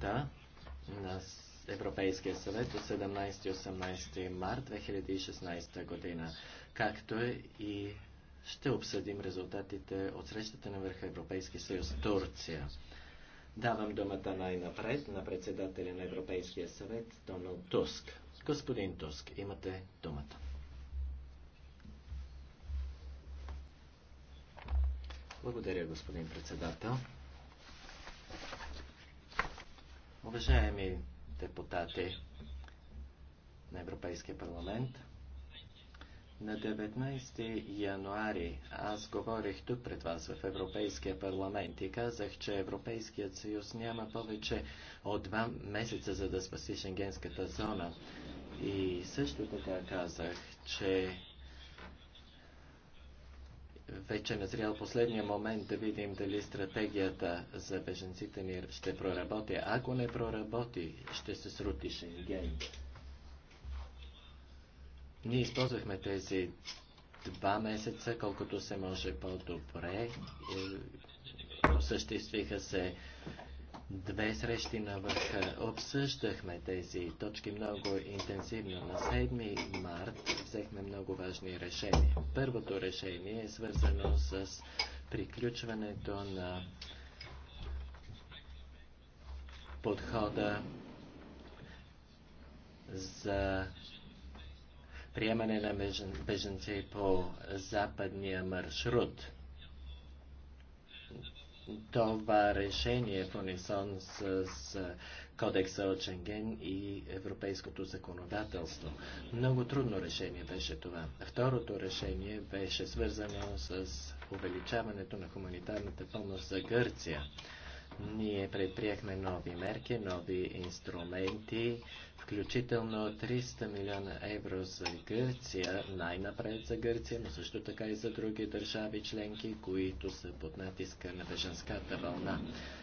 съвета на Европейския съвет от 17-18 март 2016 година, както е и ще обсъдим резултатите от срещата на върха Европейски съюз Турция. Давам думата най-напред на председателя на Европейския съвет Доналд Туск. Господин Туск, имате думата. Благодаря, господин председател. Уважаеми депутати на Европейския парламент, на 19 януари аз говорих тук пред вас в Европейския парламент и казах, че Европейският съюз няма повече от два месеца за да спаси Шенгенската зона. И също така казах, че вече назрял последния момент да видим дали стратегията за беженците ни ще проработи. Ако не проработи, ще се срути Шенген. Ние използвахме тези два месеца, колкото се може по-добре. Е, осъществиха се две срещи на върха обсъждахме тези точки много интензивно. На 7 март взехме много важни решения. Първото решение е свързано с приключването на подхода за приемане на беженци по западния маршрут това решение е в унисон с, с кодекса от Шенген и европейското законодателство. Много трудно решение беше това. Второто решение беше свързано с увеличаването на хуманитарната помощ за Гърция. Ние предприехме нови мерки, нови инструменти, включително 300 милиона евро за Гърция, най-напред за Гърция, но също така и за други държави членки, които са под натиска на беженската вълна.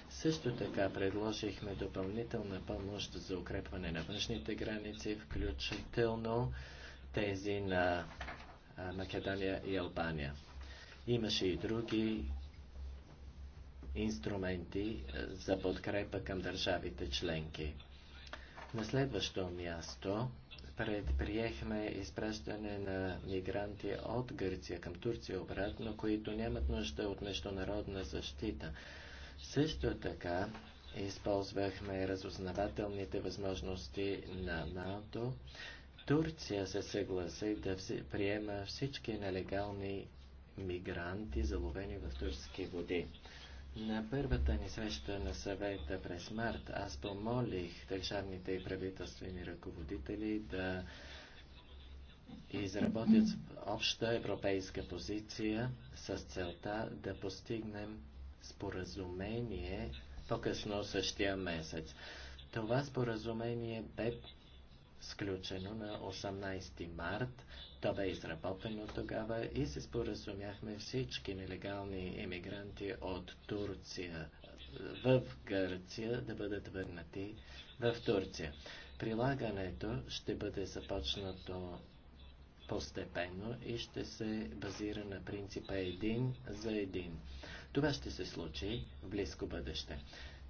Също така предложихме допълнителна помощ за укрепване на външните граници, включително тези на Македония и Албания. Имаше и други инструменти за подкрепа към държавите членки. На следващо място предприехме изпращане на мигранти от Гърция към Турция обратно, които нямат нужда от международна защита. Също така използвахме разузнавателните възможности на НАТО. Турция се съгласи да приема всички нелегални мигранти, заловени в турски води. На първата ни среща на съвета през март аз помолих държавните и правителствени ръководители да изработят обща европейска позиция с целта да постигнем споразумение по-късно същия месец. Това споразумение бе сключено на 18 март то бе изработено тогава и се споразумяхме всички нелегални емигранти от Турция в Гърция да бъдат върнати в Турция. Прилагането ще бъде започнато постепенно и ще се базира на принципа един за един. Това ще се случи в близко бъдеще.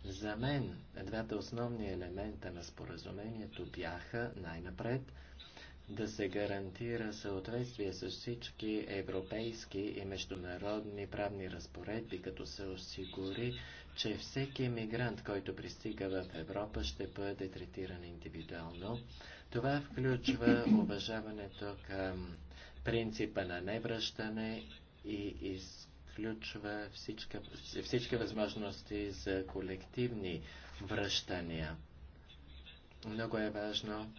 За мен двата основни елемента на споразумението бяха най-напред – да се гарантира съответствие с всички европейски и международни правни разпоредби, като се осигури, че всеки мигрант, който пристига в Европа, ще бъде третиран индивидуално. Това включва уважаването към принципа на невръщане и изключва всички, всички възможности за колективни връщания. Много е важно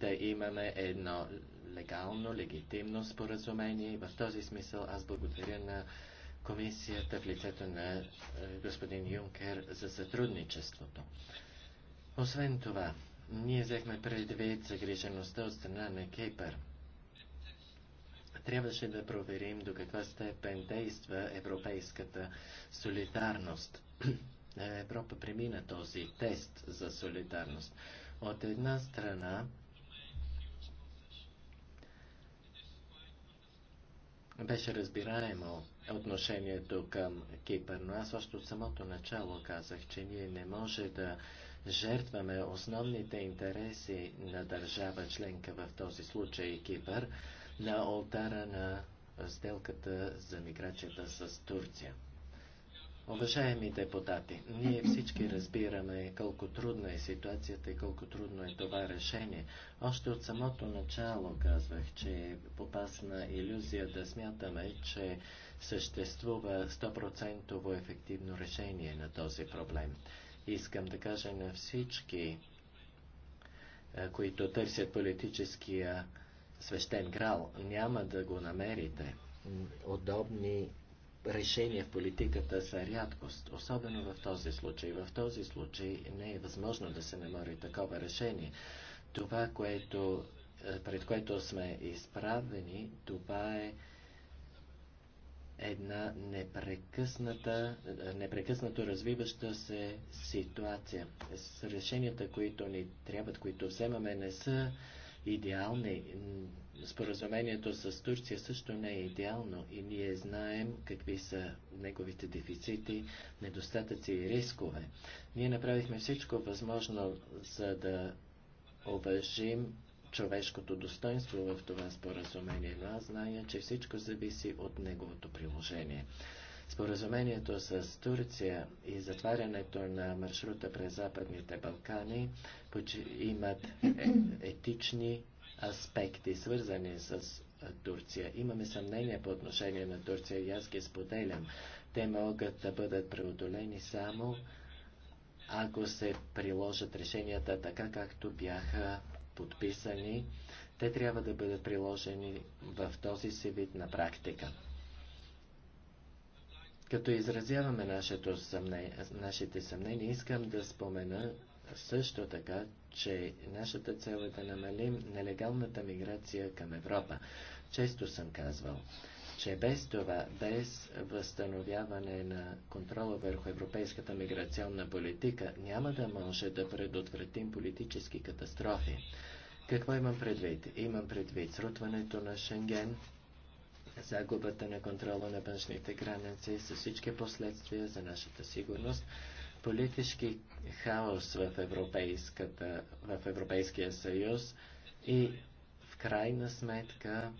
да имаме едно легално, легитимно споразумение. В този смисъл аз благодаря на комисията в лицето на е, господин Юнкер за сътрудничеството. Освен това, ние взехме предвид загрижеността от страна на Кейпер. Трябваше да проверим до каква степен действа европейската солидарност. Европа премина този тест за солидарност. От една страна, Беше разбираемо отношението към Кипър, но аз още от самото начало казах, че ние не може да жертваме основните интереси на държава членка в този случай Кипър на алтара на сделката за миграцията с Турция. Уважаеми депутати, ние всички разбираме колко трудна е ситуацията и колко трудно е това решение. Още от самото начало казвах, че е опасна иллюзия да смятаме, че съществува 100% ефективно решение на този проблем. Искам да кажа на всички, които търсят политическия свещен крал, няма да го намерите. Удобни решения в политиката са рядкост, особено в този случай. В този случай не е възможно да се намери такова решение. Това, което, е, пред което сме изправени, това е една непрекъсната, непрекъснато развиваща се ситуация. С решенията, които ни трябват, които вземаме, не са идеални. Споразумението с Турция също не е идеално и ние знаем какви са неговите дефицити, недостатъци и рискове. Ние направихме всичко възможно, за да уважим човешкото достоинство в това споразумение, но аз зная, че всичко зависи от неговото приложение. Споразумението с Турция и затварянето на маршрута през Западните Балкани имат е- етични аспекти, свързани с Турция. Имаме съмнение по отношение на Турция и аз ги споделям. Те могат да бъдат преодолени само ако се приложат решенията така, както бяха подписани. Те трябва да бъдат приложени в този си вид на практика. Като изразяваме нашето съмнение, нашите съмнения, искам да спомена също така, че нашата цел е да намалим нелегалната миграция към Европа. Често съм казвал, че без това, без възстановяване на контрола върху европейската миграционна политика, няма да може да предотвратим политически катастрофи. Какво имам предвид? Имам предвид срутването на Шенген, загубата на контрола на външните граници с всички последствия за нашата сигурност, политически хаос в, европейската, в Европейския съюз и в крайна сметка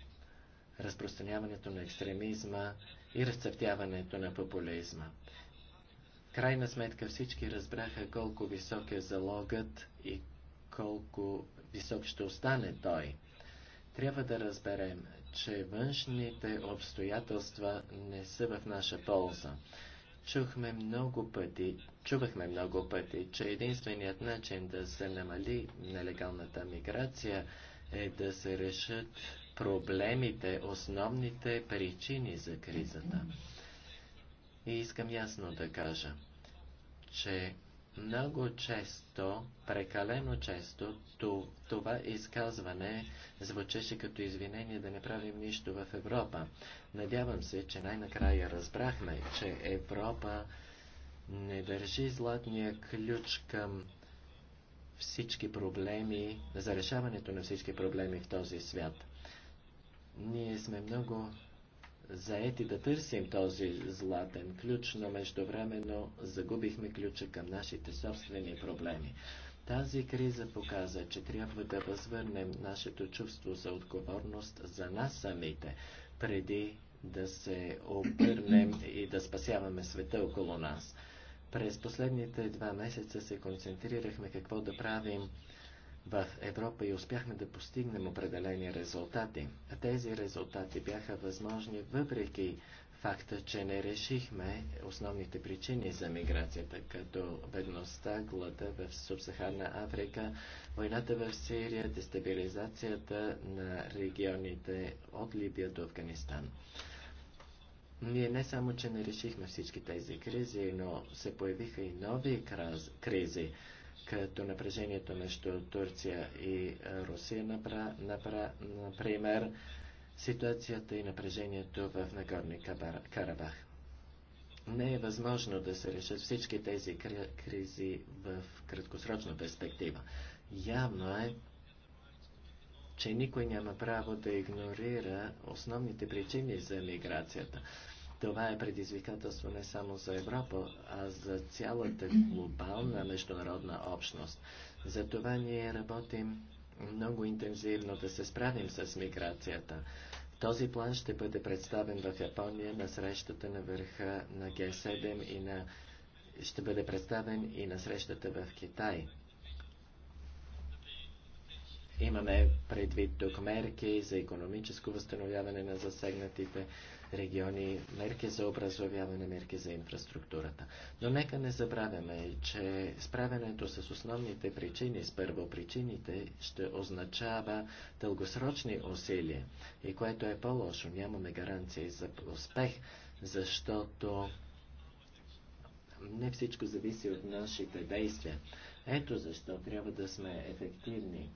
разпространяването на екстремизма и разцъфтяването на популизма. В крайна сметка всички разбраха колко висок е залогът и колко висок ще остане той. Трябва да разберем, че външните обстоятелства не са в наша полза. Чухме много пъти, чувахме много пъти, че единственият начин да се намали нелегалната миграция е да се решат проблемите, основните причини за кризата. И искам ясно да кажа, че много често, прекалено често, това изказване звучеше като извинение да не правим нищо в Европа. Надявам се, че най-накрая разбрахме, че Европа не държи златния ключ към всички проблеми, за решаването на всички проблеми в този свят. Ние сме много заети да търсим този златен ключ, но междувременно загубихме ключа към нашите собствени проблеми. Тази криза показа, че трябва да възвърнем нашето чувство за отговорност за нас самите, преди да се обърнем и да спасяваме света около нас. През последните два месеца се концентрирахме какво да правим в Европа и успяхме да постигнем определени резултати. Тези резултати бяха възможни въпреки факта, че не решихме основните причини за миграцията, като бедността, глада в Субсахарна Африка, войната в Сирия, дестабилизацията на регионите от Либия до Афганистан. Ние не само, че не решихме всички тези кризи, но се появиха и нови кризи като напрежението между Турция и е, Русия, напра, напра, например, ситуацията и напрежението в Нагорни Карабах. Не е възможно да се решат всички тези кризи в краткосрочна перспектива. Явно е, че никой няма право да игнорира основните причини за миграцията. Това е предизвикателство не само за Европа, а за цялата глобална международна общност. Затова ние работим много интензивно да се справим с миграцията. Този план ще бъде представен в Япония на срещата на върха на Г7 и на... ще бъде представен и на срещата в Китай. Имаме предвид тук мерки за економическо възстановяване на засегнатите региони, мерки за образовяване, мерки за инфраструктурата. Но нека не забравяме, че справянето с основните причини, с първопричините, ще означава дългосрочни усилия. И което е по-лошо, нямаме гаранции за успех, защото не всичко зависи от нашите действия. Ето защо трябва да сме ефективни.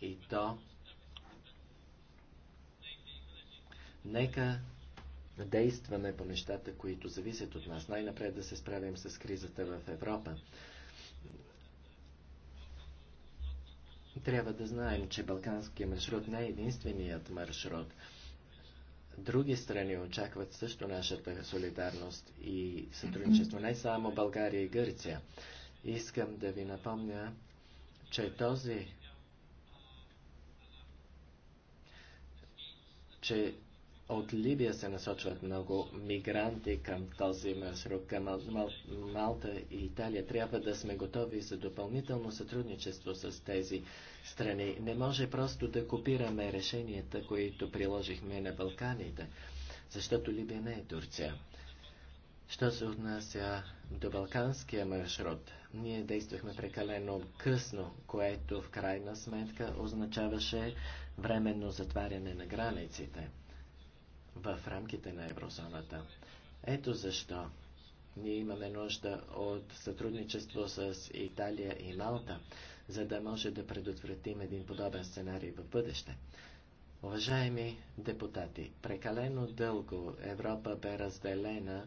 И то Нека действаме по нещата, които зависят от нас. Най-напред да се справим с кризата в Европа. Трябва да знаем, че Балканският маршрут не е единственият маршрут. Други страни очакват също нашата солидарност и сътрудничество, не само България и Гърция. Искам да ви напомня, че този че от Либия се насочват много мигранти към този маршрут, към Мал, Мал, Малта и Италия. Трябва да сме готови за допълнително сътрудничество с тези страни. Не може просто да копираме решенията, които приложихме на Балканите, защото Либия не е Турция. Що се отнася до балканския маршрут, ние действахме прекалено късно, което в крайна сметка означаваше временно затваряне на границите в рамките на еврозоната. Ето защо ние имаме нужда от сътрудничество с Италия и Малта, за да може да предотвратим един подобен сценарий в бъдеще. Уважаеми депутати, прекалено дълго Европа бе разделена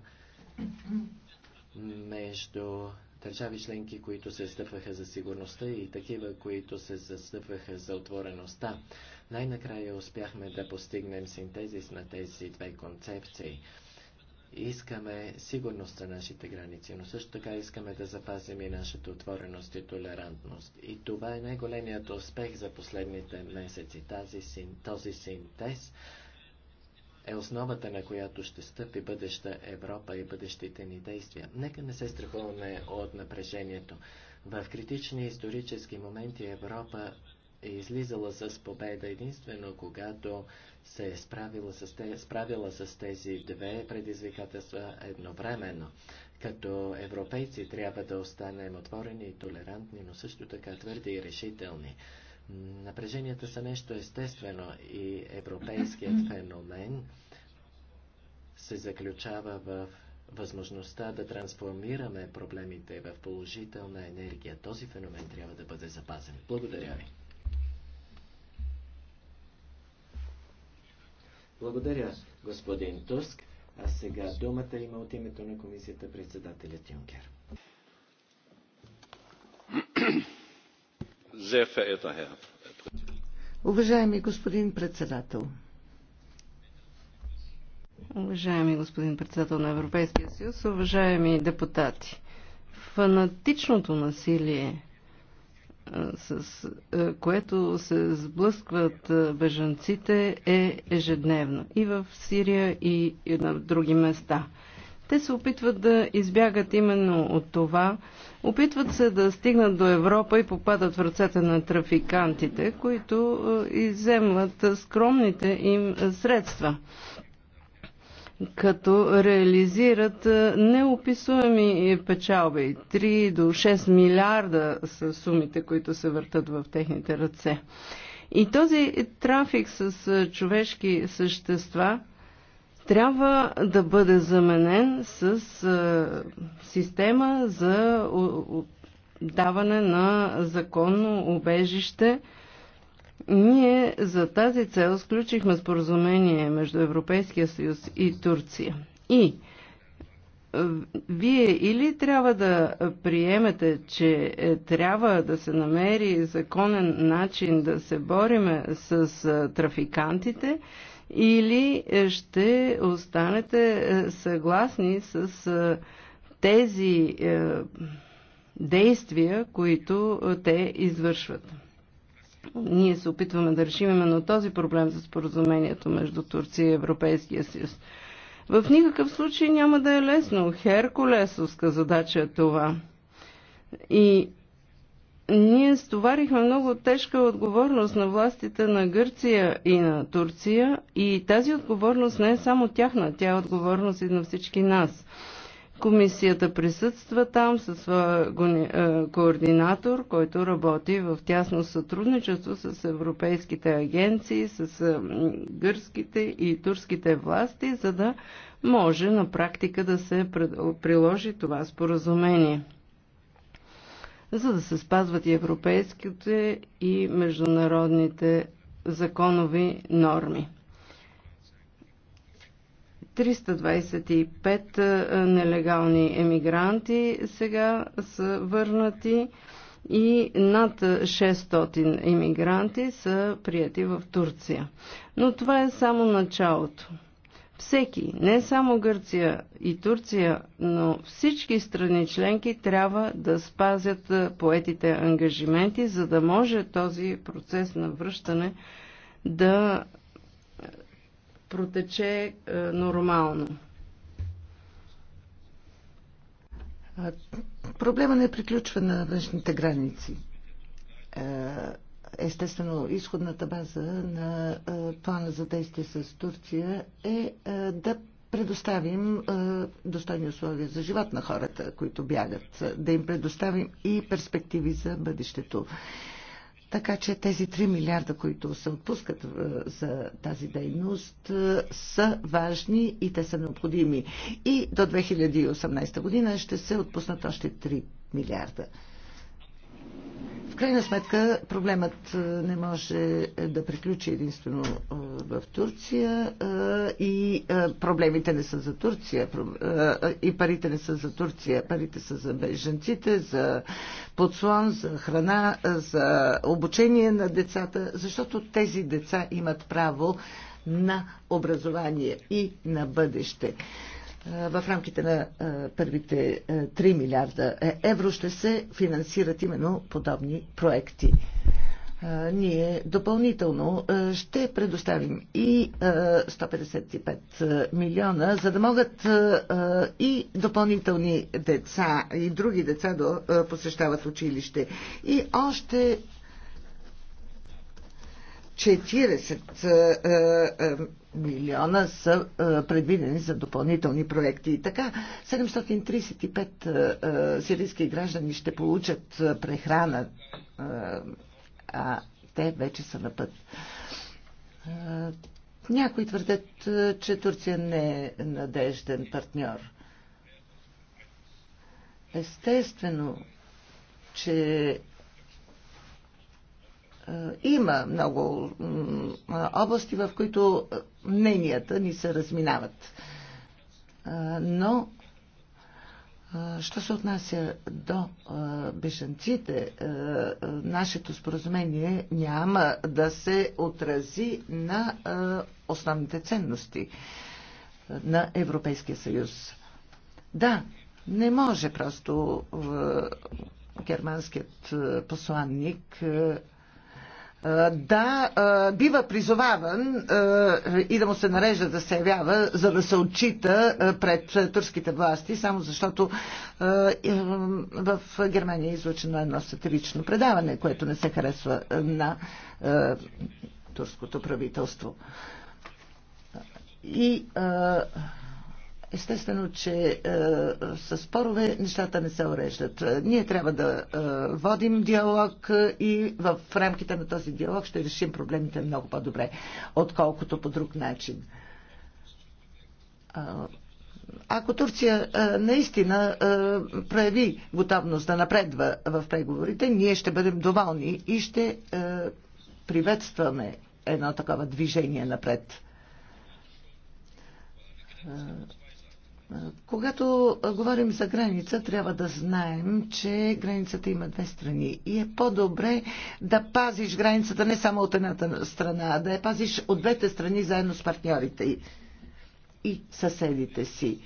между държави членки, които се стъпваха за сигурността и такива, които се застъпваха за отвореността. Най-накрая успяхме да постигнем синтезис на тези две концепции. Искаме сигурност на нашите граници, но също така искаме да запазим и нашата отвореност и толерантност. И това е най-големият успех за последните месеци. Тази, този синтез е основата, на която ще стъпи бъдеща Европа и бъдещите ни действия. Нека не се страхуваме от напрежението. В критични исторически моменти Европа е излизала с победа единствено, когато се е справила с, те, справила с тези две предизвикателства едновременно. Като европейци трябва да останем отворени и толерантни, но също така твърди и решителни. Напреженията са нещо естествено и европейският феномен се заключава в възможността да трансформираме проблемите в положителна енергия. Този феномен трябва да бъде запазен. Благодаря ви. Благодаря, господин Туск. А сега думата има от името на комисията председателят Юнкер. Уважаеми господин председател, уважаеми господин председател на Европейския съюз, уважаеми депутати, фанатичното насилие с което се сблъскват бежанците е ежедневно. И в Сирия, и на други места. Те се опитват да избягат именно от това. Опитват се да стигнат до Европа и попадат в ръцете на трафикантите, които иземват скромните им средства като реализират е, неописуеми печалби. 3 до 6 милиарда са сумите, които се въртат в техните ръце. И този трафик с е, човешки същества трябва да бъде заменен с е, система за даване на законно убежище ние за тази цел сключихме споразумение между Европейския съюз и Турция. И е, вие или трябва да приемете, че е, трябва да се намери законен начин да се бориме с е, трафикантите, или ще останете съгласни с тези действия, които те извършват. Ние се опитваме да решим именно този проблем за споразумението между Турция и Европейския съюз. В никакъв случай няма да е лесно. Херкулесовска задача е това. И ние стоварихме много тежка отговорност на властите на Гърция и на Турция и тази отговорност не е само тяхна, тя е отговорност и на всички нас. Комисията присъства там със своя е, координатор, който работи в тясно сътрудничество с европейските агенции, с е, гръцките и турските власти, за да може на практика да се приложи това споразумение за да се спазват и европейските и международните законови норми. 325 е, нелегални емигранти сега са върнати и над 600 иммигранти са прияти в Турция. Но това е само началото. Всеки, не само Гърция и Турция, но всички страни членки трябва да спазят е, поетите ангажименти, за да може този процес на връщане да е, протече е, нормално. Проблема не е приключва на външните граници. Е, естествено, изходната база на плана за действие с Турция е да предоставим достойни условия за живот на хората, които бягат, да им предоставим и перспективи за бъдещето. Така че тези 3 милиарда, които се отпускат е, за тази дейност, е, са важни и те са необходими. И до 2018 година ще се отпуснат още 3 милиарда крайна сметка проблемът не може е, да приключи единствено в Турция и проблемите не са за Турция и парите не са за Турция, парите са за беженците, за подслон, за храна, за обучение на децата, защото тези деца имат право на образование и на бъдеще. Е, в рамките на е, първите 3 е, милиарда евро ще се финансират именно подобни проекти. Ние допълнително ще предоставим и 155 милиона, за да могат и допълнителни деца и други деца да посещават училище. И още 40 е, е, милиона са е, предвидени за допълнителни проекти. И така, 735 сирийски граждани ще получат прехрана, а те вече са на път. Някои твърдят, че Турция не е надежден партньор. Естествено, че е, има много области, в които е, мненията ни се разминават. Е, но Що се отнася до бежанците, нашето споразумение няма да се отрази на основните ценности на Европейския съюз. Да, не може просто германският посланник да бива призоваван и да му се нарежда да се явява, за да се отчита пред турските власти, само защото в Германия е излучено едно сатирично предаване, което не се харесва на турското правителство. И Естествено, че е, с спорове нещата не се уреждат. Ние трябва да е, водим диалог е, и в рамките на този диалог ще решим проблемите много по-добре, отколкото по друг начин. Ако Турция е, наистина е, прояви готовност да напредва в преговорите, ние ще бъдем доволни и ще приветстваме едно такова движение напред когато говорим за граница, трябва да знаем, че границата има две страни и е по-добре да пазиш границата не само от едната страна, а да я пазиш от двете страни заедно с партньорите и съседите си.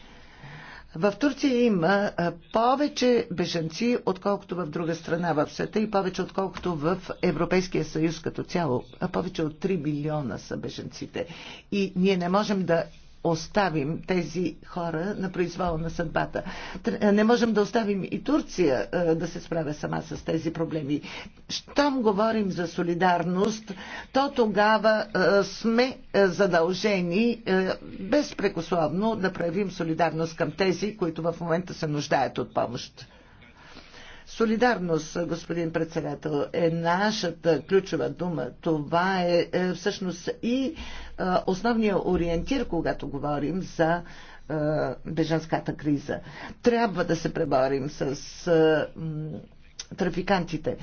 В Турция има повече бежанци, отколкото в друга страна в света и повече отколкото в Европейския съюз като цяло. Повече от 3 милиона са бежанците. И ние не можем да оставим тези хора на произвола на съдбата. Е, не можем да оставим и Турция е, да се справя сама с тези проблеми. Щом говорим за солидарност, то тогава е, сме задължени безпрекословно да проявим солидарност към тези, които в момента се нуждаят от помощ. Солидарност, господин председател, е нашата ключова дума. Това е, е всъщност и е, основният ориентир, когато говорим за е, бежанската криза. Трябва да се преборим с е, трафикантите. Е,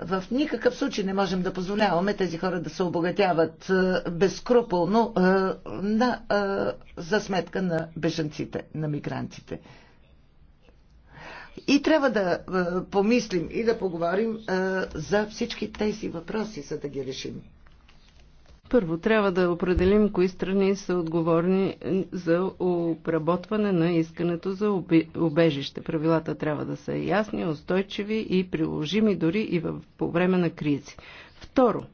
в никакъв случай не можем да позволяваме тези хора да се обогатяват е, безкруполно е, за сметка на бежанците, на мигрантите. И трябва да е, помислим и да поговорим е, за всички тези въпроси, за да ги решим. Първо трябва да определим кои страни са отговорни е, за обработване на искането за обежище. Правилата трябва да са ясни, устойчиви и приложими дори и по време на кризи. Второ,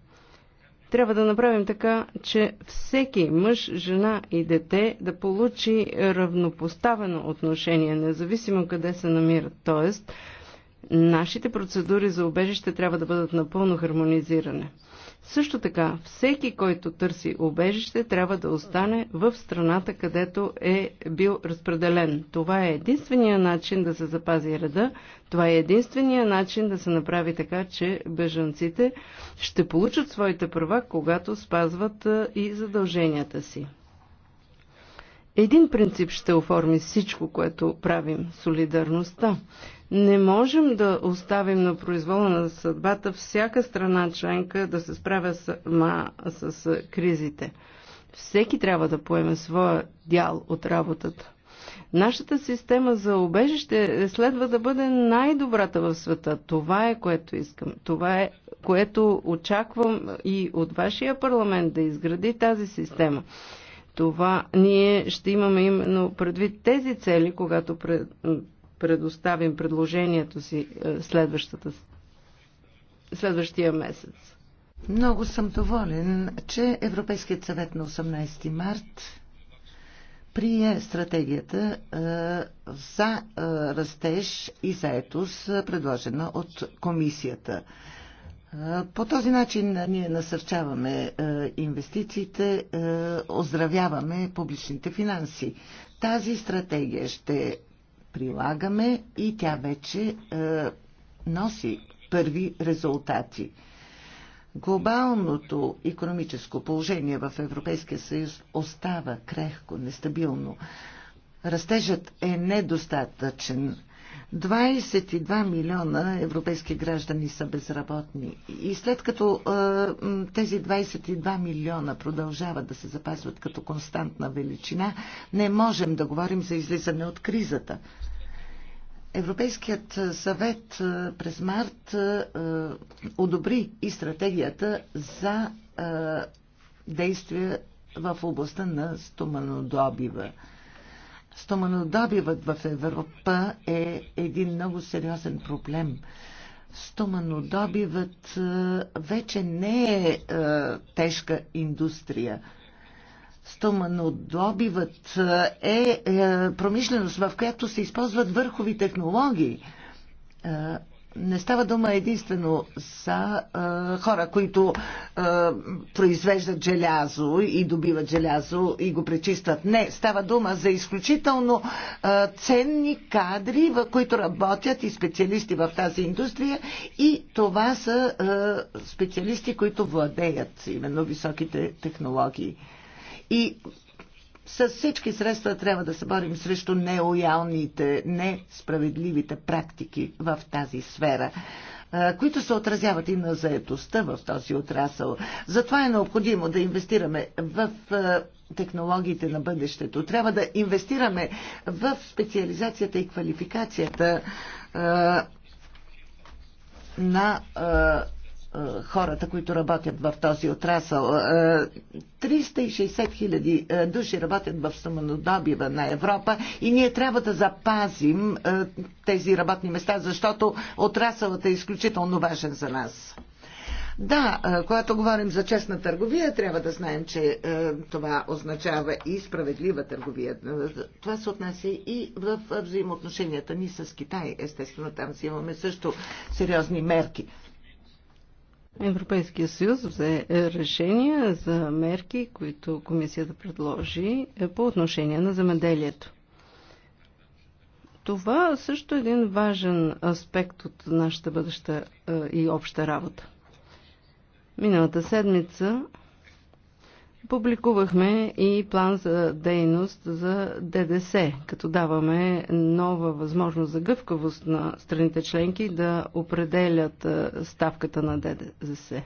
трябва да направим така, че всеки мъж, жена и дете да получи равнопоставено отношение, независимо къде се намират. Тоест, нашите процедури за убежище трябва да бъдат напълно хармонизирани. Също така, всеки, който търси убежище, трябва да остане в страната, където е бил разпределен. Това е единствения начин да се запази реда, това е единствения начин да се направи така, че бежанците ще получат своите права, когато спазват и задълженията си. Един принцип ще оформи всичко, което правим – солидарността. Не можем да оставим на произвола на съдбата всяка страна членка да се справя сама с кризите. Всеки трябва да поеме своя дял от работата. Нашата система за обежище следва да бъде най-добрата в света. Това е което искам. Това е което очаквам и от вашия парламент да изгради тази система. Това ние ще имаме именно предвид тези цели, когато предоставим предложението си е, следващата, следващия месец. Много съм доволен, че Европейският съвет на 18 март прие стратегията е, за е, растеж и заетост, предложена от комисията. По този начин ние насърчаваме инвестициите, оздравяваме публичните финанси. Тази стратегия ще прилагаме и тя вече е, носи първи резултати. Глобалното економическо положение в Европейския съюз остава крехко, нестабилно. Растежът е недостатъчен. 22 милиона европейски граждани са безработни. И след като е, тези 22 милиона продължават да се запазват като константна величина, не можем да говорим за излизане от кризата. Европейският съвет е, през март е, одобри и стратегията за е, действия в областта на стоманодобива. добива Стоманодобивът в Европа е един много сериозен проблем. Стоманодобивът е, вече не е, е, тежка индустрия. Стоманодобивът е, е, промишленост, в която се използват върхови технологии не става дума единствено за а, хора, които а, произвеждат желязо и добиват желязо и го пречистват. Не, става дума за изключително а, ценни кадри, в които работят и специалисти в тази индустрия и това са а, специалисти, които владеят именно високите технологии. И с всички средства трябва да се борим срещу нелоялните, несправедливите практики в тази сфера които се отразяват и на заетостта в този отрасъл. Затова е необходимо да инвестираме в технологиите на бъдещето. Трябва да инвестираме в специализацията и квалификацията на е, хората, които работят в този отрасъл. 360 е, хиляди е, души работят в самонодобива на Европа и ние трябва да запазим тези работни места, защото отрасълът е изключително важен за нас. Да, когато говорим за честна търговия, трябва да знаем, че това означава и справедлива търговия. Това се отнася и в взаимоотношенията ни с Китай. Естествено, там си имаме също сериозни мерки. Европейския съюз взе решение за мерки, които комисията предложи е, по отношение на земеделието. Това също е един важен аспект от нашата бъдеща е, и обща работа. Миналата седмица Публикувахме и план за дейност за ДДС, като даваме нова възможност за гъвкавост на страните членки да определят ставката на ДДС.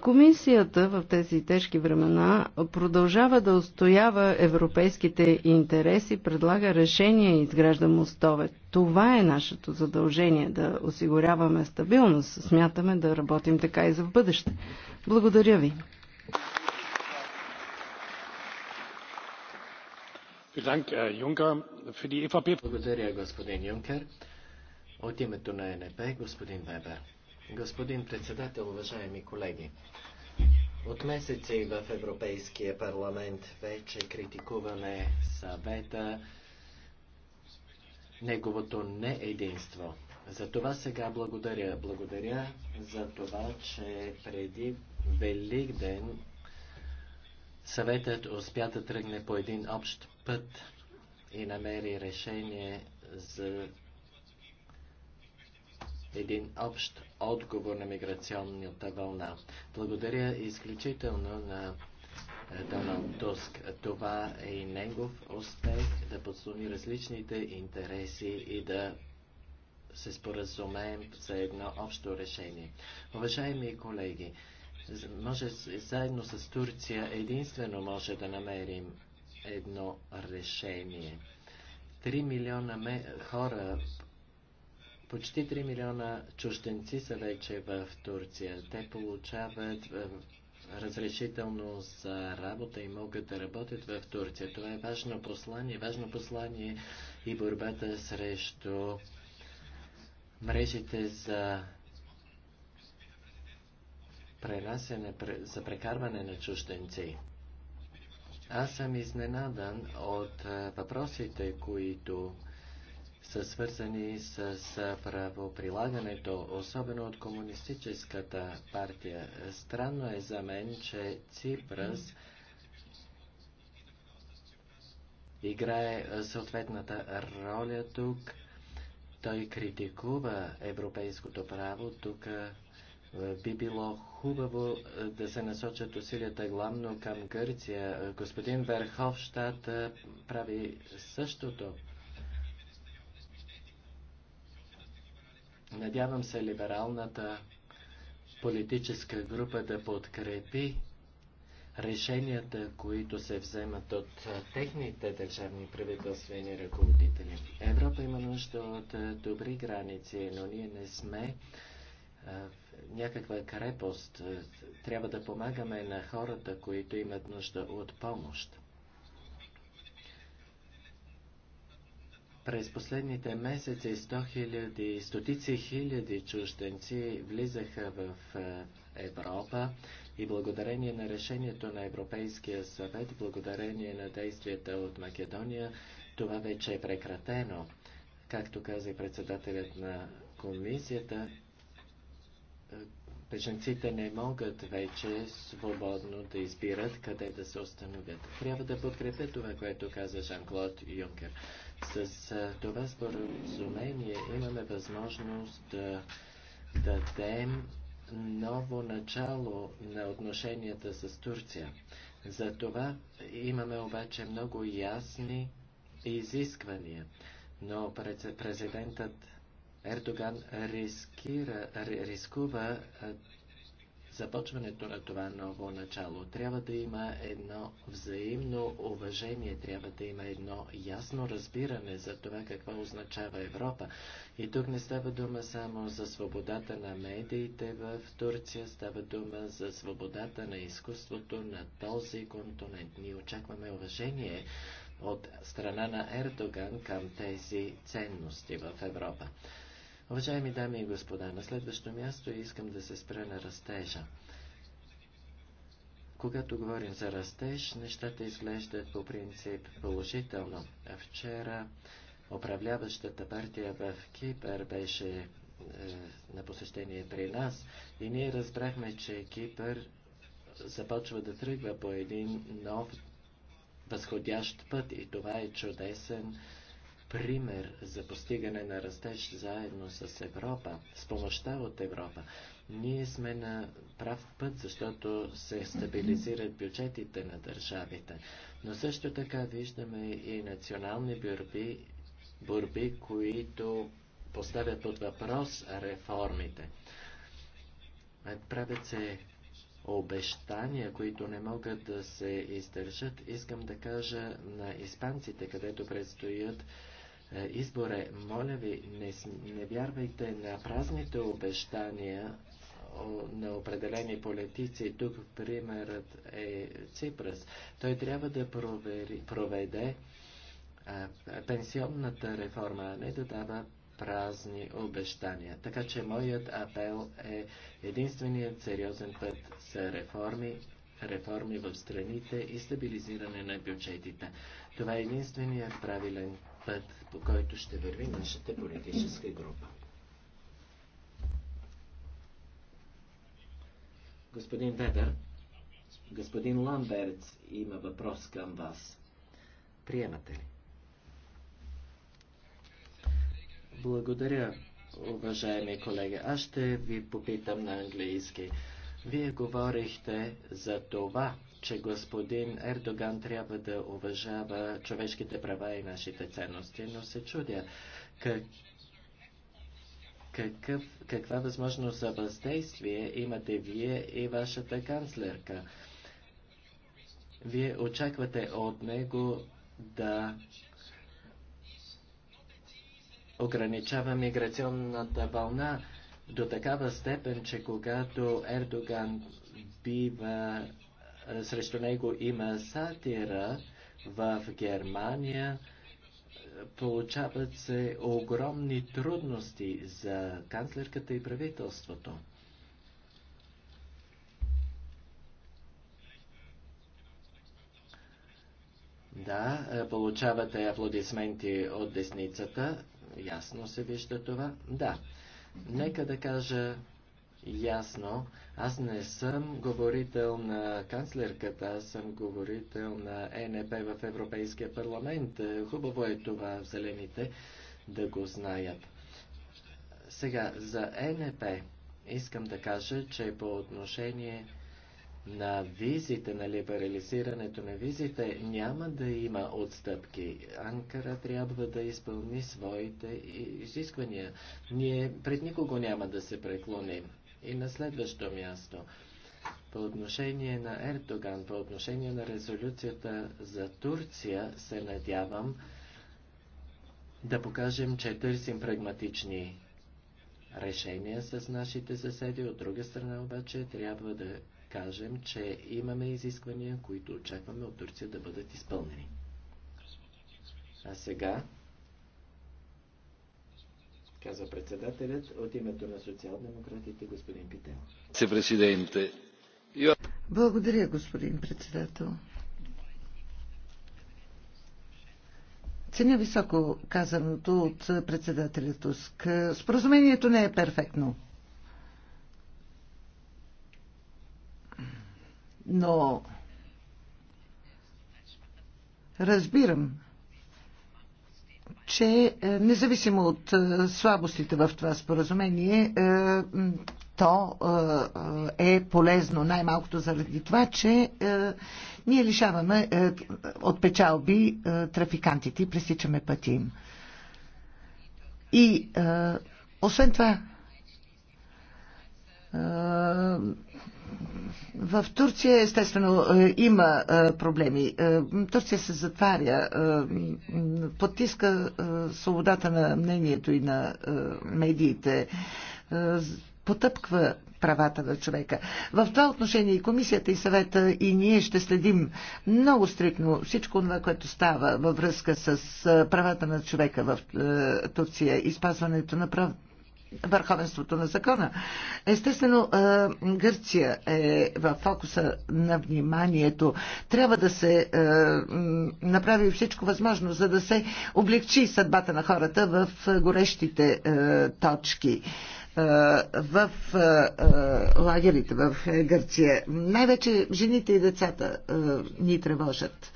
Комисията в тези тежки времена продължава да устоява европейските интереси, предлага решения и изгражда мостове. Това е нашето задължение да осигуряваме стабилност. Смятаме да работим така и за в бъдеще. Благодаря ви. E благодаря, господин Юнкер. От името на НП, господин Вебер. Господин председател, уважаеми колеги, от месеци в Европейския парламент вече критикуваме съвета, неговото неединство. За това сега благодаря. Благодаря за това, че преди Велик ден съветът успя да тръгне по един общ път и намери решение за един общ отговор на миграционната вълна. Благодаря изключително на е, Доналд Туск. Това е и негов успех да подслони различните интереси и да се споразумеем за едно общо решение. Уважаеми колеги, може заедно с Турция единствено може да намерим едно решение. 3 милиона ме... хора, почти 3 милиона чужденци са вече в Турция. Те получават е, разрешително за работа и могат да работят в Турция. Това е важно послание, важно послание и борбата срещу мрежите за пренасене, за прекарване на чужденци. Аз съм изненадан от въпросите, които са свързани с правоприлагането, особено от Комунистическата партия. Странно е за мен, че Ципрас играе съответната роля тук. Той критикува европейското право, тук би било хубаво е, да се насочат усилията главно към Гърция. Господин Верховщад е, прави същото. Надявам се либералната политическа група да подкрепи решенията, които се вземат от е, техните държавни правителствени ръководители. Европа има нужда от добри граници, но ние не сме някаква крепост. Е, трябва да помагаме на хората, които имат нужда от помощ. През последните месеци 100 хиляди, стотици хиляди чужденци влизаха в е, Европа и благодарение на решението на Европейския съвет, благодарение на действията от Македония, това вече е прекратено. Както каза и председателят на комисията, беженците не могат вече свободно да избират къде да се установят. Трябва да подкрепя това, което каза Жан-Клод Юнкер. С това споразумение имаме възможност да дадем ново начало на отношенията с Турция. За това имаме обаче много ясни изисквания. Но президентът Ердоган рискира, рискува започването на това ново начало. Трябва да има едно взаимно уважение, трябва да има едно ясно разбиране за това какво означава Европа. И тук не става дума само за свободата на медиите в Турция, става дума за свободата на изкуството на този континент. Ние очакваме уважение от страна на Ердоган към тези ценности в Европа. Уважаеми дами и господа, на следващо място искам да се спра на растежа. Когато говорим за растеж, нещата изглеждат по принцип положително. Вчера управляващата партия в Кипър беше е, на посещение при нас и ние разбрахме, че Кипър започва да тръгва по един нов възходящ път и това е чудесен пример за постигане на растеж заедно с Европа, с помощта от Европа. Ние сме на прав път, защото се стабилизират бюджетите на държавите. Но също така виждаме и национални борби, борби които поставят под въпрос реформите. Правят се обещания, които не могат да се издържат, искам да кажа на испанците, където предстоят изборе. Моля ви, не, не вярвайте на празните обещания на определени политици. Тук примерът е Ципрас. Той трябва да провери, проведе а, пенсионната реформа, а не да дава празни обещания. Така че моят апел е единственият сериозен път са реформи, реформи в страните и стабилизиране на бюджетите. Това е единственият правилен път, по който ще върви нашата политическа група. Господин Ведър, господин Ламберц има въпрос към вас. Приемате ли? Благодаря, уважаеми колеги. Аз ще ви попитам на английски. Вие говорихте за това, че господин Ердоган трябва да уважава човешките права и нашите ценности, но се чудя как, какъв, каква възможност за въздействие имате вие и вашата канцлерка. Вие очаквате от него да ограничава миграционната вълна до такава степен, че когато Ердоган бива срещу него има сатира в Германия. Получават се огромни трудности за канцлерката и правителството. Да, е, получавате аплодисменти от десницата. Ясно се вижда това. Да. Нека да кажа ясно. Аз не съм говорител на канцлерката, аз съм говорител на ЕНП в Европейския парламент. Хубаво е това зелените да го знаят. Сега, за ЕНП искам да кажа, че по отношение на визите, на либерализирането на визите, няма да има отстъпки. Анкара трябва да изпълни своите изисквания. Ние пред никого няма да се преклоним. И на следващо място, по отношение на Ердоган, по отношение на резолюцията за Турция, се надявам да покажем, че търсим прагматични решения с нашите съседи. От друга страна обаче трябва да кажем, че имаме изисквания, които очакваме от Турция да бъдат изпълнени. А сега каза председателят от името на социал-демократите господин Пител. Благодаря, господин председател. Ценя високо казаното от председателя Туск. Споразумението не е перфектно. Но разбирам че е, независимо от е, слабостите в това споразумение, е, то е полезно най-малкото заради това, че ние лишаваме от печалби трафикантите и пресичаме пъти им. И освен това, в Турция естествено е, има е, проблеми. Е, Турция се затваря, потиска свободата на мнението и на медиите, потъпква правата на човека. В това отношение и комисията, и съвета, и ние ще следим много стрикно всичко това, което става във връзка с правата на човека в Турция и спазването на прав върховенството на закона. Естествено, Гърция е в фокуса на вниманието. Трябва да се направи всичко възможно, за да се облегчи съдбата на хората в горещите точки в лагерите в е, Гърция. Най-вече жените и децата ни тревожат.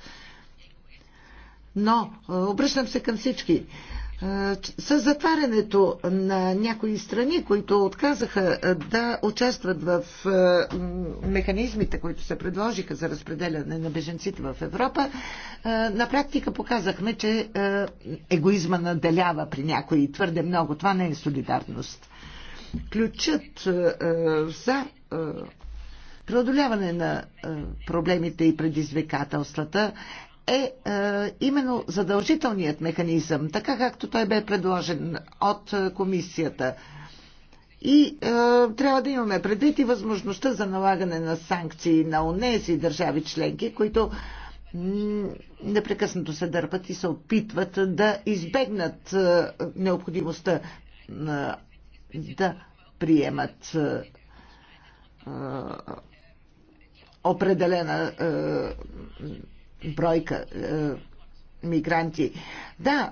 Но обръщам се към всички. С затварянето на някои страни, които отказаха да участват в механизмите, които се предложиха за разпределяне на беженците в Европа, на практика показахме, че егоизма наделява при някои твърде много. Това не е солидарност. Ключът за преодоляване на проблемите и предизвикателствата е, е именно задължителният механизъм, така както той бе предложен от е, комисията. И е, трябва да имаме предвид и възможността за налагане на санкции на онези държави членки, които непрекъснато се дърпат и се опитват да избегнат е, необходимостта да приемат е, е, определена бройка е, мигранти. Да,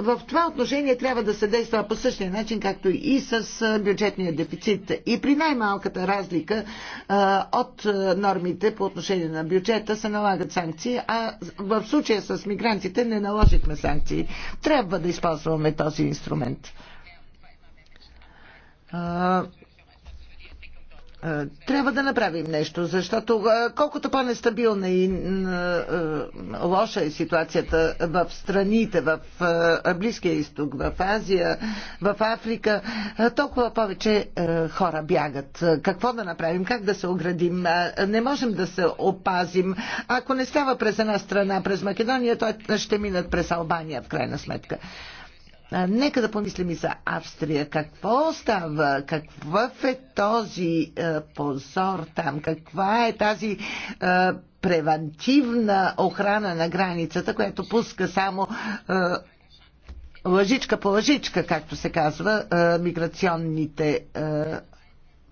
е, в това отношение трябва да се действа по същия начин, както и с е, бюджетния дефицит. И при най-малката разлика от нормите по отношение на бюджета се налагат санкции, а в случая с мигрантите не наложихме санкции. Трябва да използваме този инструмент. Е, трябва да направим нещо, защото е, колкото по-нестабилна и е, лоша е ситуацията в страните, в Близкия изток, в Азия, в Африка, толкова повече хора бягат. Какво да направим? Как да се оградим? Не можем да се опазим. Ако не става през една страна, през Македония, то ще минат през Албания, в крайна сметка. Нека да помислим и за Австрия. Какво става? Какъв е този е, позор там? Каква е тази е, превантивна охрана на границата, която пуска само е, лъжичка по лъжичка, както се казва, е, миграционните е,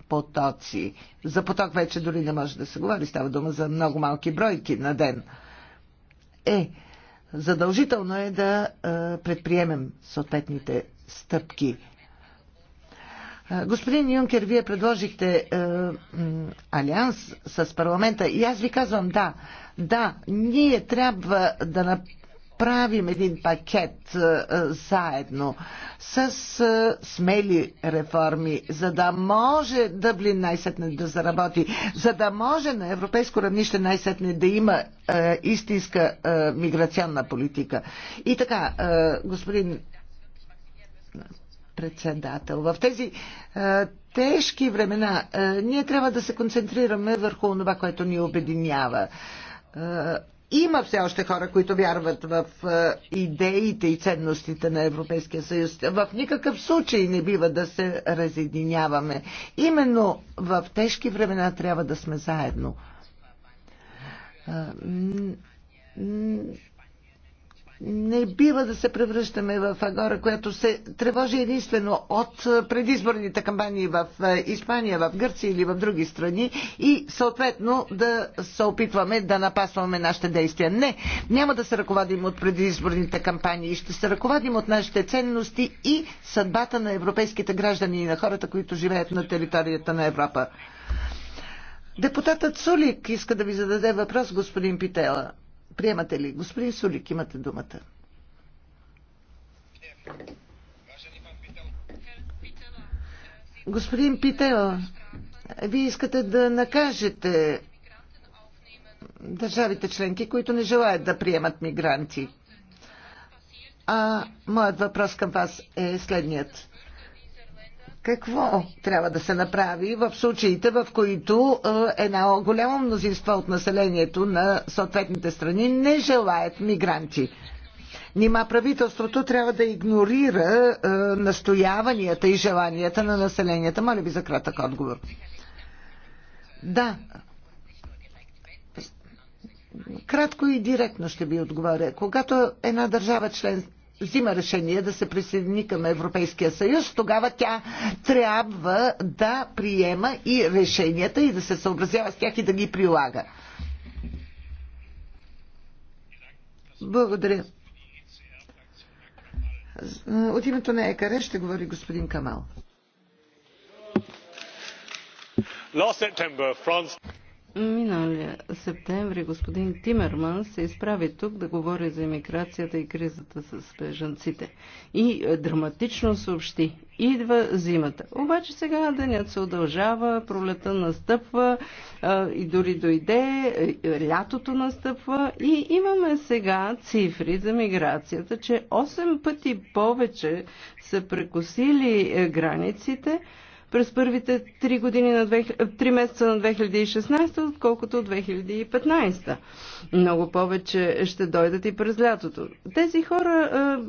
потоци. За поток вече дори не може да се говори. Става дума за много малки бройки на ден. Е, задължително е да предприемем съответните стъпки. Господин Юнкер, вие предложихте е, алианс с парламента и аз ви казвам да, да, ние трябва да Правим един пакет заедно с смели реформи, за да може Дъблин най-сетне да заработи, за да може на европейско равнище най-сетне да има истинска миграционна политика. И така, господин председател. В тези а, тежки времена а, ние трябва да се концентрираме върху това, което ни обединява има все още хора, които вярват в е, идеите и ценностите на Европейския съюз. В никакъв случай не бива да се разединяваме. Именно в тежки времена трябва да сме заедно е, не бива да се превръщаме в агора, която се тревожи единствено от предизборните кампании в Испания, в Гърция или в други страни и съответно да се опитваме да напасваме нашите действия. Не, няма да се ръководим от предизборните кампании, ще се ръководим от нашите ценности и съдбата на европейските граждани и на хората, които живеят на територията на Европа. Депутатът Сулик иска да ви зададе въпрос, господин Питела. Приемате ли? Господин Сулик, имате думата. Господин Пител, вие искате да накажете държавите членки, които не желаят да приемат мигранти. А моят въпрос към вас е следният какво трябва да се направи в случаите, в които е, една голямо мнозинство от населението на съответните страни не желаят мигранти. Нима правителството трябва да игнорира е, настояванията и желанията на населенията. Моля ви за кратък отговор. Да. Кратко и директно ще ви отговоря. Когато една държава член взима решение да се присъедини към Европейския съюз, тогава тя трябва да приема и решенията и да се съобразява с тях и да ги прилага. Благодаря. От името на ЕКАРЕ ще говори господин Камал. Миналия септември господин Тимерман се изправи тук да говори за иммиграцията и кризата с бежанците. И е, драматично съобщи. Идва зимата. Обаче сега денят се удължава, пролета настъпва е, и дори дойде, е, лятото настъпва и имаме сега цифри за миграцията, че 8 пъти повече са прекосили границите, през първите 3, години на 2000, 3 месеца на 2016, отколкото 2015. Много повече ще дойдат и през лятото. Тези хора а, е,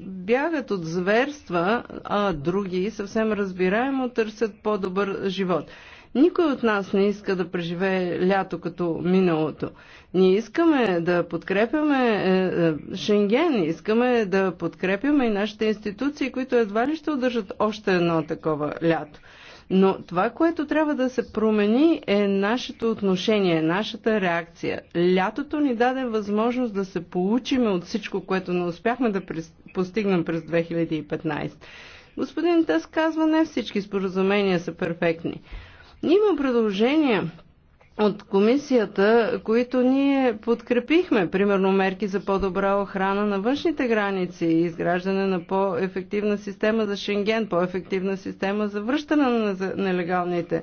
бягат от зверства, а други съвсем разбираемо търсят по-добър живот. Никой от нас не иска да преживее лято като миналото. Ние искаме да подкрепяме е, е, Шенген, искаме да подкрепяме и нашите институции, които едва ли ще удържат още едно такова лято. Но това, което трябва да се промени е нашето отношение, нашата реакция. Лятото ни даде възможност да се получиме от всичко, което не успяхме да постигнем през 2015. Господин Тъс казва, не всички споразумения са перфектни. Има предложения от комисията, които ние подкрепихме, примерно мерки за по-добра охрана на външните граници, изграждане на по-ефективна система за Шенген, по-ефективна система за връщане на нелегалните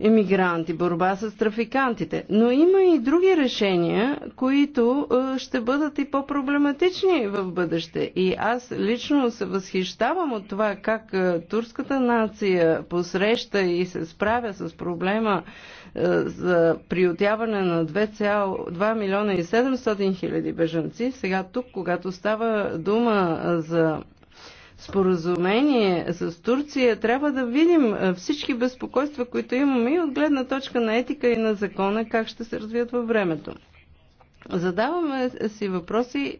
емигранти, борба с трафикантите. Но има и други решения, които е, ще бъдат и по-проблематични в бъдеще. И аз лично се възхищавам от това как е, турската нация посреща и се справя с проблема е, за приютяване на 2,2 милиона и 700 хиляди бежанци. Сега тук, когато става дума за споразумение с Турция, трябва да видим е, всички безпокойства, които имаме и от гледна точка на етика и на закона, как ще се развият във времето. Задаваме си въпроси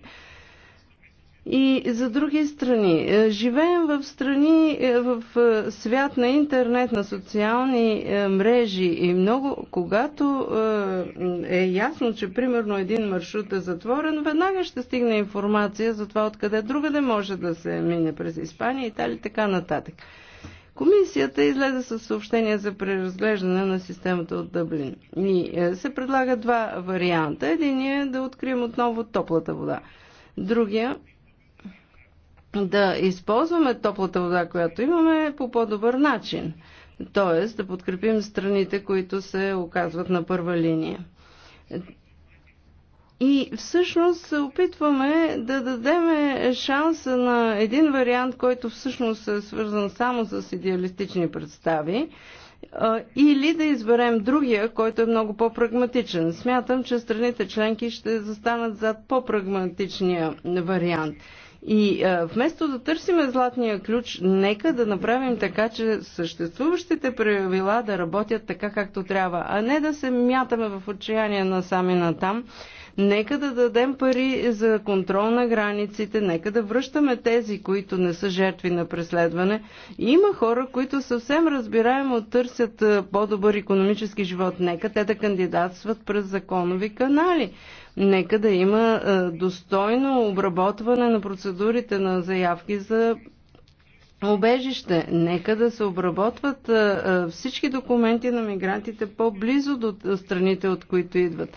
и за други страни. Е, живеем в страни, е, в е, свят на интернет, на социални мрежи и много, когато е ясно, че примерно един маршрут е затворен, веднага ще стигне информация за това откъде другаде може да се мине през Испания, Италия и така нататък. Комисията излезе с съобщение за преразглеждане на системата от Дъблин. И се предлага два варианта. Един е да открием отново топлата вода. Другия да използваме топлата вода, която имаме, по по-добър начин. Тоест да подкрепим страните, които се оказват на първа линия. И всъщност се опитваме да дадем шанса на един вариант, който всъщност е свързан само с идеалистични представи, или да изберем другия, който е много по-прагматичен. Смятам, че страните членки ще застанат зад по-прагматичния вариант. И а, е, вместо да търсиме златния ключ, нека да направим така, че съществуващите правила да работят така както трябва, а не да се мятаме в отчаяние на сами на там. Нека да дадем пари за контрол на границите, нека да връщаме тези, които не са жертви на преследване. И Има хора, които съвсем разбираемо търсят е, по-добър економически живот. Нека те да кандидатстват през законови канали. Нека да има е, достойно обработване на процедурите на заявки за обежище. Нека да се обработват е, е, всички документи на мигрантите по-близо до страните, от които идват.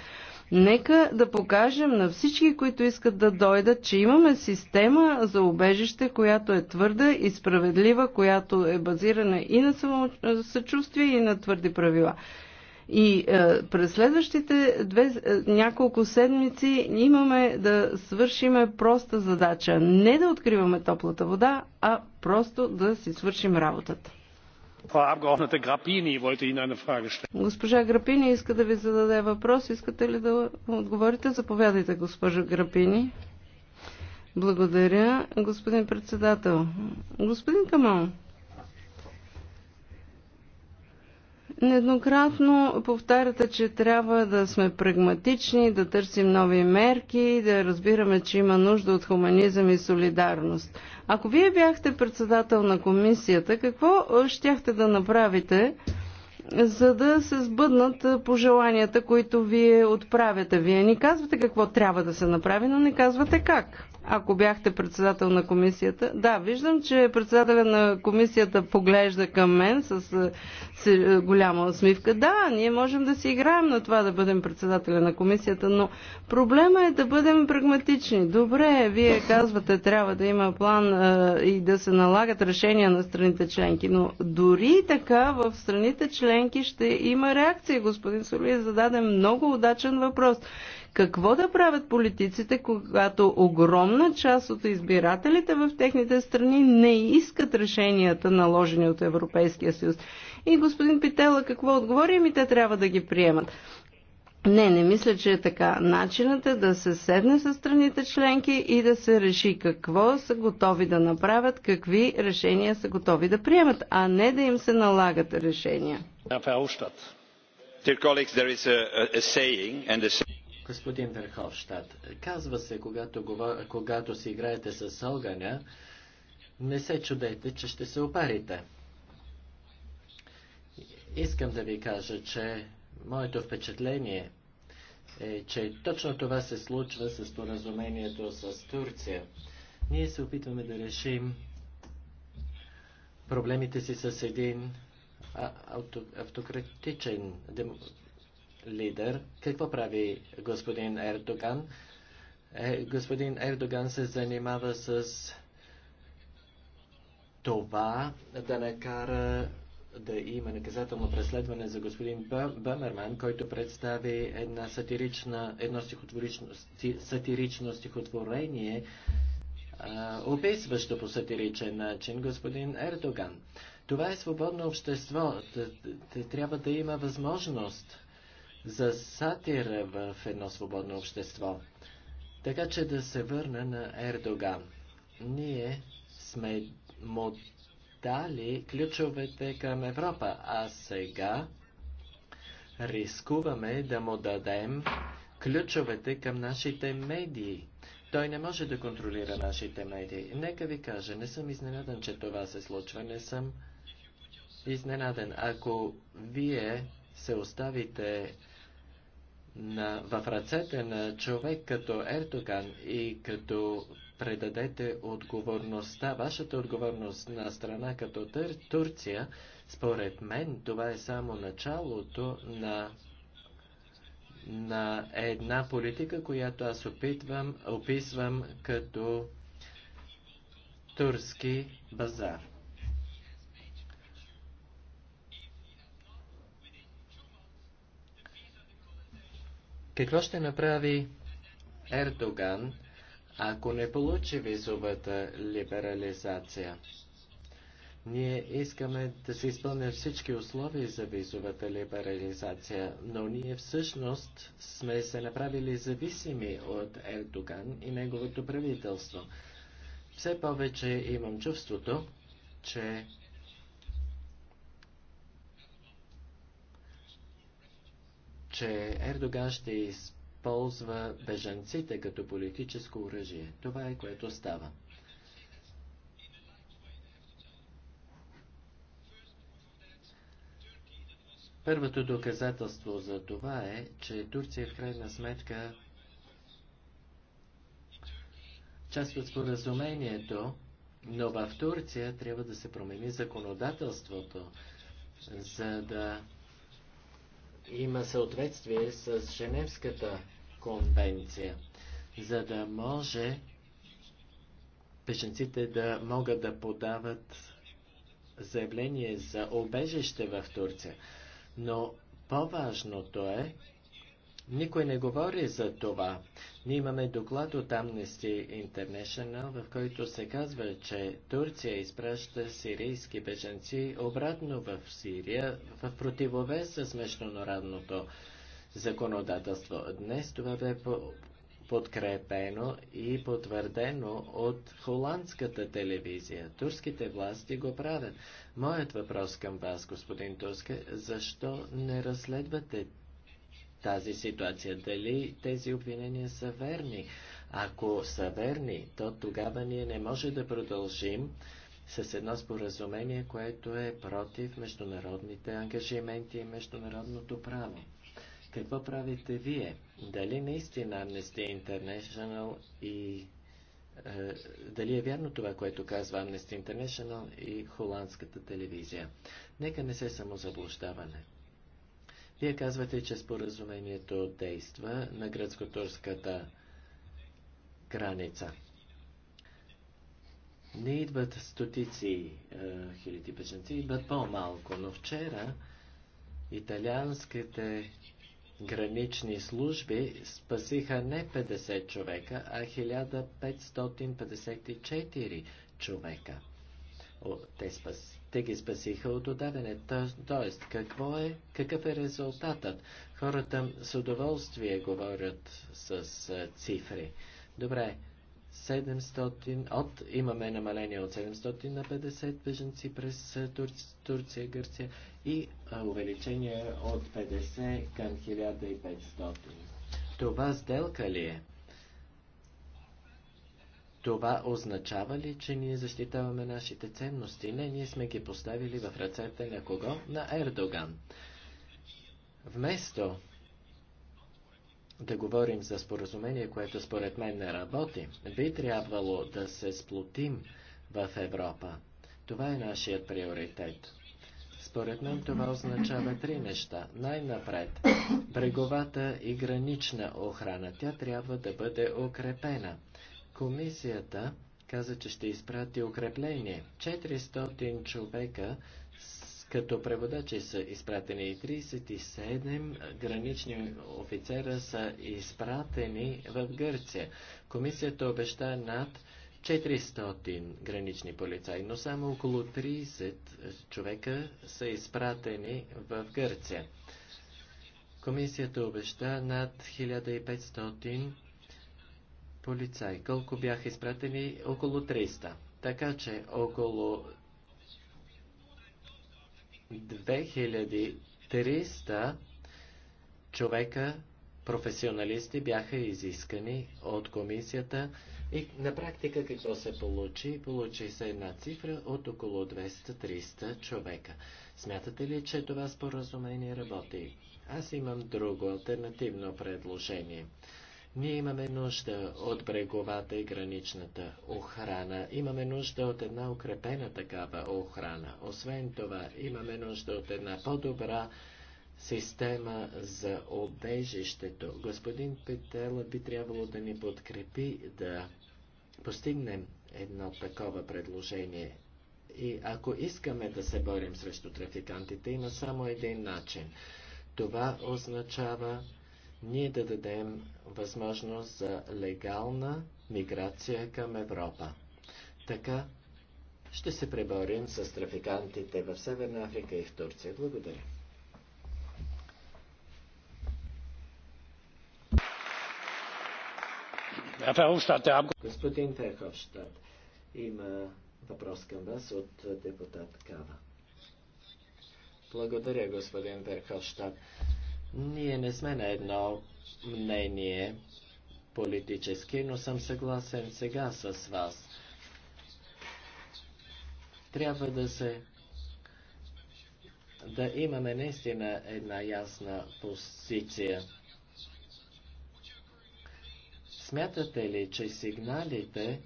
Нека да покажем на всички, които искат да дойдат, че имаме система за обежище, която е твърда и справедлива, която е базирана и на самосъчувствие, и на твърди правила. И а, е, през следващите две, е, няколко седмици имаме да свършиме проста задача. Не да откриваме топлата вода, а просто да си свършим работата. Госпожа Грапини иска да ви зададе въпрос. Искате ли да отговорите? Заповядайте, госпожа Грапини. Благодаря, господин председател. Господин Камон, Нееднократно повтаряте, че трябва да сме прагматични, да търсим нови мерки, да разбираме, че има нужда от хуманизъм и солидарност. Ако вие бяхте председател на комисията, какво щяхте да направите, за да се сбъднат пожеланията, които вие отправяте? Вие ни казвате какво трябва да се направи, но не казвате как ако бяхте председател на комисията. Да, виждам, че председателя на комисията поглежда към мен с, е, с е, голяма усмивка. Да, ние можем да си играем на това да бъдем председателя на комисията, но проблема е да бъдем прагматични. Добре, вие казвате, трябва да има план а, е, и да се налагат решения на страните членки, но дори така в страните членки ще има реакция. Господин Соли зададе много удачен въпрос. Какво да правят политиците, когато огромна част от избирателите в техните страни не искат решенията наложени от Европейския съюз? И господин Питела какво отговори? Ми те трябва да ги приемат. Не, не мисля, че е така. Начинът е да се седне с страните членки и да се реши какво са готови да направят, какви решения са готови да приемат, а не да им се налагат решения. Господин Верховщад, казва се, когато, когато си играете с огъня, не се чудете, че ще се опарите. Искам да ви кажа, че моето впечатление е, че точно това се случва с поразумението с Турция. Ние се опитваме да решим проблемите си с един автократичен, лидер. Какво прави господин Ердоган? Е, господин Ердоган се занимава с това да накара да има наказателно преследване за господин Бъмерман, който представи една сатирична, едно стихотворично, сатирично стихотворение, описващо по сатиричен начин господин Ердоган. Това е свободно общество. Трябва да има възможност за сатира в едно свободно общество. Така че да се върна на Ердоган. Ние сме му дали ключовете към Европа, а сега рискуваме да му дадем ключовете към нашите медии. Той не може да контролира нашите медии. Нека ви кажа, не съм изненадан, че това се случва, не съм изненаден. Ако вие се оставите на, в ръцете на човек като Ердоган и като предадете отговорността, вашата отговорност на страна като Тър, Турция, според мен това е само началото на, на една политика, която аз опитвам, описвам като турски базар. Какво ще направи Ердоган, ако не получи визовата либерализация? Ние искаме да се изпълнят всички условия за визовата либерализация, но ние всъщност сме се направили зависими от Ердоган и неговото правителство. Все повече имам чувството, че че Ердоган ще използва бежанците като политическо оръжие. Това е което става. Първото доказателство за това е, че Турция в крайна сметка част от споразумението, но в Турция трябва да се промени законодателството, за да има съответствие с Женевската конвенция, за да може беженците да могат да подават заявление за обежище в Турция. Но по-важното е никой не говори за това. Ние имаме доклад от Amnesty International, в който се казва, че Турция изпраща сирийски беженци обратно в Сирия в противовес с международното законодателство. Днес това бе подкрепено и потвърдено от холандската телевизия. Турските власти го правят. Моят въпрос към вас, господин е защо не разследвате тази ситуация. Дали тези обвинения са верни? Ако са верни, то тогава ние не може да продължим с едно споразумение, което е против международните ангажименти и международното право. Какво правите вие? Дали наистина Amnesty International и е, дали е вярно това, което казва Amnesty International и холандската телевизия? Нека не се самозаблуждаваме. Вие казвате, че споразумението действа на гръцко-турската граница. Не идват стотици е, хиляди беженци, идват по-малко, но вчера италианските гранични служби спасиха не 50 човека, а 1554 човека. О, те спаси. Те ги спасиха от отдаване. Тоест, какво е, какъв е резултатът? Хората с удоволствие говорят с цифри. Добре, 700, от, имаме намаление от 700 на 50 беженци през Турци, Турция, Гърция и увеличение от 50 към 1500. Това сделка ли е? Това означава ли, че ние защитаваме нашите ценности? Не, ние сме ги поставили в ръцете на кого? На Ердоган. Вместо да говорим за споразумение, което според мен не работи, би трябвало да се сплотим в Европа. Това е нашият приоритет. Според мен това означава три неща. Най-напред, бреговата и гранична охрана. Тя трябва да бъде укрепена. Комисията каза, че ще изпрати укрепление. 400 човека като преводачи са изпратени и 37 гранични офицера са изпратени в Гърция. Комисията обеща над 400 гранични полицаи, но само около 30 човека са изпратени в Гърция. Комисията обеща над 1500 полицаи. Колко бяха изпратени? Около 300. Така че около 2300 човека професионалисти бяха изискани от комисията и на практика какво се получи? Получи се една цифра от около 200-300 човека. Смятате ли, че това споразумение работи? Аз имам друго альтернативно предложение. Ние имаме нужда от бреговата и граничната охрана. Имаме нужда от една укрепена такава охрана. Освен това, имаме нужда от една по-добра система за обежището. Господин Петела би трябвало да ни подкрепи да постигнем едно такова предложение. И ако искаме да се борим срещу трафикантите, има само един начин. Това означава ние да дадем възможност за легална миграция към Европа. Така ще се преборим с трафикантите в Северна Африка и в Турция. Благодаря. Господин Ферховщад, има въпрос към вас от депутат Кава. Благодаря, господин Ферховщад. Ние не сме на едно мнение политически, но съм съгласен сега с вас. Трябва да се да имаме наистина една ясна позиция. Смятате ли, че сигналите,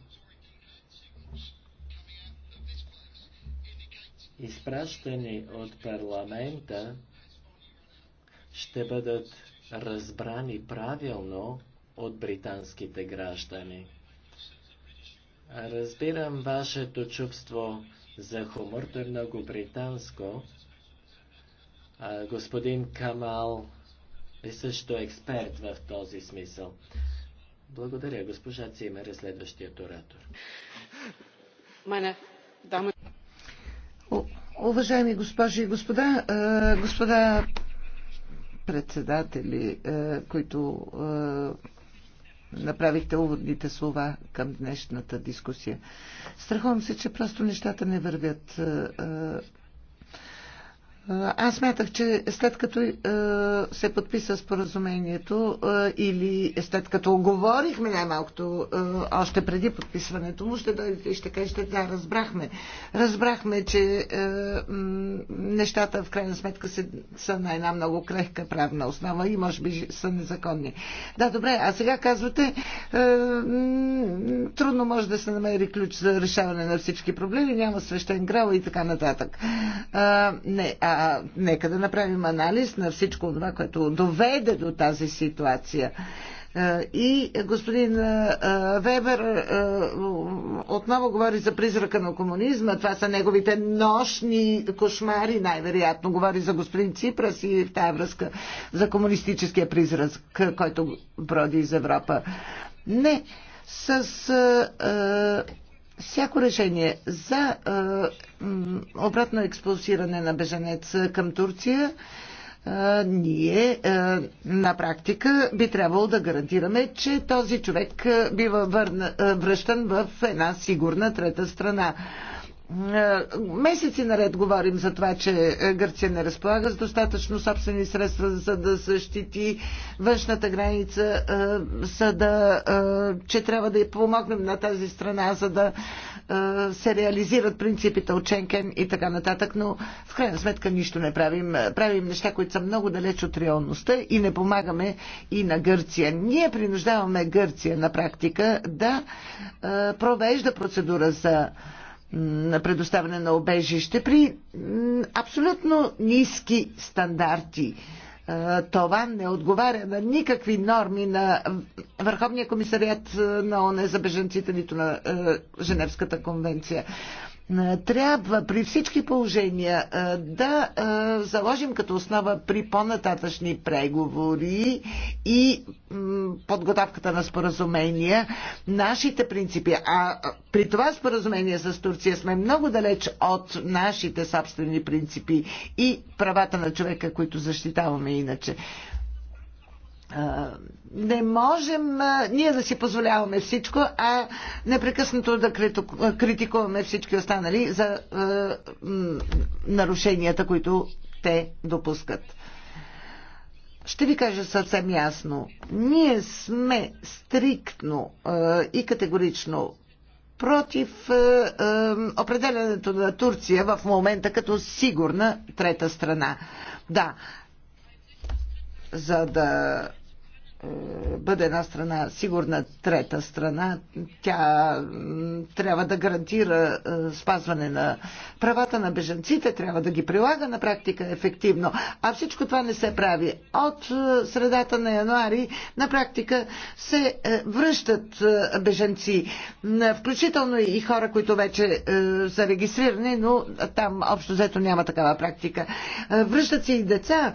изпращани от парламента, ще бъдат разбрани правилно от британските граждани. Разбирам вашето чувство за хумор, то е много британско. А, господин Камал е също експерт в този смисъл. Благодаря, госпожа Цимер е следващият оратор. Мене, дама. Уважаеми госпожи и господа, господа председатели, е, които е, направихте уводните слова към днешната дискусия. Страхувам се, че просто нещата не вървят е, аз мятах, че след като е, се подписа споразумението е, или след като говорихме най-малкото е, още преди подписването му, ще дойдете и ще кажете, да, разбрахме. Разбрахме, че е, нещата в крайна сметка се, са на една много крехка правна основа и може би са незаконни. Да, добре, а сега казвате, е, трудно може да се намери ключ за решаване на всички проблеми, няма свещен грал и така нататък. Е, не, а нека да направим анализ на всичко това, което доведе до тази ситуация. И господин Вебер отново говори за призрака на комунизма. Това са неговите нощни кошмари, най-вероятно. Говори за господин Ципрас и в тази връзка за комунистическия призрак, който броди из Европа. Не, с всяко решение за обратно експулсиране на беженец към Турция ние на практика би трябвало да гарантираме, че този човек бива върна, връщан в една сигурна трета страна. Е, месеци наред говорим за това, че е, Гърция не разполага с достатъчно собствени средства, за да защити външната граница, е, за да, че трябва да помогнем на тази страна, за да се реализират принципите от Ченкен и така нататък, но в крайна сметка нищо не правим. Правим неща, които са много далеч от реалността и не помагаме и на Гърция. Ние принуждаваме Гърция на практика да провежда процедура за на предоставяне на обежище при абсолютно ниски стандарти. Е, това не отговаря на никакви норми на Върховния комисариат е, на ОНЕ за беженците, нито на е, Женевската конвенция. Е, трябва при всички положения е, да е, заложим като основа при по-нататъчни преговори и подготовката на споразумения нашите принципи. А при това споразумение с Турция сме много далеч от нашите собствени принципи и правата на човека, които защитаваме иначе не можем ние да си позволяваме всичко, а непрекъснато да критикуваме всички останали за нарушенията, които те допускат. Ще ви кажа съвсем ясно. Ние сме стриктно и категорично против определенето на Турция в момента като сигурна трета страна. Да, за да бъде една страна сигурна трета страна, тя трябва да гарантира спазване на правата на беженците, трябва да ги прилага на практика ефективно. А всичко това не се прави. От средата на януари на практика се е, връщат беженци, включително и хора, които вече е, са регистрирани, но там общо взето няма такава практика. Е, връщат се и деца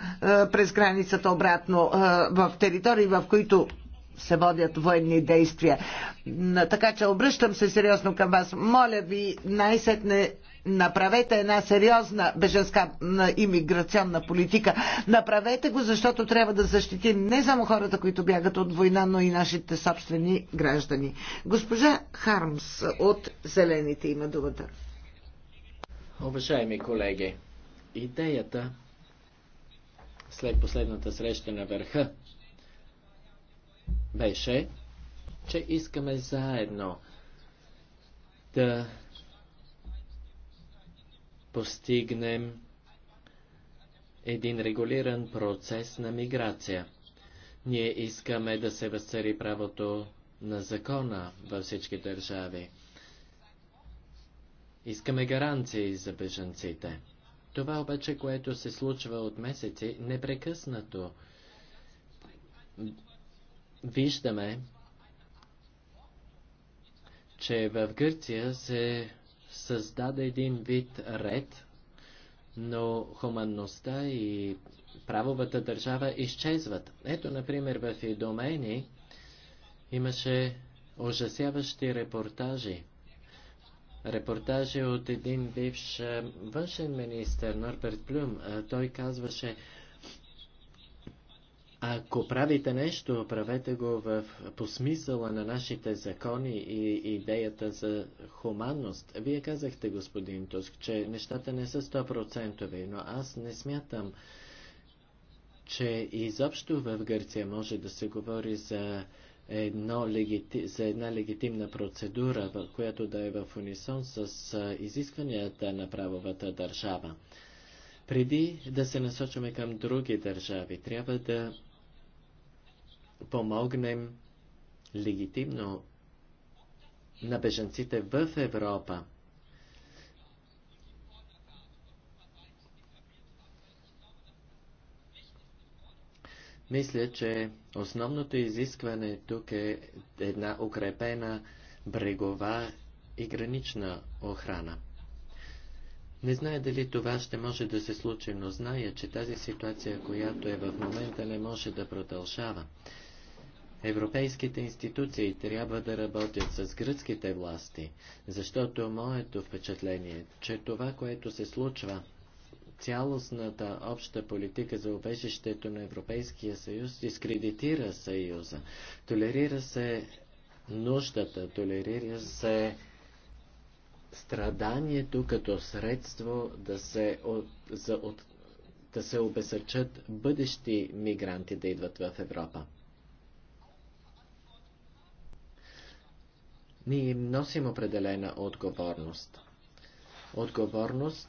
през границата обратно в територии, в в които се водят военни действия. Така че обръщам се сериозно към вас. Моля ви, най-сетне направете една сериозна беженска иммиграционна политика. Направете го, защото трябва да защитим не само хората, които бягат от война, но и нашите собствени граждани. Госпожа Хармс от Зелените има думата. Уважаеми колеги, идеята след последната среща на върха беше, че искаме заедно да постигнем един регулиран процес на миграция. Ние искаме да се възцари правото на закона във всички държави. Искаме гаранции за бежанците. Това обаче, което се случва от месеци, непрекъснато виждаме, че в Гърция се създаде един вид ред, но хуманността и правовата държава изчезват. Ето, например, в Идомени имаше ужасяващи репортажи. Репортажи от един бивш външен министр, Норберт Плюм. Той казваше, ако правите нещо, правете го в, по смисъла на нашите закони и идеята за хуманност. Вие казахте, господин Туск, че нещата не са 100%, но аз не смятам, че изобщо в Гърция може да се говори за, едно легити... за една легитимна процедура, която да е в унисон с изискванията на правовата държава. Преди да се насочваме към други държави, трябва да помогнем легитимно на беженците в Европа. Мисля, че основното изискване тук е една укрепена брегова и гранична охрана. Не зная дали това ще може да се случи, но зная, че тази ситуация, която е в момента, не може да продължава. Европейските институции трябва да работят с гръцките власти, защото моето впечатление е, че това, което се случва, цялостната обща политика за убежището на Европейския съюз дискредитира съюза. Толерира се нуждата, толерира се страданието като средство да се, от, за, от, да се обесърчат бъдещи мигранти да идват в Европа. Ние носим определена отговорност. Отговорност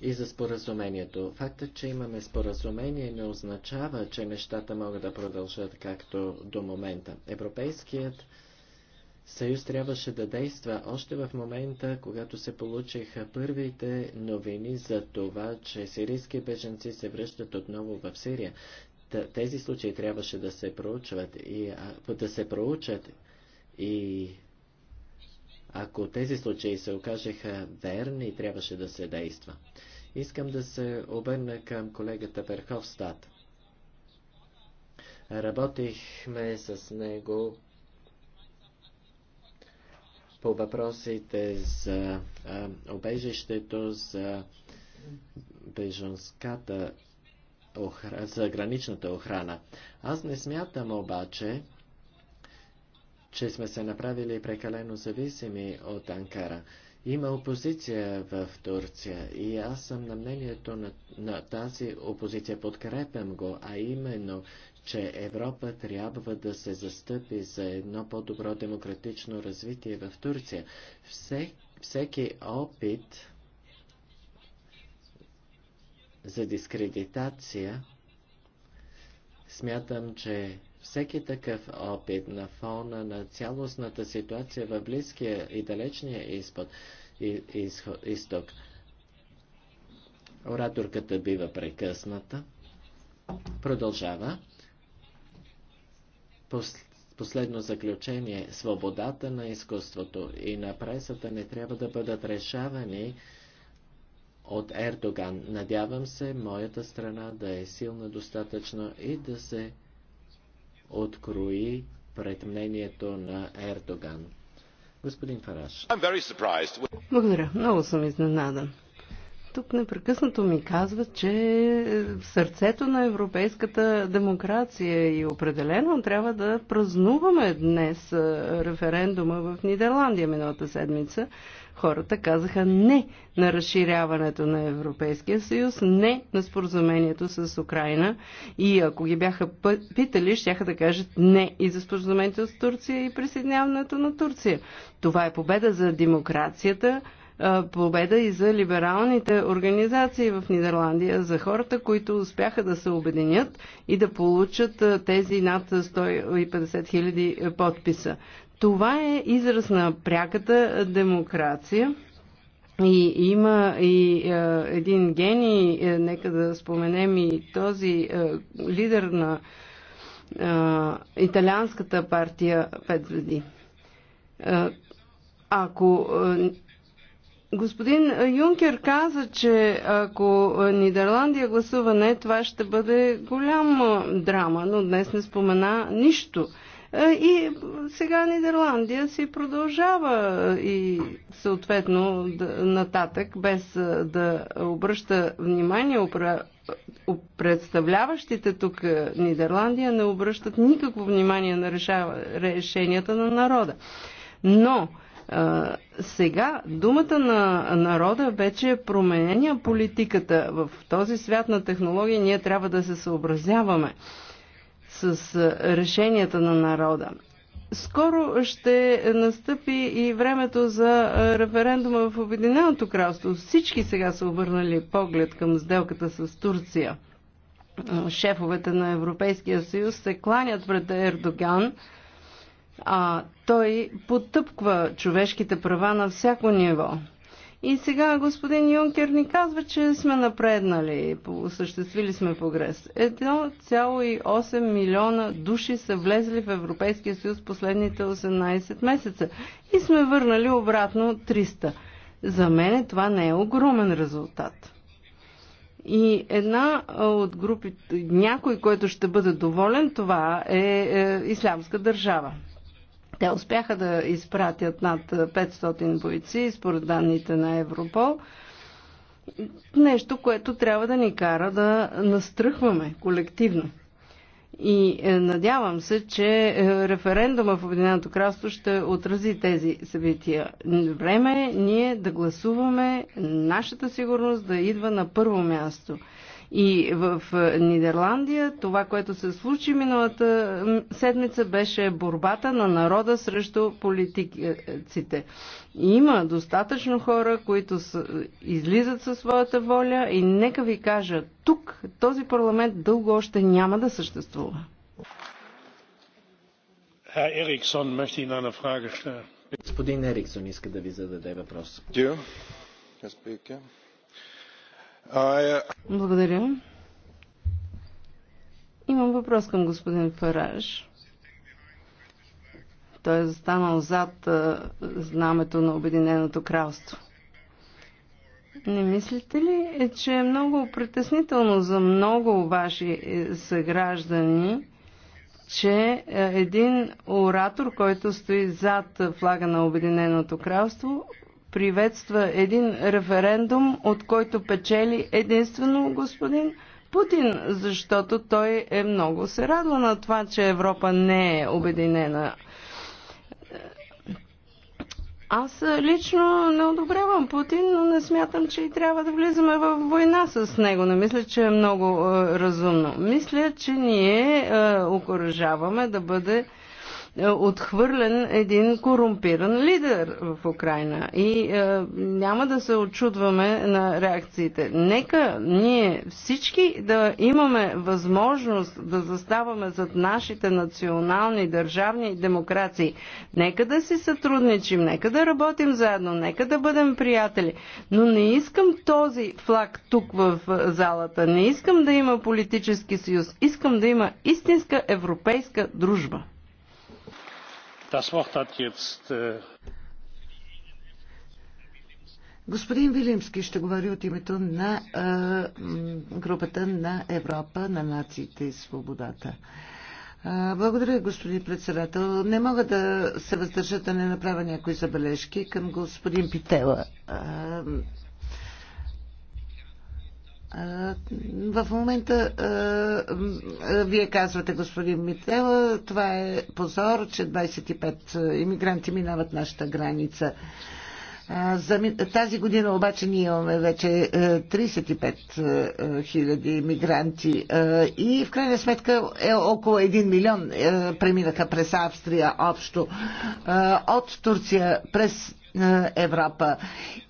и за споразумението. Фактът, че имаме споразумение не означава, че нещата могат да продължат както до момента. Европейският съюз трябваше да действа още в момента, когато се получиха първите новини за това, че сирийски беженци се връщат отново в Сирия. Тези случаи трябваше да се проучват и да се проучат и ако тези случаи се окажеха верни, трябваше да се действа. Искам да се обърна към колегата Верховстат. Работихме с него по въпросите за а, обежището, за бежонската охра... за граничната охрана. Аз не смятам обаче, че сме се направили прекалено зависими от Анкара. Има опозиция в Турция и аз съм на мнението на, на тази опозиция, подкрепям го, а именно, че Европа трябва да се застъпи за едно по-добро демократично развитие в Турция. Все, всеки опит за дискредитация смятам, че всеки такъв опит на фона на цялостната ситуация в близкия и далечния изпод, и, изход, изток, ораторката бива прекъсната, продължава. Пос, последно заключение, свободата на изкуството и на пресата не трябва да бъдат решавани от Ердоган. Надявам се моята страна да е силна достатъчно и да се открои пред мнението на Ердоган. Господин Фараш. Благодаря. Много съм изненадан тук непрекъснато ми казват, че сърцето на европейската демокрация и определено трябва да празнуваме днес референдума в Нидерландия миналата седмица. Хората казаха не на разширяването на Европейския съюз, не на споразумението с Украина и ако ги бяха питали, ще да кажат не и за споразумението с Турция и присъединяването на Турция. Това е победа за демокрацията, победа и за либералните организации в Нидерландия, за хората, които успяха да се обединят и да получат тези над 150 хиляди подписа. Това е израз на пряката демокрация. И има и е, един гений, е, нека да споменем и този е, лидер на е, италианската партия Пет звезди. Е, ако е, Господин Юнкер каза, че ако Нидерландия гласува не, това ще бъде голяма драма, но днес не спомена нищо. И сега Нидерландия си продължава и съответно нататък, без да обръща внимание представляващите тук Нидерландия не обръщат никакво внимание на решенията на народа. Но сега думата на народа вече е променения политиката. В този свят на технологии ние трябва да се съобразяваме с решенията на народа. Скоро ще настъпи и времето за референдума в Обединеното кралство. Всички сега са обърнали поглед към сделката с Турция. Шефовете на Европейския съюз се кланят пред Ердоган а той потъпква човешките права на всяко ниво. И сега господин Юнкер ни казва, че сме напреднали, осъществили сме прогрес. 1,8 милиона души са влезли в Европейския съюз последните 18 месеца и сме върнали обратно 300. За мен това не е огромен резултат. И една от групите, някой, който ще бъде доволен, това е, е Ислямска държава. Те успяха да изпратят над 500 бойци, според данните на Европол. Нещо, което трябва да ни кара да настръхваме колективно. И е, надявам се, че е, референдума в Обединеното кралство ще отрази тези събития. Време е ние да гласуваме нашата сигурност да идва на първо място. И в е, Нидерландия това, което се случи миналата седмица, беше борбата на народа срещу политиците. Има достатъчно хора, които излизат със своята воля и нека ви кажа, тук този парламент дълго още няма да съществува. Господин Ериксон иска да ви зададе въпрос. Благодаря. Имам въпрос към господин Фараж. Той е застанал зад знамето на Обединеното кралство. Не мислите ли, е, че е много притеснително за много ваши е, съграждани, че е, един оратор, който стои зад флага на Обединеното кралство, приветства един референдум, от който печели единствено господин Путин, защото той е много се радва на това, че Европа не е обединена. Аз лично не одобрявам Путин, но не смятам, че и трябва да влизаме в война с него. Не мисля, че е много е, разумно. Мисля, че ние е, окоръжаваме да бъде е, отхвърлен един корумпиран лидер в Украина. И е, няма да се очудваме на реакциите. Нека ние всички да имаме възможност да заставаме зад нашите национални, държавни демокрации. Нека да си сътрудничим, нека да работим заедно, нека да бъдем приятели. Но не искам този флаг тук в е, залата. Не искам да има политически съюз. Искам да има истинска европейска дружба. Äh, господин Вилимски ще говори от името на групата на Европа на нациите и свободата. Благодаря, господин председател. Не мога да се въздържа да не направя някои забележки към господин Питела. В момента вие казвате, господин Митела, това е позор, че 25 иммигранти минават нашата граница. За тази година обаче ние имаме вече 35 000 иммигранти, и в крайна сметка е около 1 милион преминаха през Австрия общо. От Турция през Европа.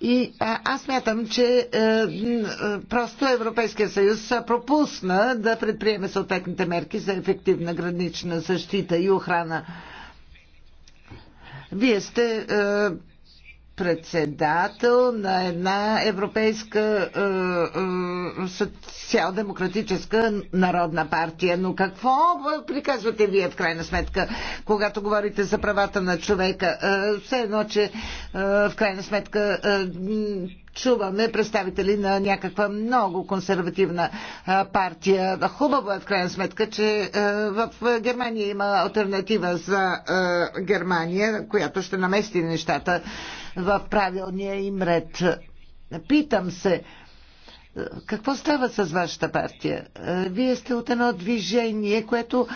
И аз мятам, че е, е, просто Европейския съюз пропусна да предприеме съответните мерки за ефективна гранична защита и охрана. Вие сте е, председател на една европейска е, е, социал-демократическа народна партия. Но какво приказвате вие в крайна сметка, когато говорите за правата на човека? Е, все едно, че е, в крайна сметка е, чуваме представители на някаква много консервативна е, партия. Хубаво е в крайна сметка, че е, в Германия има альтернатива за е, Германия, която ще намести нещата в правилния им ред. Питам се, какво става с вашата партия? Вие сте от едно движение, което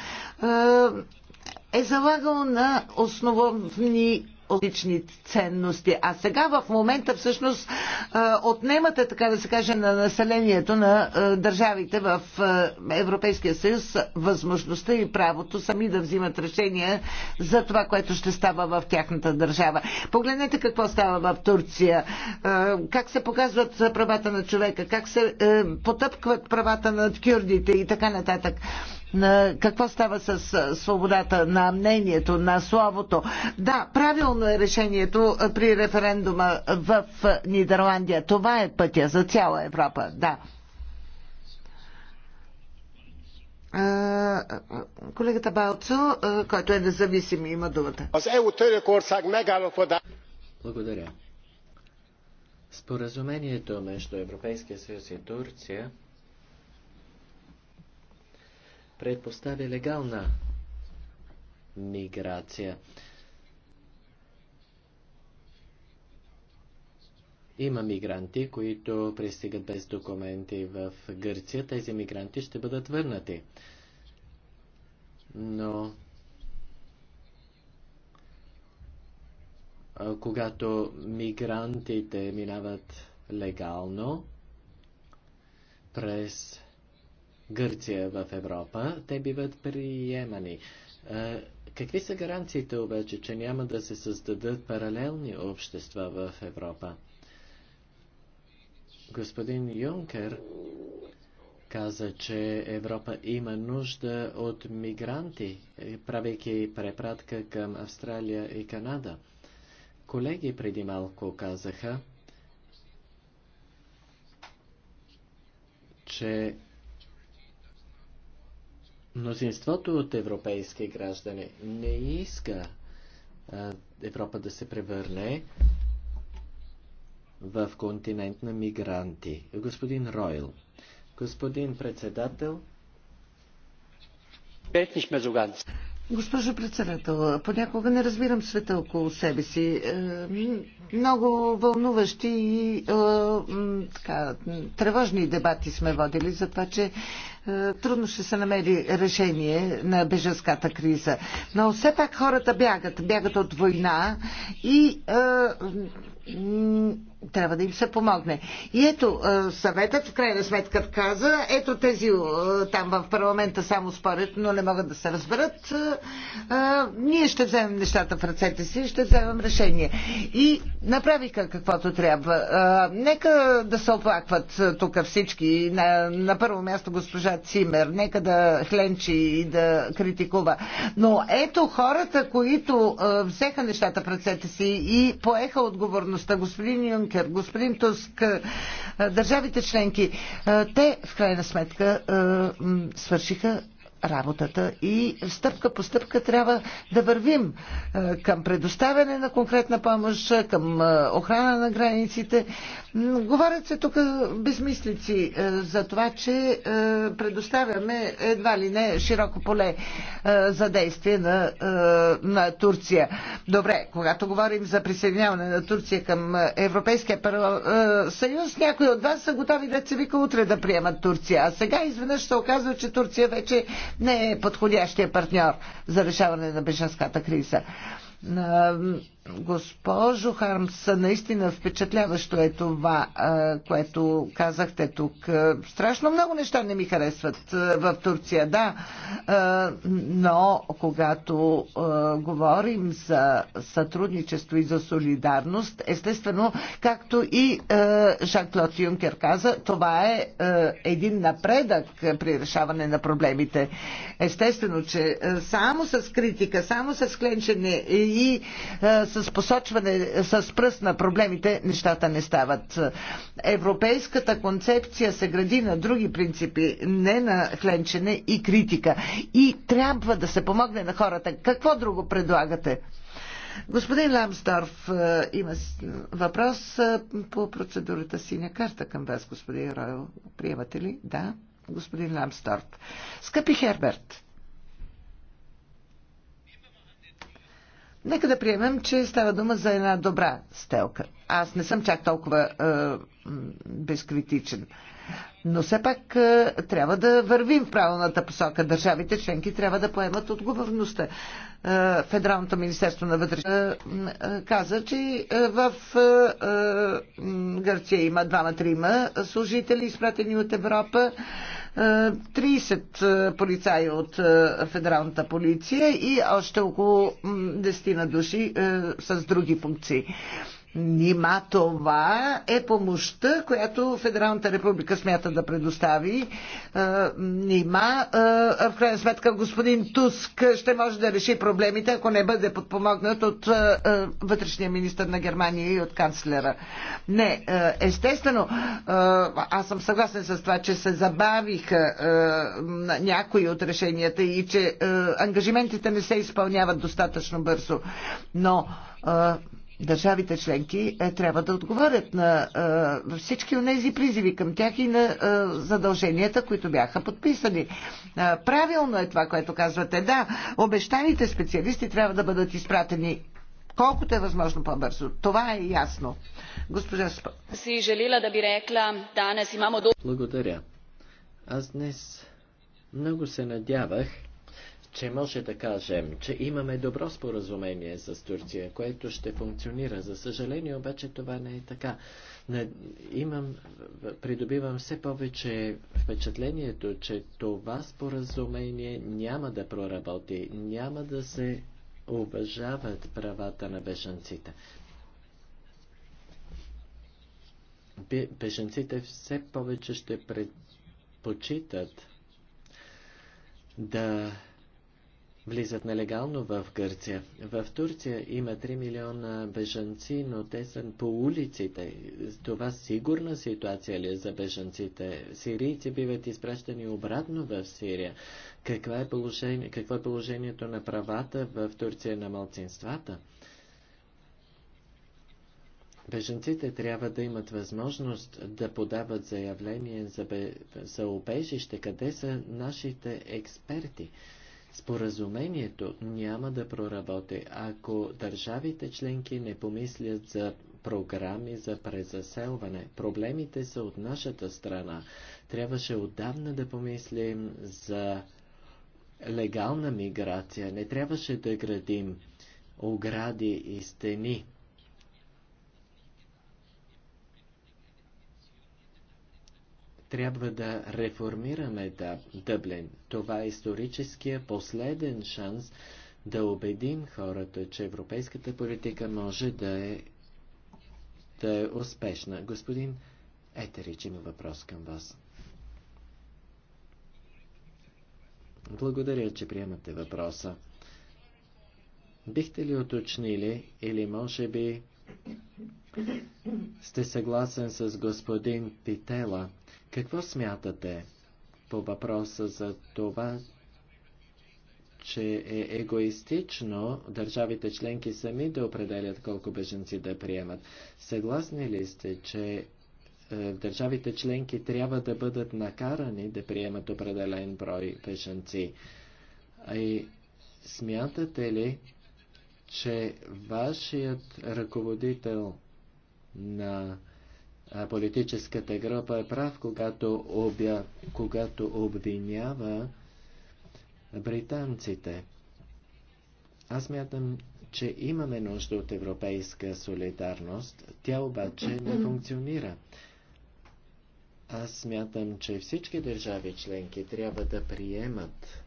е, е залагало на основни отлични ценности. А сега в момента всъщност отнемате, така да се каже, на населението на държавите в Европейския съюз възможността и правото сами да взимат решения за това, което ще става в тяхната държава. Погледнете какво става в Турция, как се показват правата на човека, как се е, потъпкват правата на кюрдите и така нататък на какво става с свободата на мнението, на словото. Да, правилно е решението при референдума в Нидерландия. Това е пътя за цяла Европа. Да. Колегата Балцо, който е независим, има думата. Благодаря. Споразумението между Европейския съюз и Турция Предпоставя легална миграция. Има мигранти, които пристигат без документи в Гърция. Тези мигранти ще бъдат върнати. Но когато мигрантите минават легално през Гърция в Европа, те биват приемани. Какви са гаранциите обаче, че няма да се създадат паралелни общества в Европа? Господин Юнкер каза, че Европа има нужда от мигранти, правейки препратка към Австралия и Канада. Колеги преди малко казаха, че Мнозинството от европейски граждани не иска Европа да се превърне в континент на мигранти. Господин Ройл, господин председател, Госпожо председател, понякога не разбирам света около себе си. Е, много вълнуващи и е, така, тревожни дебати сме водили за това, че е, трудно ще се намери решение на беженската криза. Но все пак хората бягат, бягат от война и е, трябва да им се помогне. И ето, е, съветът в крайна сметка каза, ето тези е, там в парламента само спорят, но не могат да се разберат. Ние ще вземем нещата в ръцете си ще вземем решение. И направиха каквото трябва. Нека да се оплакват тук всички. На, на първо място госпожа Цимер, нека да хленчи и да критикува. Но ето хората, които взеха нещата пред сете си и поеха отговорността, господин Юнкер, господин Туск, държавите членки, те в крайна сметка свършиха работата и стъпка по стъпка трябва да вървим е, към предоставяне на конкретна помощ, към е, охрана на границите. Говорят се тук безмислици е, за това, че предоставяме едва ли не широко поле за действие на, на Турция. Добре, когато говорим за присъединяване на Турция към Европейския съюз, някои от вас са готови да се вика утре да приемат Турция. А сега изведнъж се оказва, че Турция вече не е подходящия партньор за решаване на беженската криза. Госпожо Хармс, наистина впечатляващо е това, което казахте тук. Страшно много неща не ми харесват в Турция, да. Но когато говорим за сътрудничество и за солидарност, естествено, както и Жан-Клод Юнкер каза, това е един напредък при решаване на проблемите. Естествено, че само с критика, само с кленчене и с с посочване с пръст на проблемите нещата не стават. Европейската концепция се гради на други принципи, не на хленчене и критика. И трябва да се помогне на хората. Какво друго предлагате? Господин Ламсторф, е, има въпрос е, по процедурата синя карта към вас, господин Ройл. Приемате ли? Да. Господин Ламсторф. Скъпи Херберт, Нека да приемем, че става дума за една добра стелка. Аз не съм чак толкова е, безкритичен. Но все пак е, трябва да вървим в правилната посока. Държавите членки трябва да поемат отговорността. Е, Федералното министерство на вътрешния е, е, каза, че е, в е, е, Гърция има двама-трима служители, изпратени от Европа. Е, 30 е, е, полицаи от е, федералната полиция и още около 10 души с други функции. Нима това е помощта, която Федералната република смята да предостави. Е, нима, е, в крайна сметка, господин Туск ще може да реши проблемите, ако не бъде подпомогнат от е, вътрешния министр на Германия и от канцлера. Не, естествено, аз съм съгласен с това, че се забавиха някои от решенията и че ангажиментите не се изпълняват достатъчно бързо. Но държавите членки е, трябва да отговорят на е, всички от тези призиви към тях и на е, задълженията, които бяха подписани. Е, правилно е това, което казвате. Да, обещаните специалисти трябва да бъдат изпратени колкото е възможно по-бързо. Това е ясно. Госпожа Спа. Си желила да би рекла, мамо до... Благодаря. Аз днес много се надявах, че може да кажем, че имаме добро споразумение с Турция, което ще функционира. За съжаление, обаче това не е така. Имам, придобивам все повече впечатлението, че това споразумение няма да проработи, няма да се уважават правата на бежанците. Бежанците все повече ще предпочитат да влизат нелегално в Гърция. В Турция има 3 милиона бежанци, но те са по улиците. Това сигурна ситуация ли е за бежанците? Сирийци биват изпращани обратно в Сирия. Какво е, положение, какво е положението на правата в Турция на малцинствата? Беженците трябва да имат възможност да подават заявление за, бе... за убежище. Къде са нашите експерти? Споразумението няма да проработи, ако държавите членки не помислят за програми за презаселване. Проблемите са от нашата страна. Трябваше отдавна да помислим за легална миграция. Не трябваше да градим огради и стени. Трябва да реформираме Дъблен. Това е историческия последен шанс да убедим хората, че европейската политика може да е, да е успешна. Господин Етерич има въпрос към вас. Благодаря, че приемате въпроса. Бихте ли уточнили или може би сте съгласен с господин Питела, какво смятате по въпроса за това, че е егоистично държавите членки сами да определят колко беженци да приемат? Съгласни ли сте, че е, държавите членки трябва да бъдат накарани да приемат определен брой беженци? А и смятате ли, че вашият ръководител на политическата група е прав, когато, обя, когато обвинява британците. Аз мятам, че имаме нужда от европейска солидарност, тя обаче не функционира. Аз мятам, че всички държави членки трябва да приемат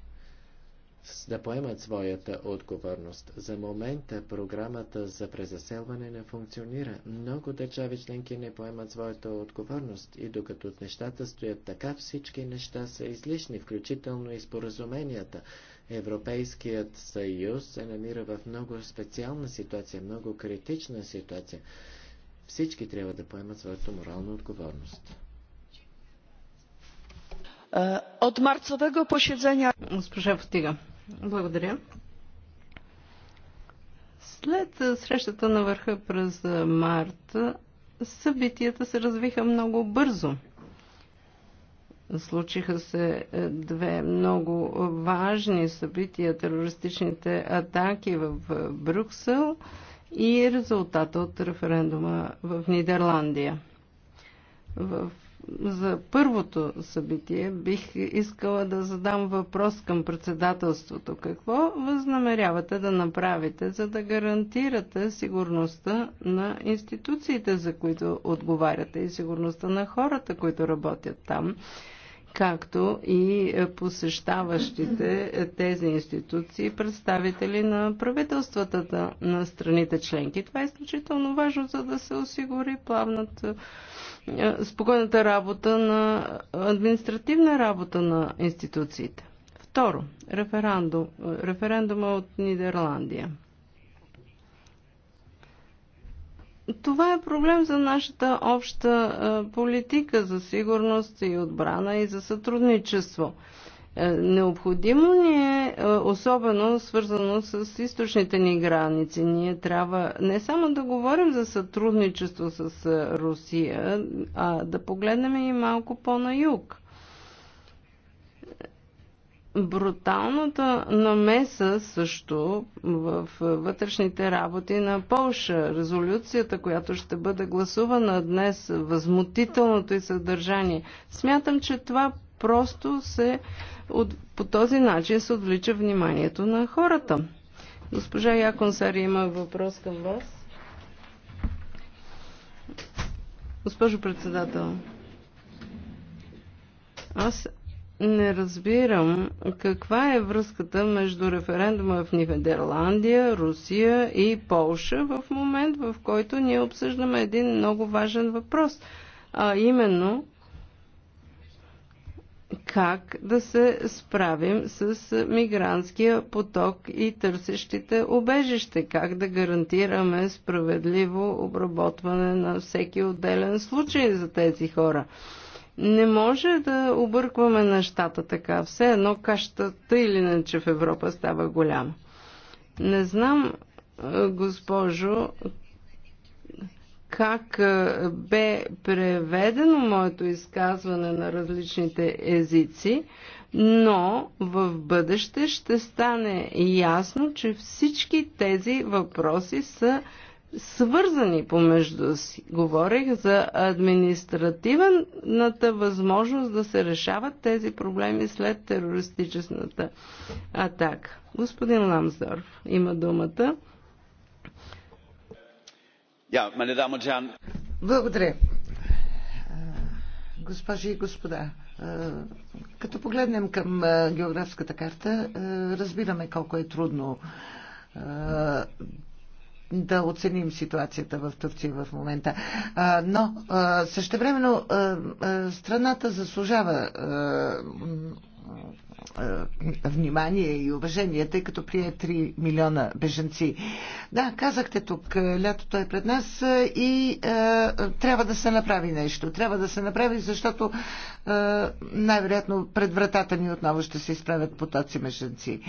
да поемат своята отговорност. За момента програмата за презаселване не функционира. Много държави членки не поемат своята отговорност и докато нещата стоят така, всички неща са излишни, включително и споразуменията. Европейският съюз се намира в много специална ситуация, много критична ситуация. Всички трябва да поемат своята морална отговорност od marcowego posiedzenia благодаря. След срещата на върха през март, събитията се развиха много бързо. Случиха се е, две много важни събития терористичните атаки в Брюксел и резултата от референдума в Нидерландия. В за първото събитие бих искала да задам въпрос към председателството. Какво възнамерявате да направите, за да гарантирате сигурността на институциите, за които отговаряте и сигурността на хората, които работят там, както и посещаващите тези институции представители на правителствата на страните членки? Това е изключително важно, за да се осигури плавната е, спокойната работа на административна работа на институциите. Второ, референдум, референдума от Нидерландия. Това е проблем за нашата обща е, политика за сигурност и отбрана и за сътрудничество. Е, необходимо ни е, е, особено свързано с източните ни граници. Ние трябва не само да говорим за сътрудничество с е, Русия, а да погледнем и малко по-на юг. Бруталната намеса също в вътрешните работи на Полша, резолюцията, която ще бъде гласувана днес, възмутителното и съдържание. Смятам, че това просто се от, по този начин се отвлича вниманието на хората. Госпожа Яконсари има въпрос към вас. Госпожо председател, аз не разбирам каква е връзката между референдума в Нидерландия, Русия и Полша в момент, в който ние обсъждаме един много важен въпрос, а именно как да се справим с мигрантския поток и търсещите обежище, как да гарантираме справедливо обработване на всеки отделен случай за тези хора. Не може да объркваме нещата така. Все едно кащата или иначе в Европа става голяма. Не знам, госпожо, как бе преведено моето изказване на различните езици, но в бъдеще ще стане ясно, че всички тези въпроси са свързани помежду си. Говорих за административната възможност да се решават тези проблеми след терористическата атака. Господин Ламсдорф има думата. Благодаря. Е, госпожи и господа, е, като погледнем към е, географската карта, разбираме колко е трудно да оценим ситуацията в Турция в момента. Но времено страната заслужава внимание и уважение, тъй като прие 3 милиона беженци. Да, казахте тук, лятото е пред нас и е, трябва да се направи нещо. Трябва да се направи, защото е, най-вероятно пред вратата ни отново ще се изправят потоци беженци.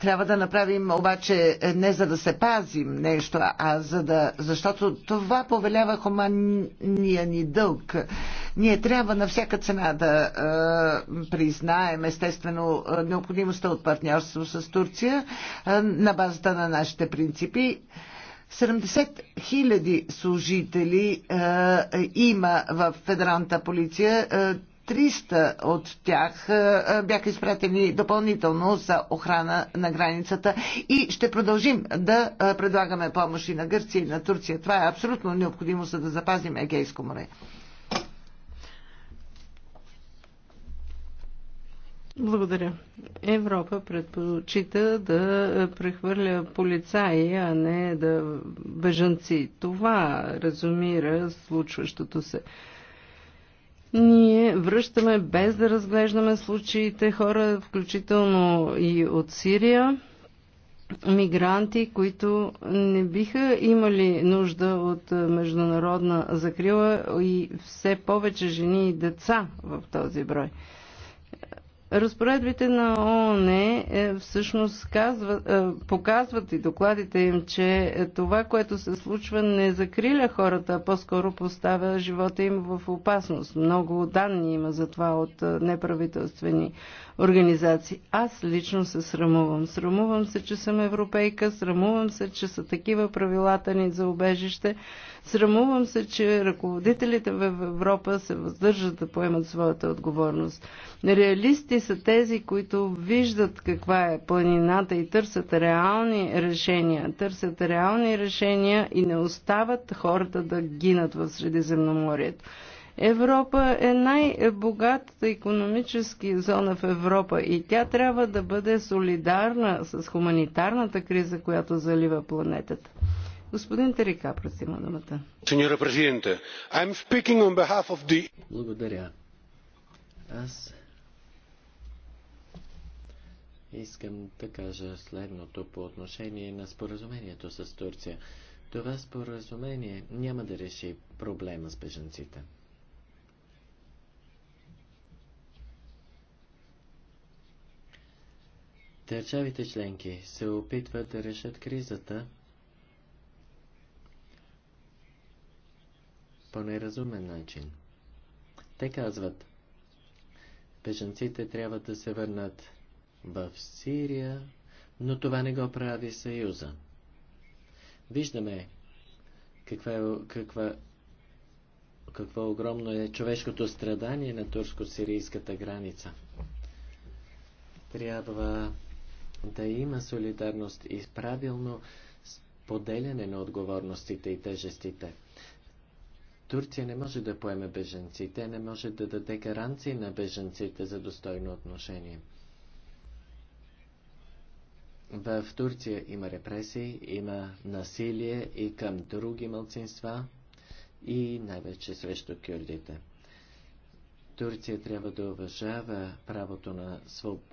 Трябва да направим обаче не за да се пазим нещо, а за да, защото това повелява хуманния ни дълг. Ние трябва на всяка цена да а, признаем естествено необходимостта от партньорство с Турция а, на базата на нашите принципи. 70 хиляди служители а, има в федералната полиция. А, 300 от тях бяха изпратени допълнително за охрана на границата и ще продължим да предлагаме помощи на Гърция и на Турция. Това е абсолютно необходимо, за да запазим Егейско море. Благодаря. Европа предпочита да прехвърля полицаи, а не да бежанци. Това разумира случващото се. Ние връщаме без да разглеждаме случаите хора, включително и от Сирия, мигранти, които не биха имали нужда от международна закрила и все повече жени и деца в този брой. Разпоредбите на ООН е, всъщност е, показват и докладите им, че е, това, което се случва, не закриля хората, а по-скоро поставя живота им в опасност. Много данни има за това от е, неправителствени организации. Аз лично се срамувам. Срамувам се, че съм европейка, срамувам се, че са такива правилата ни за убежище, срамувам се, че ръководителите в Европа се въздържат да поемат своята отговорност. Реалисти са тези, които виждат каква е планината и търсят реални решения. Търсят реални решения и не остават хората да гинат в Средиземноморието. Европа е най-богатата економически зона в Европа и тя трябва да бъде солидарна с хуманитарната криза, която залива планетата. Господин Терика, просима думата. Сеньора президенте, I'm speaking on behalf of the... Благодаря. Аз искам да кажа следното по отношение на споразумението с Турция. Това споразумение няма да реши проблема с беженците. Държавите членки се опитват да решат кризата по неразумен начин. Те казват, беженците трябва да се върнат в Сирия, но това не го прави Съюза. Виждаме каква, е, каква, какво огромно е човешкото страдание на турско-сирийската граница. Трябва да има солидарност и правилно поделяне на отговорностите и тежестите. Турция не може да поеме беженците, не може да даде гаранции на беженците за достойно отношение. В Турция има репресии, има насилие и към други мълцинства и най-вече срещу кюрдите. Турция трябва да уважава правото на своб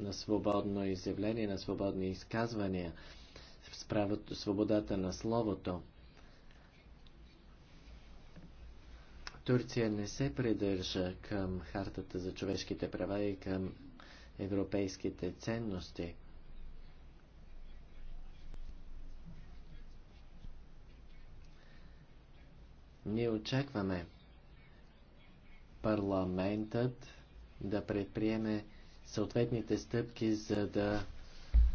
на свободно изявление, на свободни изказвания, правото, свободата на словото. Турция не се придържа към хартата за човешките права и към европейските ценности. Ние очакваме парламентът да предприеме съответните стъпки, за да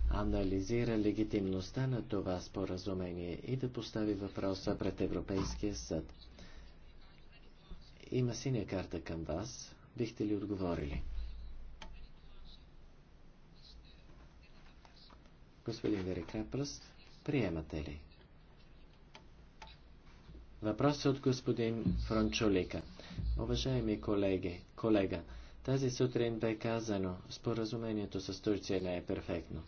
анализира легитимността на това споразумение и да постави въпроса пред Европейския съд. Има синя карта към вас. Бихте ли отговорили? Господин Верикрапръс, приемате ли? Въпрос от господин Фрончолика. Уважаеми колеги, колега, тази сутрин бе казано, споразумението с Турция не е перфектно.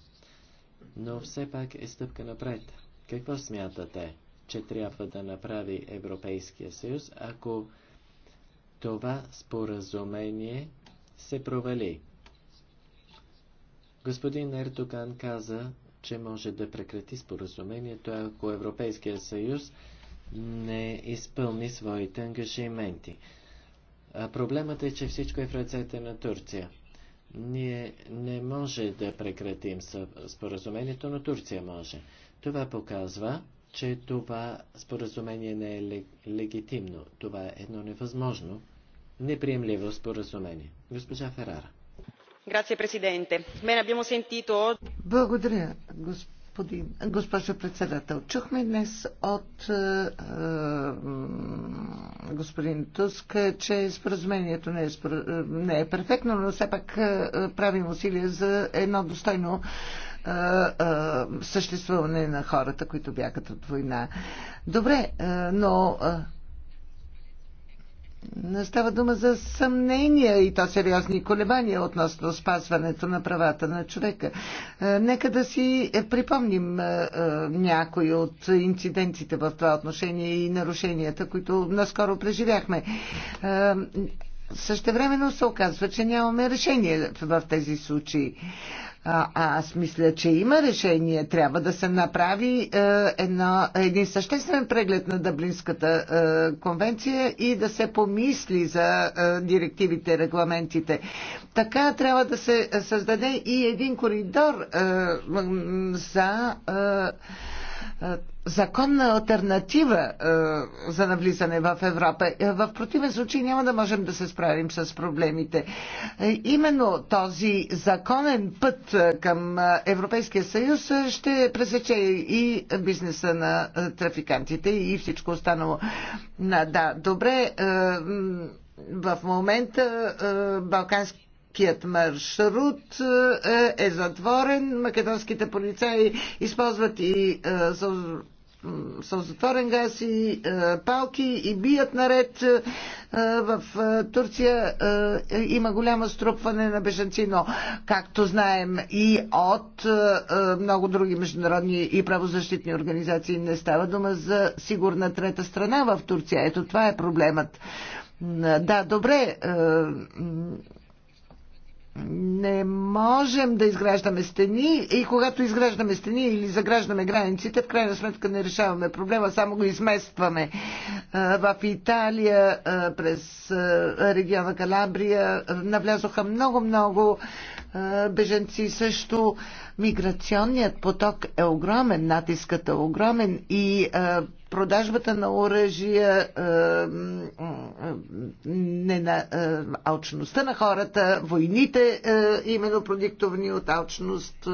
Но все пак е стъпка напред. Какво смятате, че трябва да направи Европейския съюз, ако това споразумение се провали? Господин Ертоган каза, че може да прекрати споразумението, ако Европейския съюз не изпълни своите ангажименти. Проблемът е, че всичко е в ръцете на Турция. Ние не може да прекратим споразумението, но Турция може. Това показва, че това споразумение не е легитимно. Това е едно невъзможно, неприемливо споразумение. Госпожа Ферара. Благодаря, господин господин, госпожо председател. Чухме днес от е, е, господин Туск, че споразумението не е, е, не е перфектно, но все пак е, правим усилия за едно достойно е, е, съществуване на хората, които бягат от война. Добре, е, но. Е, Става дума за съмнения и то сериозни колебания относно спазването на правата на човека. Е, нека да си припомним е, е, някои от инцидентите в това отношение и нарушенията, които наскоро преживяхме. Същевременно се оказва, че нямаме решение в тези случаи. А, аз мисля, че има решение. Трябва да се направи е, едно, един съществен преглед на Дъблинската е, конвенция и да се помисли за е, директивите, регламентите. Така трябва да се създаде и един коридор е, за. Е, е законна альтернатива е, за навлизане в Европа. Е, в противен случай няма да можем да се справим с проблемите. Е, именно този законен път е, към е, Европейския съюз ще пресече и бизнеса на трафикантите и всичко останало. Да, да добре. Е, в момента е, Балкански Кият маршрут е затворен. Македонските полицаи използват и с затворен газ и е, палки и бият наред. Е, в е, Турция е, има голямо струпване на бежанци, но както знаем и от е, е много други международни и правозащитни организации не става дума за сигурна трета страна в Турция. Ето това е проблемът. Да, добре. Е, не можем да изграждаме стени и когато изграждаме стени или заграждаме границите, в крайна сметка не решаваме проблема, само го изместваме. В Италия, през региона Калабрия, навлязоха много-много беженци също. Миграционният поток е огромен, натискът е огромен и продажбата на оръжия, алчността на хората, войните, именно продиктовани от алчност,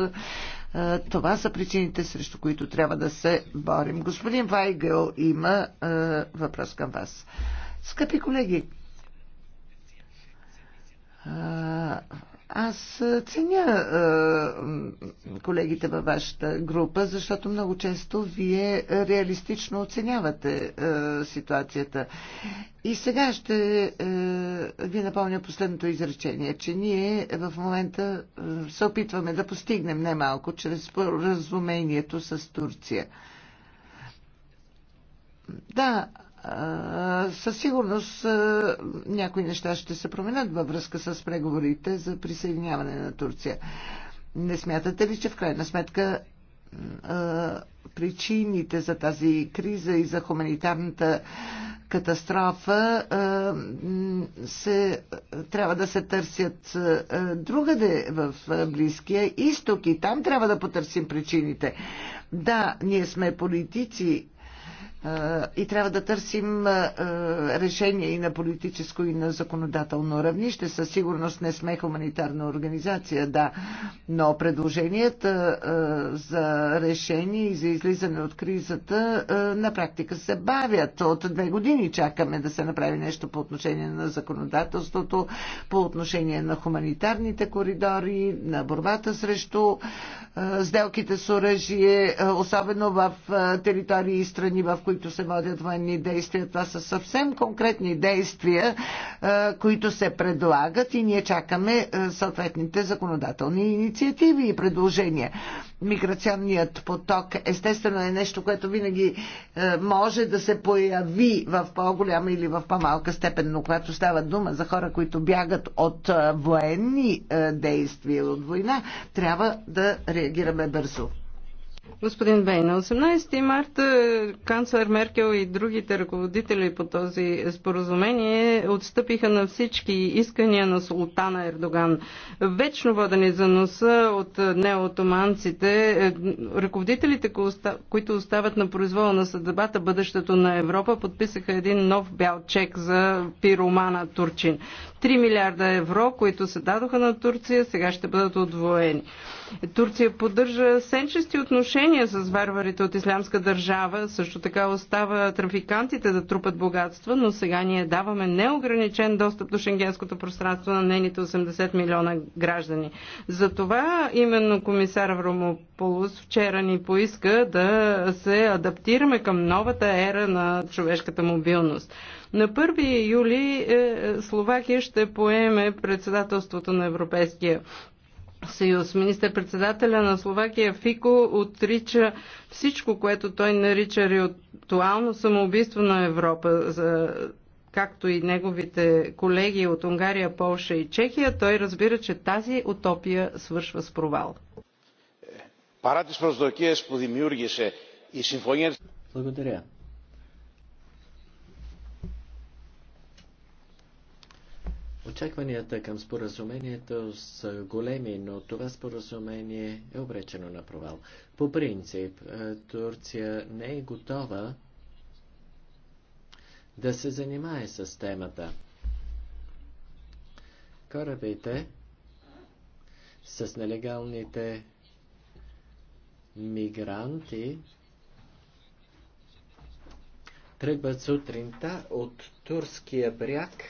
това са причините, срещу които трябва да се борим. Господин Вайгел има въпрос към вас. Скъпи колеги, аз ценя е, колегите във вашата група, защото много често вие реалистично оценявате е, ситуацията. И сега ще е, ви напомня последното изречение, че ние в момента се опитваме да постигнем немалко чрез разумението с Турция. Да, със сигурност някои неща ще се променят във връзка с преговорите за присъединяване на Турция. Не смятате ли, че в крайна сметка причините за тази криза и за хуманитарната катастрофа се, трябва да се търсят другаде в Близкия изток и там трябва да потърсим причините. Да, ние сме политици и трябва да търсим решение и на политическо, и на законодателно равнище. Със сигурност не сме хуманитарна организация, да, но предложенията за решение и за излизане от кризата на практика се бавят. От две години чакаме да се направи нещо по отношение на законодателството, по отношение на хуманитарните коридори, на борбата срещу сделките с оръжие, особено в територии и страни, в които които се водят военни действия. Това са съвсем конкретни действия, които се предлагат и ние чакаме съответните законодателни инициативи и предложения. Миграционният поток естествено е нещо, което винаги може да се появи в по-голяма или в по-малка степен, но когато става дума за хора, които бягат от военни действия, от война, трябва да реагираме бързо. Господин Бей, на 18 марта е, канцлер Меркел и другите ръководители по този споразумение отстъпиха на всички искания на султана Ердоган. Вечно водени за носа от неотоманците, е, ръководителите, които остават на произвола на съдбата бъдещето на Европа, подписаха един нов бял чек за пиромана Турчин. 3 милиарда евро, които се дадоха на Турция, сега ще бъдат отвоени. Турция поддържа сенчести отношения с варварите от Ислямска държава, също така остава трафикантите да трупат богатства, но сега ние даваме неограничен достъп до шенгенското пространство на нейните 80 милиона граждани. Затова именно комисар Вромополус вчера ни поиска да се адаптираме към новата ера на човешката мобилност. На 1 юли е, Словакия ще поеме председателството на Европейския съюз. Министър-председателя на Словакия Фико отрича всичко, което той нарича ритуално самоубийство на Европа. За, както и неговите колеги от Унгария, Полша и Чехия, той разбира, че тази утопия свършва с провал. Благодаря. Очакванията към споразумението са големи, но това споразумение е обречено на провал. По принцип, е, Турция не е готова да се занимае с темата. Корабите с нелегалните мигранти тръгват сутринта от турския бряг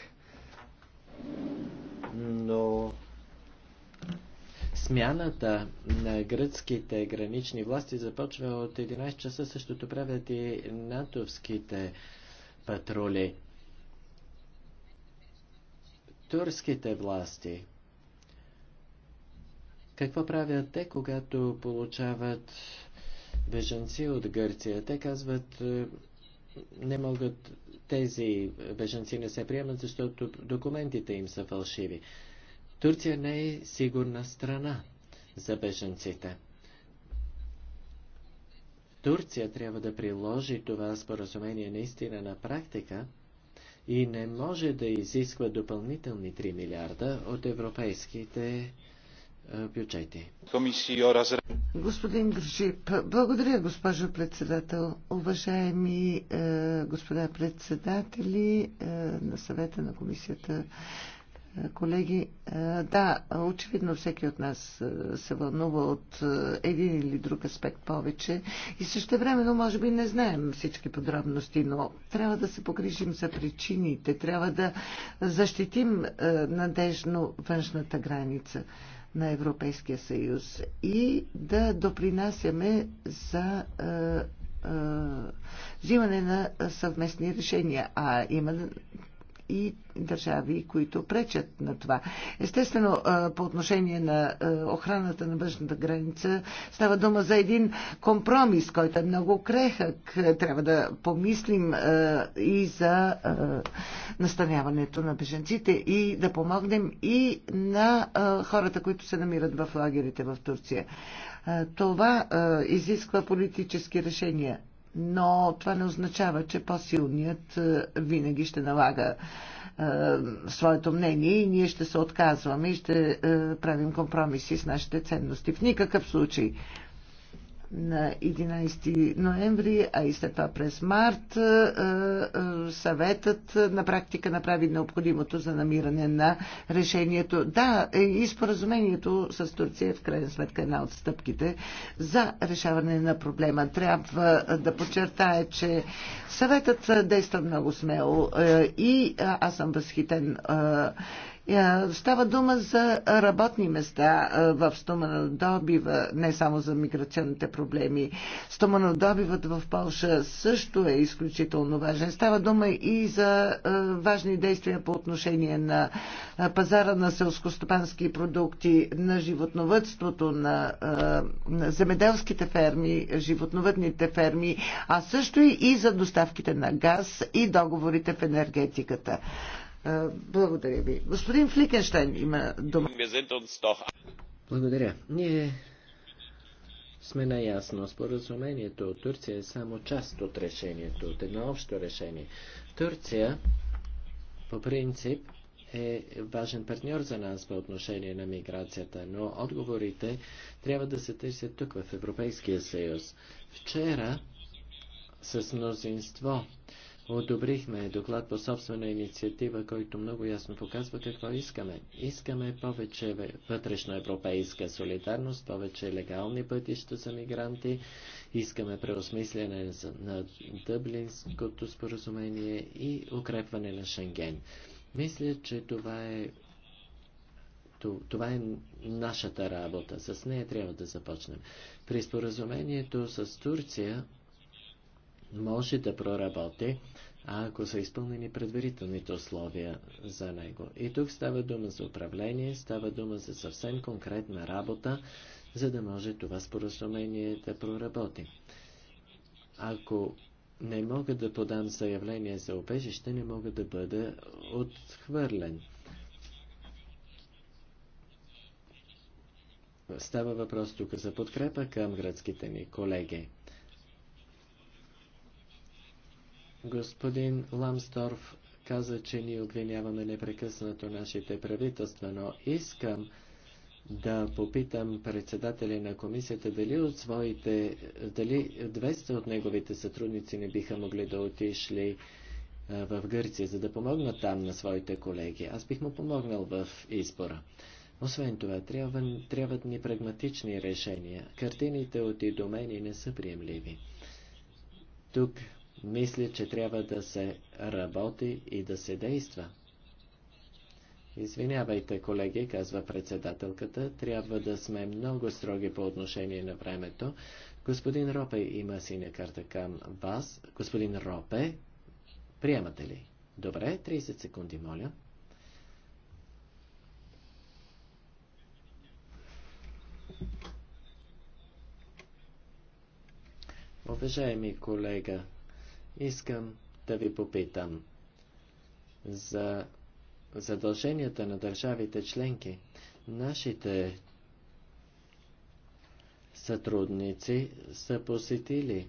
но смяната на гръцките гранични власти започва от 11 часа, същото правят и натовските патрули. Турските власти. Какво правят те, когато получават бежанци от Гърция? Те казват, «Е, не могат тези беженци не се приемат, защото документите им са фалшиви. Турция не е сигурна страна за беженците. Турция трябва да приложи това споразумение наистина на практика и не може да изисква допълнителни 3 милиарда от европейските бюджети. Господин Гржип, благодаря, госпожо председател. Уважаеми е, господа председатели е, на съвета на комисията, е, колеги, е, да, очевидно всеки от нас е, се вълнува от е, един или друг аспект повече и също времено, може би, не знаем всички подробности, но трябва да се погрижим за причините, трябва да защитим е, надежно външната граница на Европейския съюз и да допринасяме за взимане на съвместни решения. А има и държави, които пречат на това. Естествено, по отношение на охраната на външната граница, става дума за един компромис, който е много крехък. Трябва да помислим и за настаняването на беженците и да помогнем и на хората, които се намират в лагерите в Турция. Това изисква политически решения но това не означава, че по-силният е, винаги ще налага е, своето мнение и ние ще се отказваме и ще е, правим компромиси с нашите ценности. В никакъв случай на 11 ноември, а и след това през март, съветът на практика направи необходимото за намиране на решението. Да, е, и споразумението с Турция е в крайна сметка една от стъпките за решаване на проблема. Трябва да подчертая, че съветът действа много смело е, и аз съм възхитен е, е, става дума за работни места е, в стоманодобива, не само за миграционните проблеми. Стоманодобивът в Польша също е изключително важен. Става дума и за е, важни действия по отношение на пазара на селскостопански продукти, на животновътството, на, на земеделските ферми, животновътните ферми, а също и за доставките на газ и договорите в енергетиката. Е, благодаря ви. Господин Фликенштайн има дума. Благодаря. Ние сме наясно. Споразумението от Турция е само част от решението, от едно общо решение. Турция по принцип е важен партньор за нас по отношение на миграцията, но отговорите трябва да се търсят тук в Европейския съюз. Вчера с мнозинство одобрихме доклад по собствена инициатива, който много ясно показва какво искаме. Искаме повече вътрешноевропейска солидарност, повече легални пътища за мигранти, искаме преосмислене на Дъблинското споразумение и укрепване на Шенген. Мисля, че това е това е нашата работа. С нея трябва да започнем. При споразумението с Турция може да проработи, ако са изпълнени предварителните условия за него. И тук става дума за управление, става дума за съвсем конкретна работа, за да може това споразумение да проработи. Ако не мога да подам заявление за обежище, не мога да бъда отхвърлен. Става въпрос тук за подкрепа към градските ни колеги. Господин Ламсторф каза, че ние обвиняваме непрекъснато нашите правителства, но искам да попитам председателя на комисията дали от своите, дали 200 от неговите сътрудници не биха могли да отишли в Гърция, за да помогнат там на своите колеги. Аз бих му помогнал в избора. Освен това, трябва, трябват ни прагматични решения. Картините от Идомени не са приемливи. Тук мисля, че трябва да се работи и да се действа. Извинявайте, колеги, казва председателката, трябва да сме много строги по отношение на времето. Господин Ропе има синя карта към вас. Господин Ропе, приемате ли? Добре, 30 секунди, моля. Уважаеми колега, Искам да ви попитам за задълженията на държавите членки. Нашите сътрудници са посетили,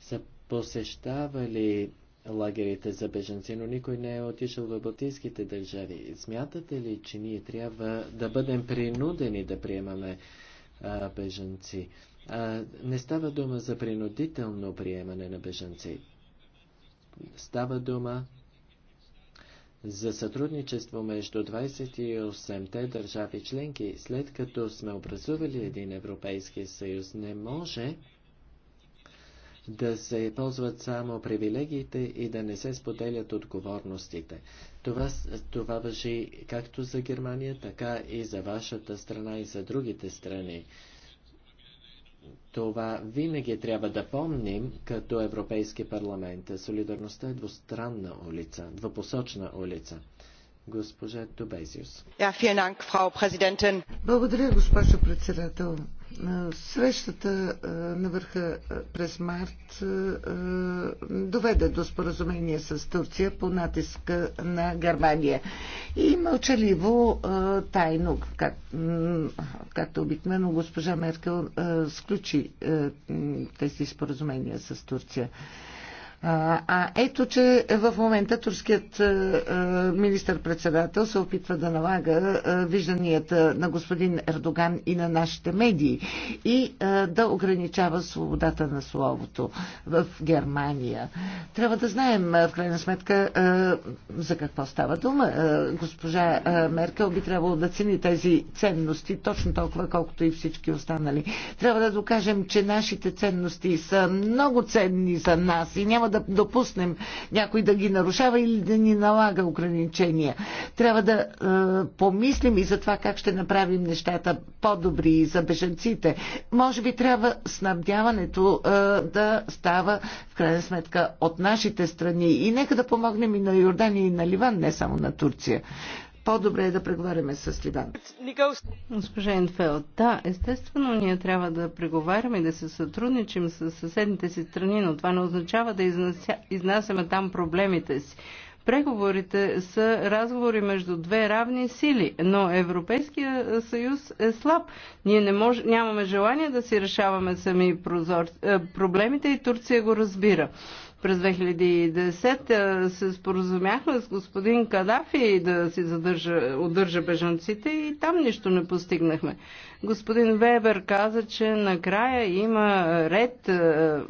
са посещавали лагерите за беженци, но никой не е отишъл в балтийските държави. Смятате ли, че ние трябва да бъдем принудени да приемаме а, беженци? не става дума за принудително приемане на бежанци. Става дума за сътрудничество между 28-те държави членки. След като сме образували един Европейски съюз, не може да се ползват само привилегиите и да не се споделят отговорностите. Това, това въжи както за Германия, така и за вашата страна и за другите страни това винаги трябва да помним като Европейски парламент. Солидарността е двустранна улица, двупосочна улица. Госпожа Дубезиус. Благодаря, госпожо председател. Срещата на върха през март доведе до споразумение с Турция по натиска на Германия. И мълчаливо, тайно, как, както обикновено госпожа Меркел сключи тези споразумения с Турция. А ето, че в момента турският министр-председател се опитва да налага вижданията на господин Ердоган и на нашите медии и да ограничава свободата на словото в Германия. Трябва да знаем, в крайна сметка, за какво става дума. Госпожа Меркел би трябвало да цени тези ценности точно толкова, колкото и всички останали. Трябва да докажем, че нашите ценности са много ценни за нас и няма да допуснем някой да ги нарушава или да ни налага ограничения. Трябва да е, помислим и за това как ще направим нещата по-добри за беженците. Може би трябва снабдяването е, да става в крайна сметка от нашите страни. И нека да помогнем и на Йордания и на Ливан, не само на Турция по-добре е да преговаряме с Ливан. Госпожа Енфелд, да, естествено ние трябва да преговаряме и да се сътрудничим с съседните си страни, но това не означава да изнася, изнасяме там проблемите си. Преговорите са разговори между две равни сили, но Европейския съюз е слаб. Ние не мож, нямаме желание да си решаваме сами прозор, е, проблемите и Турция го разбира. През 2010 се споразумяхме с господин Кадафи да си задържа, удържа бежанците и там нищо не постигнахме. Господин Вебер каза, че накрая има ред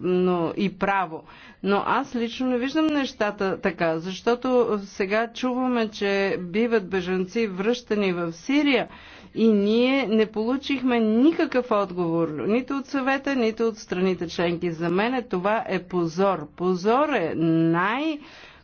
но и право. Но аз лично не виждам нещата така, защото сега чуваме, че биват бежанци връщани в Сирия. И ние не получихме никакъв отговор, нито от съвета, нито от страните членки. За мен това е позор. Позор е най-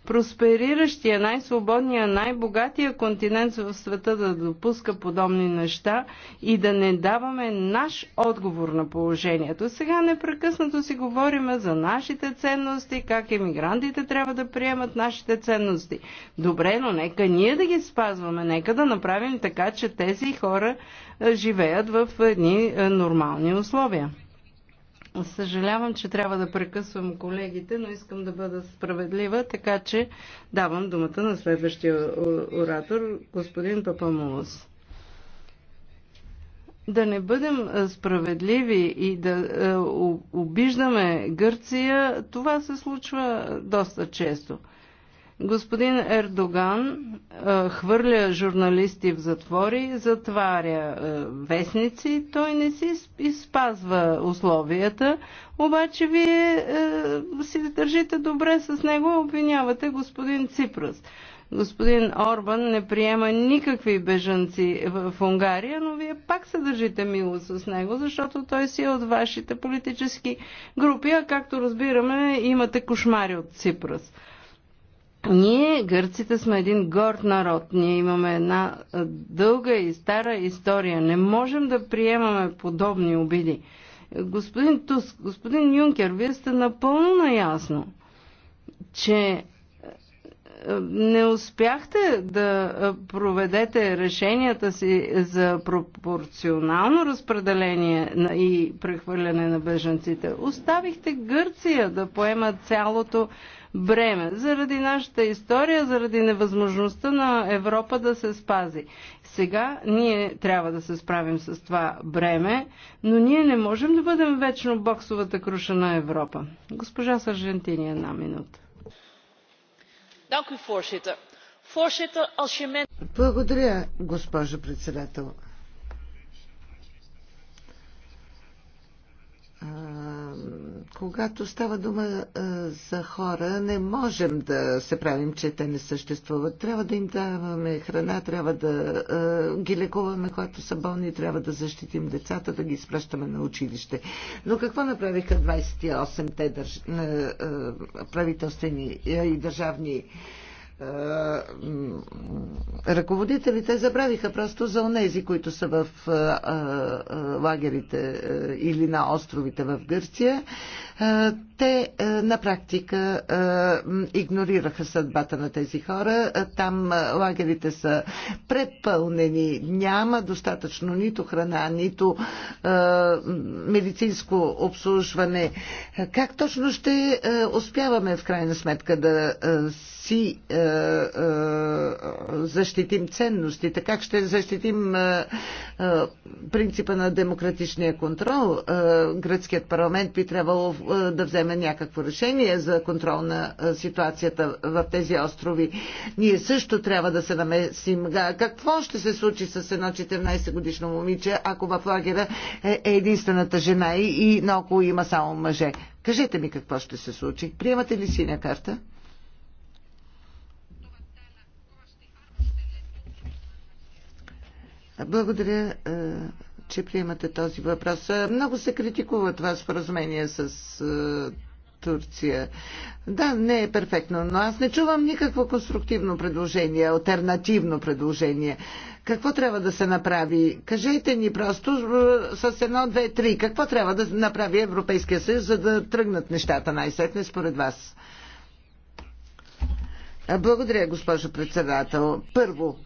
проспериращия, най-свободния, най-богатия континент в света да допуска подобни неща и да не даваме наш отговор на положението. Сега непрекъснато си говорим за нашите ценности, как емигрантите трябва да приемат нашите ценности. Добре, но нека ние да ги спазваме, нека да направим така, че тези хора живеят в едни нормални условия. Съжалявам, че трябва да прекъсвам колегите, но искам да бъда справедлива, така че давам думата на следващия оратор, господин Папамулос. Да не бъдем справедливи и да обиждаме Гърция, това се случва доста често. Господин Ердоган е, хвърля журналисти в затвори, затваря е, вестници, той не си изпазва условията, обаче вие е, си държите добре с него, обвинявате господин Ципрас. Господин Орбан не приема никакви бежанци в Унгария, но вие пак се държите мило с него, защото той си е от вашите политически групи, а както разбираме, имате кошмари от Ципрас. Ние, гърците, сме един горд народ. Ние имаме една дълга и стара история. Не можем да приемаме подобни обиди. Господин Туск, господин Юнкер, вие сте напълно наясно, че не успяхте да проведете решенията си за пропорционално разпределение и прехвърляне на бежанците. Оставихте Гърция да поема цялото бреме. Заради нашата история, заради невъзможността на Европа да се спази. Сега ние трябва да се справим с това бреме, но ние не можем да бъдем вечно боксовата круша на Европа. Госпожа Саржентини, една минута. Благодаря, госпожо председател. Когато става дума за хора, не можем да се правим, че те не съществуват. Трябва да им даваме храна, трябва да ги лекуваме, когато са болни, трябва да защитим децата, да ги изпращаме на училище. Но какво направиха 28-те държ... правителствени и държавни ръководителите забравиха просто за онези, които са в лагерите или на островите в Гърция те на практика игнорираха съдбата на тези хора. Там лагерите са препълнени. Няма достатъчно нито храна, нито медицинско обслужване. Как точно ще успяваме в крайна сметка да си защитим ценностите? Как ще защитим принципа на демократичния контрол? Гръцкият парламент би трябвало е, да вземе някакво решение за контрол на е, ситуацията в тези острови. Ние също трябва да се намесим. Какво ще се случи с едно 14 годишно момиче, ако в лагера е, е единствената жена и наоколо има само мъже? Кажете ми какво ще се случи. Приемате ли синя карта? Благодаря че приемате този въпрос. Много се критикува това споразумение с Турция. Да, не е перфектно, но аз не чувам никакво конструктивно предложение, альтернативно предложение. Какво трябва да се направи? Кажете ни просто с едно, две, три. Какво трябва да направи Европейския съюз, за да тръгнат нещата най-сетне според вас? Благодаря, госпожо председател. Първо,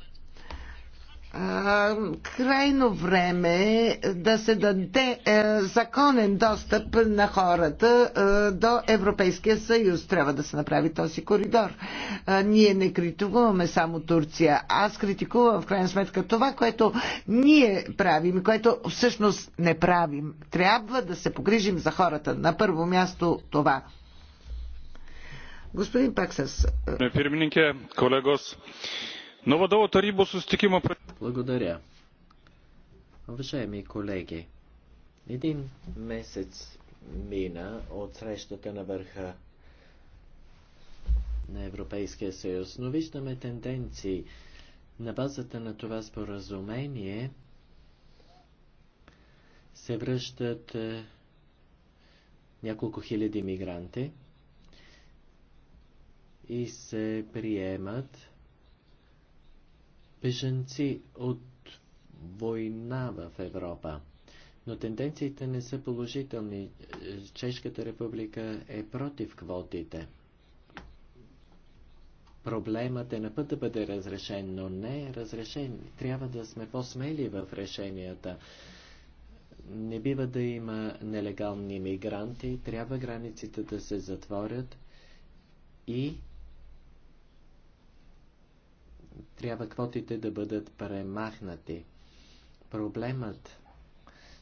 крайно време е да се даде е, законен достъп на хората е, до Европейския съюз. Трябва да се направи този коридор. А, ние не критикуваме само Турция. Аз критикувам в крайна сметка това, което ние правим и което всъщност не правим. Трябва да се погрижим за хората. На първо място това. Господин Паксас. Е, Пирмининке, колегос, но вадовото рибо сустикима... Благодаря. Уважаеми колеги, един месец мина от срещата на върха на Европейския съюз, но виждаме тенденции. На базата на това споразумение се връщат е, няколко хиляди мигранти и се приемат беженци от война в Европа. Но тенденциите не са положителни. Чешката република е против квотите. Проблемът е на път да бъде разрешен, но не е разрешен. Трябва да сме по-смели в решенията. Не бива да има нелегални мигранти, трябва границите да се затворят и трябва квотите да бъдат премахнати. Проблемът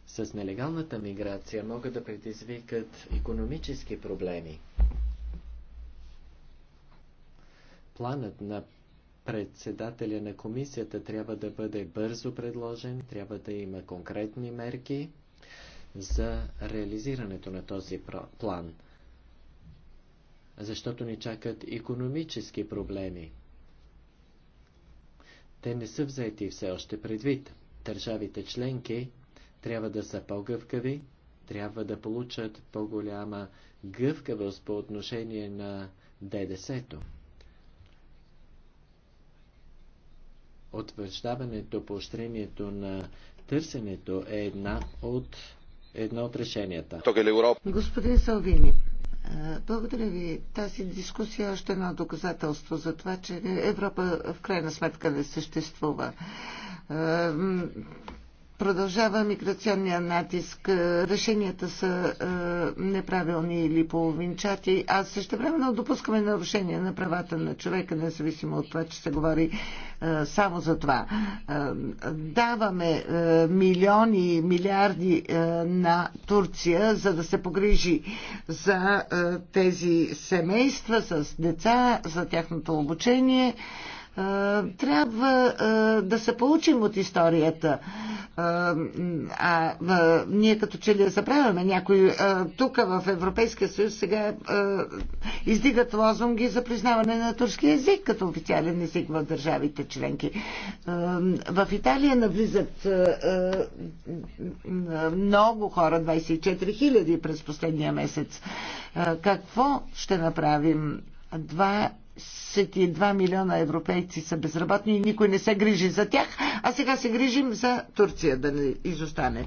с нелегалната миграция могат да предизвикат економически проблеми. Планът на председателя на комисията трябва да бъде бързо предложен, трябва да има конкретни мерки за реализирането на този план, защото ни чакат економически проблеми. Те не са взети все още предвид. Държавите членки трябва да са по-гъвкави, трябва да получат по-голяма гъвкавост по отношение на ДДС-то. Отвърждаването, поощрението на търсенето е една от едно от решенията. Е Господин Салвини, благодаря ви. Тази дискусия е още едно доказателство за това, че Европа в крайна сметка не съществува. Продължава миграционния натиск, е, решенията са е, неправилни или половинчати, а също времено допускаме нарушения на правата на човека, независимо от това, че се говори е, само за това. Е, даваме е, милиони, милиарди е, на Турция, за да се погрижи за е, тези семейства с деца, за тяхното обучение. Е, трябва да се получим от историята. А ние като че ли я забравяме някой тук в Европейския съюз сега издигат лозунги за признаване на турски език като официален език в държавите членки. В Италия навлизат много хора, 24 хиляди през последния месец. Какво ще направим? Два 22 милиона европейци са безработни и никой не се грижи за тях, а сега се грижим за Турция да не изостане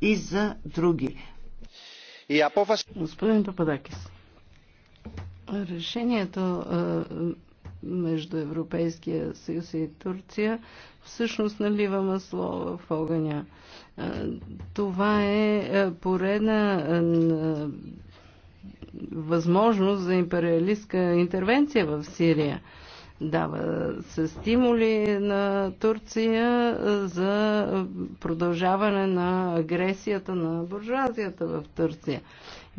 и за други. И апофас... Господин Пападакис, решението между Европейския съюз и Турция всъщност налива масло в огъня. Това е поредна възможност за империалистка интервенция в Сирия. Дава се стимули на Турция за продължаване на агресията на буржуазията в Турция.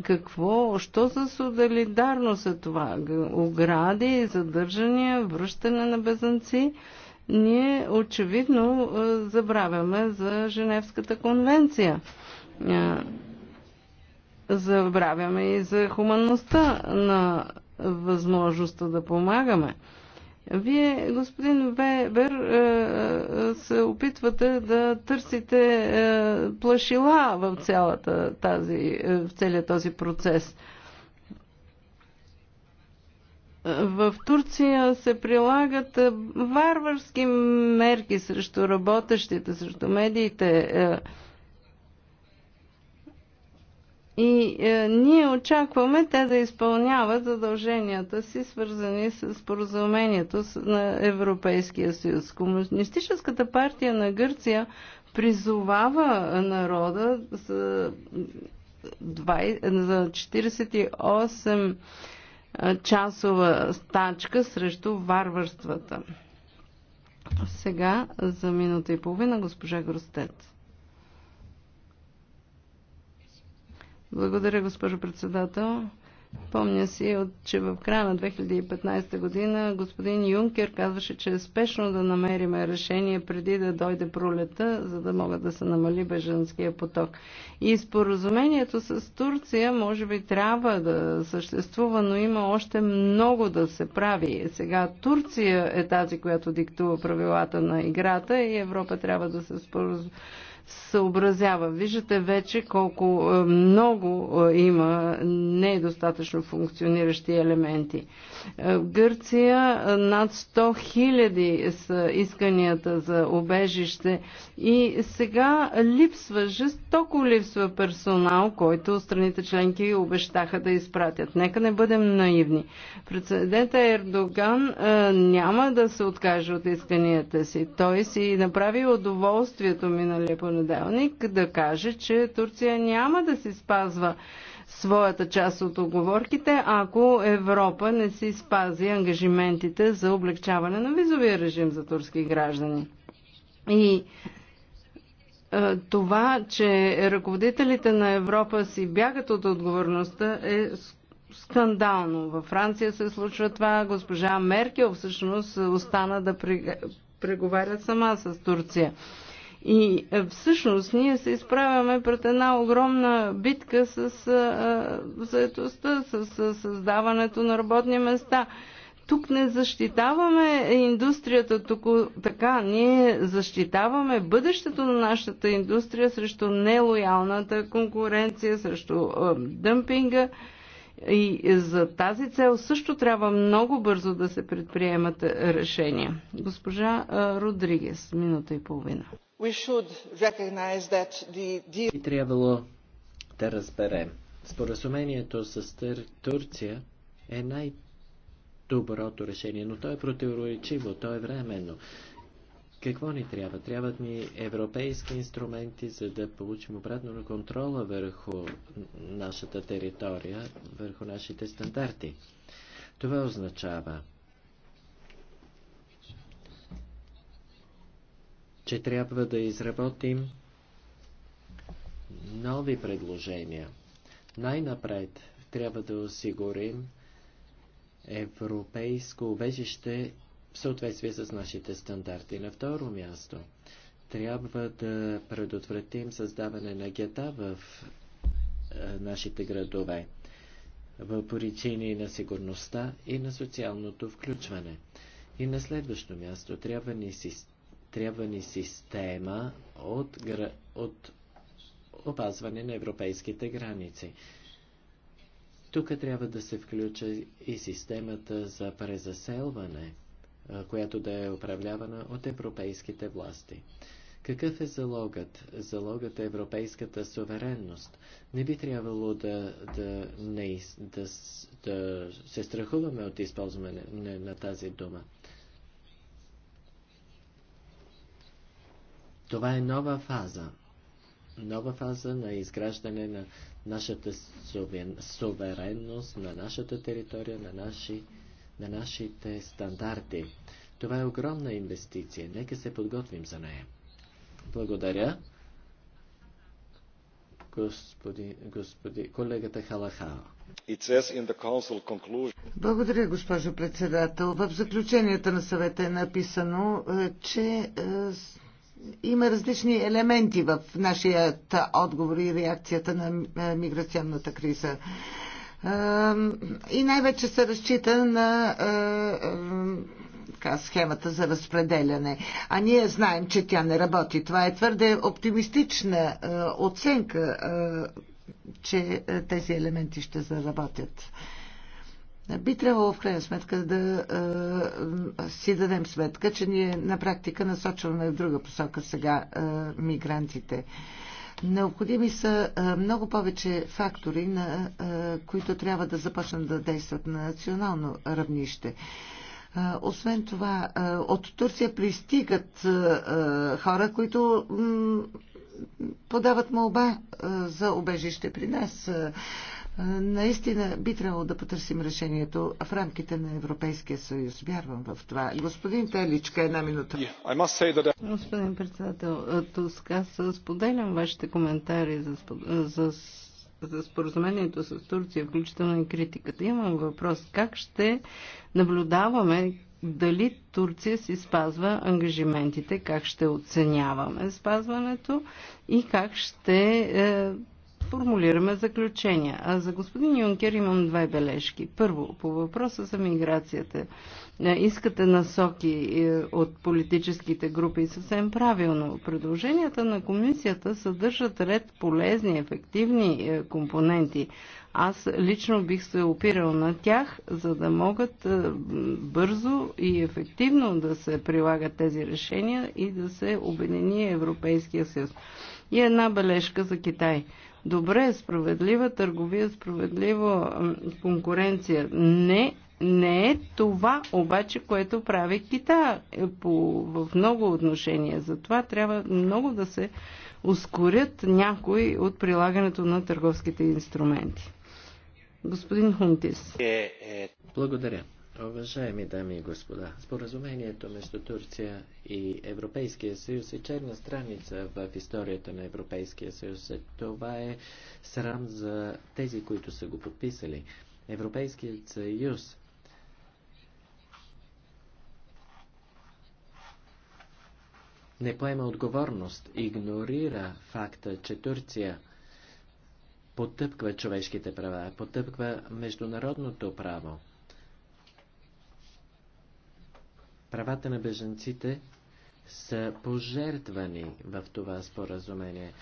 Какво, що за солидарност е това? Огради, задържания, връщане на безанци? Ние очевидно забравяме за Женевската конвенция забравяме и за хуманността на възможността да помагаме. Вие, господин Вебер, е, се опитвате да търсите е, плашила в, цялата тази, е, в целият този процес. В Турция се прилагат варварски мерки срещу работещите, срещу медиите и е, ние очакваме те да изпълняват задълженията си, свързани с поразумението на Европейския съюз. Комунистическата партия на Гърция призовава народа за, 20, за 48 е, часова стачка срещу варварствата. Сега за минута и половина госпожа Гростец. Благодаря, госпожо председател. Помня си, че в края на 2015 година господин Юнкер казваше, че е спешно да намериме решение преди да дойде пролета, за да могат да се намали беженския поток. И споразумението с Турция може би трябва да съществува, но има още много да се прави. Сега Турция е тази, която диктува правилата на играта и Европа трябва да се споразумее съобразява. Виждате вече колко е, много е, има недостатъчно функциониращи елементи. Е, в Гърция над 100 000 са исканията за обежище и сега липсва, жестоко липсва персонал, който страните членки обещаха да изпратят. Нека не бъдем наивни. Прецедента Ердоган няма да се откаже от исканията си. Той си направи удоволствието миналия понеделник да каже, че Турция няма да си спазва своята част от оговорките, ако Европа не си спази ангажиментите за облегчаване на визовия режим за турски граждани. И е, това, че ръководителите на Европа си бягат от отговорността е скандално. Във Франция се случва това. Госпожа Меркел всъщност остана да преговаря сама с Турция. И е, всъщност ние се изправяме пред една огромна битка с е, е, заедостта, с създаването на работни места. Тук не защитаваме индустрията тук, така, ние защитаваме бъдещето на нашата индустрия срещу нелоялната конкуренция, срещу дъмпинга. И за тази цел също трябва много бързо да се предприемат решения. Госпожа Родригес, минута и половина. Би трябвало да разберем. Споразумението с Турция е най-доброто решение, но то е противоречиво, то е временно. Какво ни трябва? Трябват ни европейски инструменти, за да получим обратно на контрола върху нашата територия, върху нашите стандарти. Това означава че трябва да изработим нови предложения. Най-напред трябва да осигурим европейско убежище в съответствие с нашите стандарти. На второ място, трябва да предотвратим създаване на гета в е, нашите градове в причини на сигурността и на социалното включване. И на следващо място трябва ни система трябва ни система от, от опазване на европейските граници. Тук трябва да се включи и системата за презаселване, която да е управлявана от европейските власти. Какъв е залогът? Залогът е европейската суверенност. Не би трябвало да, да, не, да, да се страхуваме от използване на тази дума. Това е нова фаза. Нова фаза на изграждане на нашата суверенност, на нашата територия, на, наши, на нашите стандарти. Това е огромна инвестиция. Нека се подготвим за нея. Благодаря. Господи, господи, колегата Халахао. Благодаря, госпожо председател. В заключенията на съвета е написано, е, че е, има различни елементи в нашия отговор и реакцията на е, миграционната криза. Е, и най-вече се разчита на е, схемата за разпределяне. А ние знаем, че тя не работи. Това е твърде оптимистична оценка, че тези елементи ще заработят. Би трябвало в крайна сметка да а, си дадем сметка, че ние на практика насочваме в друга посока сега а, мигрантите. Необходими са а, много повече фактори, на а, които трябва да започнат да действат на национално равнище. Освен това, от Турция пристигат хора, които подават молба за обежище при нас. Наистина би трябвало да потърсим решението в рамките на Европейския съюз. Вярвам в това. Господин Теличка, една минута. Uh, Господин председател Туска, аз споделям вашите коментари за, за, за споразумението с Турция, включително и критиката. Имам въпрос. Как ще наблюдаваме дали Турция си спазва ангажиментите, как ще оценяваме спазването и как ще е, формулираме заключения. А за господин Юнкер имам две бележки. Първо, по въпроса за миграцията. Е, искате насоки е, от политическите групи съвсем правилно. Предложенията на комисията съдържат ред полезни, ефективни е, компоненти. Аз лично бих се опирал на тях, за да могат бързо и ефективно да се прилагат тези решения и да се обедини Европейския съюз. И една бележка за Китай добре, справедлива търговия, справедлива конкуренция. Не, не е това обаче, което прави Китай е, в много отношения. Затова трябва много да се ускорят някои от прилагането на търговските инструменти. Господин Хунтис. Е, е. Благодаря. Уважаеми дами и господа, споразумението между Турция и Европейския съюз е черна страница в историята на Европейския съюз. Това е срам за тези, които са го подписали. Европейският съюз не поема отговорност, игнорира факта, че Турция потъпква човешките права, потъпква международното право. правата на беженците са пожертвани в това споразумение.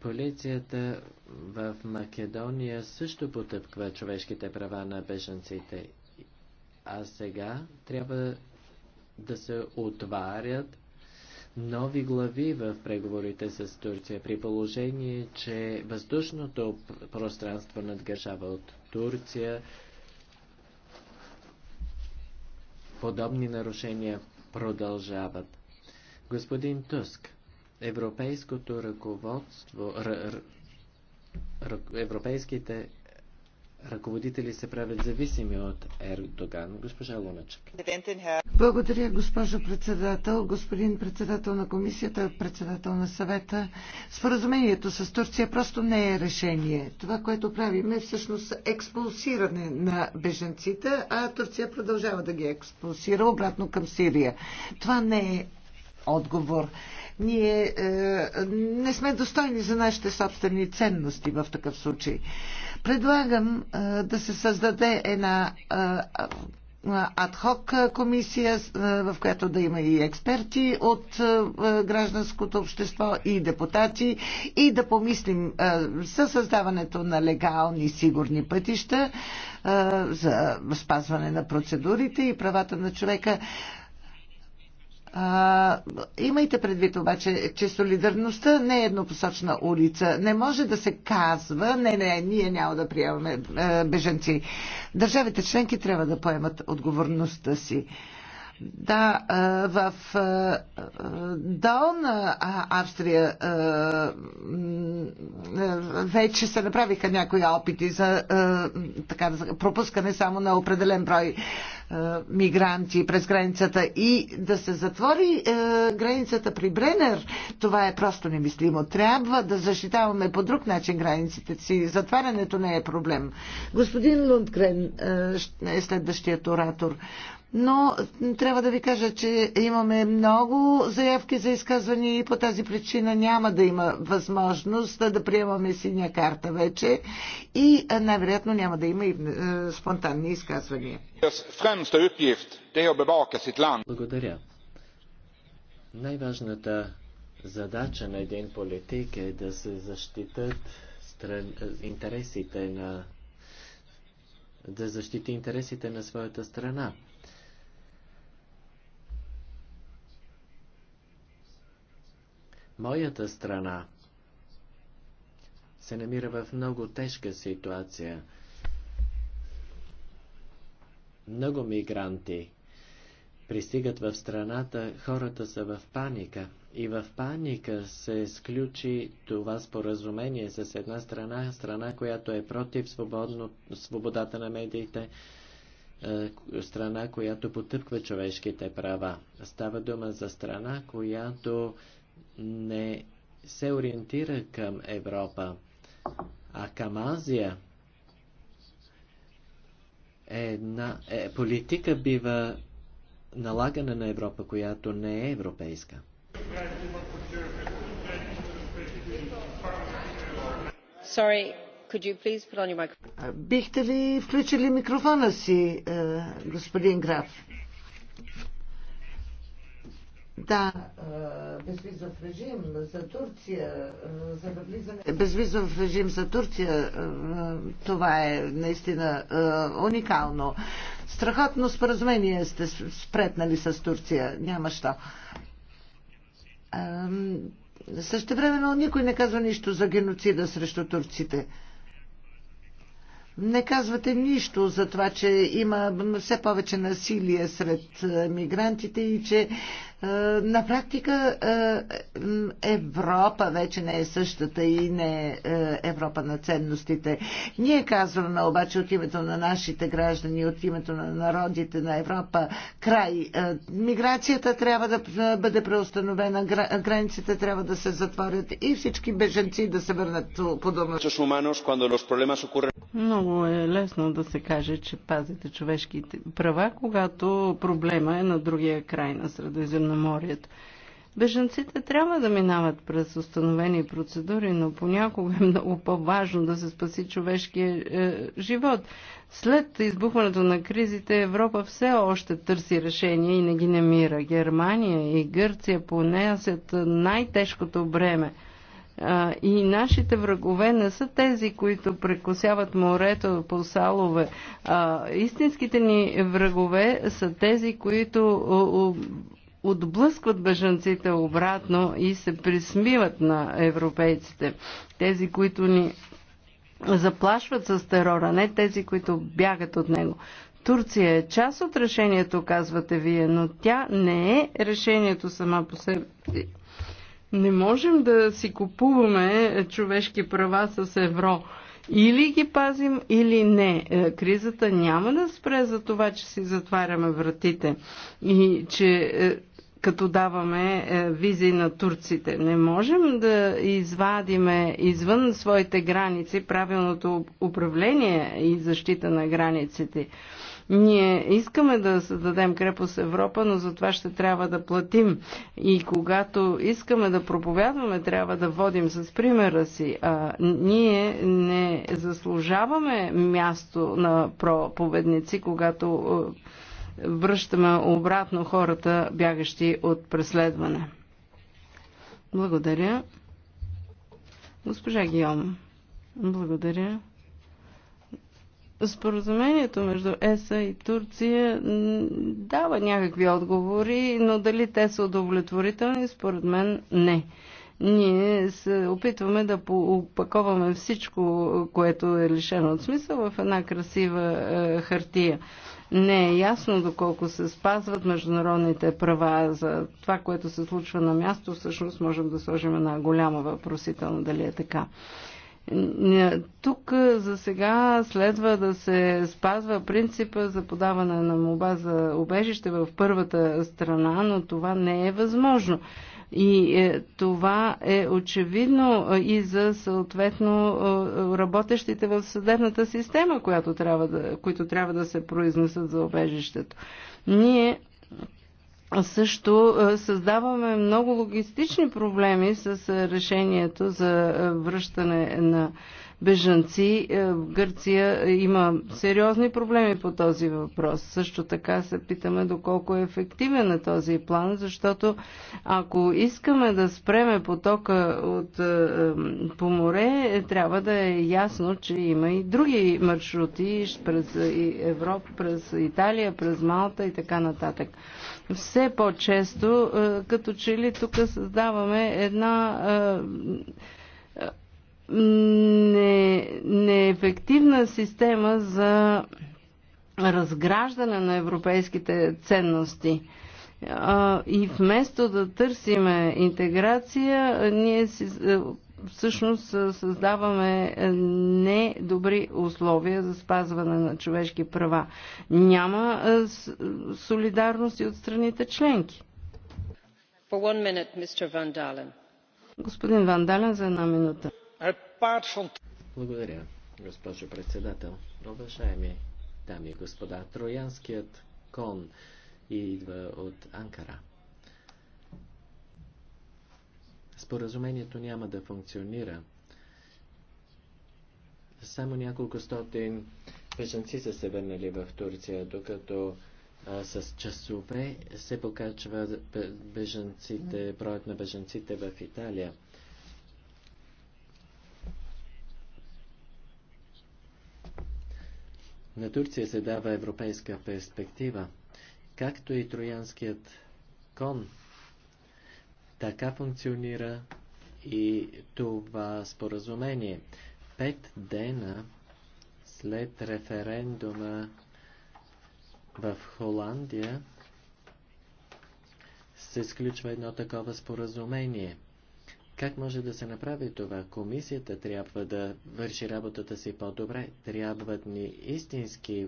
Полицията в Македония също потъпква човешките права на беженците. А сега трябва да се отварят нови глави в преговорите с Турция, при положение, че въздушното пространство надгържава от Турция, подобни нарушения продължават. Господин Туск, европейското ръководство, р, р, р, европейските ръководители се правят зависими от Ердоган. Госпожа Луначек. Благодаря, госпожо председател, господин председател на комисията, председател на съвета. Споразумението с Турция просто не е решение. Това, което правим е всъщност експулсиране на беженците, а Турция продължава да ги експулсира обратно към Сирия. Това не е отговор. Ние е, не сме достойни за нашите собствени ценности в такъв случай. Предлагам е, да се създаде една е, е адхок комисия, е, в която да има и експерти от е, гражданското общество и депутати и да помислим за създаването на легални сигурни пътища за спазване на процедурите и правата на човека. А, имайте предвид обаче, че солидарността не е еднопосочна улица. Не може да се казва, не, не, ние няма да приемаме е, беженци. Държавите членки трябва да поемат отговорността си. Да, в Долна Австрия вече се направиха някои опити за така, пропускане само на определен брой мигранти през границата и да се затвори границата при Бренер, това е просто немислимо. Трябва да защитаваме по друг начин границите си. Затварянето не е проблем. Господин Лундгрен е следващият оратор. Но трябва да ви кажа, че имаме много заявки за изказвания и по тази причина няма да има възможност да, да приемаме синя карта вече и най-вероятно няма да има и е, спонтанни изказвания. Благодаря. Най-важната задача на един политик е да се защитат стран... интересите на да защити интересите на своята страна. Моята страна се намира в много тежка ситуация. Много мигранти пристигат в страната, хората са в паника. И в паника се сключи това споразумение с една страна, страна, която е против свободно, свободата на медиите, е, страна, която потъпква човешките права. Става дума за страна, която не се ориентира към Европа, а към Азия. Една е, политика бива налагана на Европа, която не е европейска. Sorry, could you please put on your microphone? Бихте ли включили микрофона си, е, господин Граф? Да, безвизов режим за Турция, за да влизане... Безвизов режим за Турция, това е наистина уникално. Страхотно споразумение сте спретнали с Турция, няма що. Също времено никой не казва нищо за геноцида срещу турците. Не казвате нищо за това, че има все повече насилие сред мигрантите и че е, на практика е, Европа вече не е същата и не е Европа на ценностите. Ние казваме обаче от името на нашите граждани, от името на народите на Европа, край. Е, миграцията трябва да бъде преустановена, границите трябва да се затворят и всички беженци да се върнат по дома. Много е лесно да се каже, че пазите човешките права, когато проблема е на другия край на Средиземно Черноморият. Беженците трябва да минават през установени процедури, но понякога е много по-важно да се спаси човешкия е, живот. След избухването на кризите Европа все още търси решение и не ги намира. Германия и Гърция понесят най-тежкото бреме. и нашите врагове не са тези, които прекосяват морето по салове. истинските ни врагове са тези, които отблъскват бежанците обратно и се присмиват на европейците. Тези, които ни заплашват с терора, не тези, които бягат от него. Турция е част от решението, казвате вие, но тя не е решението сама по себе си. Не можем да си купуваме човешки права с евро. Или ги пазим, или не. Е, кризата няма да спре за това, че си затваряме вратите и че е, като даваме е, визи на турците. Не можем да извадиме извън своите граници правилното управление и защита на границите. Ние искаме да създадем крепост Европа, но за това ще трябва да платим. И когато искаме да проповядваме, трябва да водим с примера си. А, ние не заслужаваме място на проповедници, когато е, връщаме обратно хората, бягащи от преследване. Благодаря. Госпожа Гиом, благодаря. Споразумението между ЕСА и Турция дава някакви отговори, но дали те са удовлетворителни, според мен не. Ние се опитваме да опаковаме всичко, което е лишено от смисъл в една красива е, хартия не е ясно доколко се спазват международните права за това, което се случва на място, всъщност можем да сложим една голяма въпросителна дали е така. Тук за сега следва да се спазва принципа за подаване на моба за обежище в първата страна, но това не е възможно. И е, това е очевидно е, и за съответно е, работещите в съдебната система, която трябва да, които трябва да се произнесат за обежището. Ние също създаваме много логистични проблеми с решението за връщане на бежанци. Е, в Гърция има сериозни проблеми по този въпрос. Също така се питаме доколко е ефективен е този план, защото ако искаме да спреме потока от, е, е, по море, трябва да е ясно, че има и други маршрути през Европа, през Италия, през Малта и така нататък. Все по-често, като че ли тук създаваме една не, неефективна система за разграждане на европейските ценности. И вместо да търсиме интеграция, ние си, всъщност създаваме недобри условия за спазване на човешки права. Няма солидарност и от страните членки. Minute, Господин Вандален, за една минута. Е, Благодаря, госпожо председател. Уважаеми дами и господа, троянският кон идва от Анкара. Споразумението няма да функционира. Само няколко стотин беженци са се върнали в Турция, докато а, с часове се покачва беженците, броят на беженците в Италия. На Турция се дава европейска перспектива, както и троянският кон. Така функционира и това споразумение. Пет дена след референдума в Холандия се сключва едно такова споразумение – как може да се направи това? Комисията трябва да върши работата си по-добре. Трябват ни истински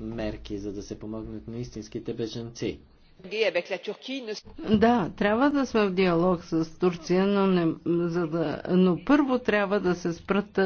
мерки, за да се помогнат на истинските бежанци. Да, трябва да сме в диалог с Турция, но, не, за да, но първо трябва да се спрат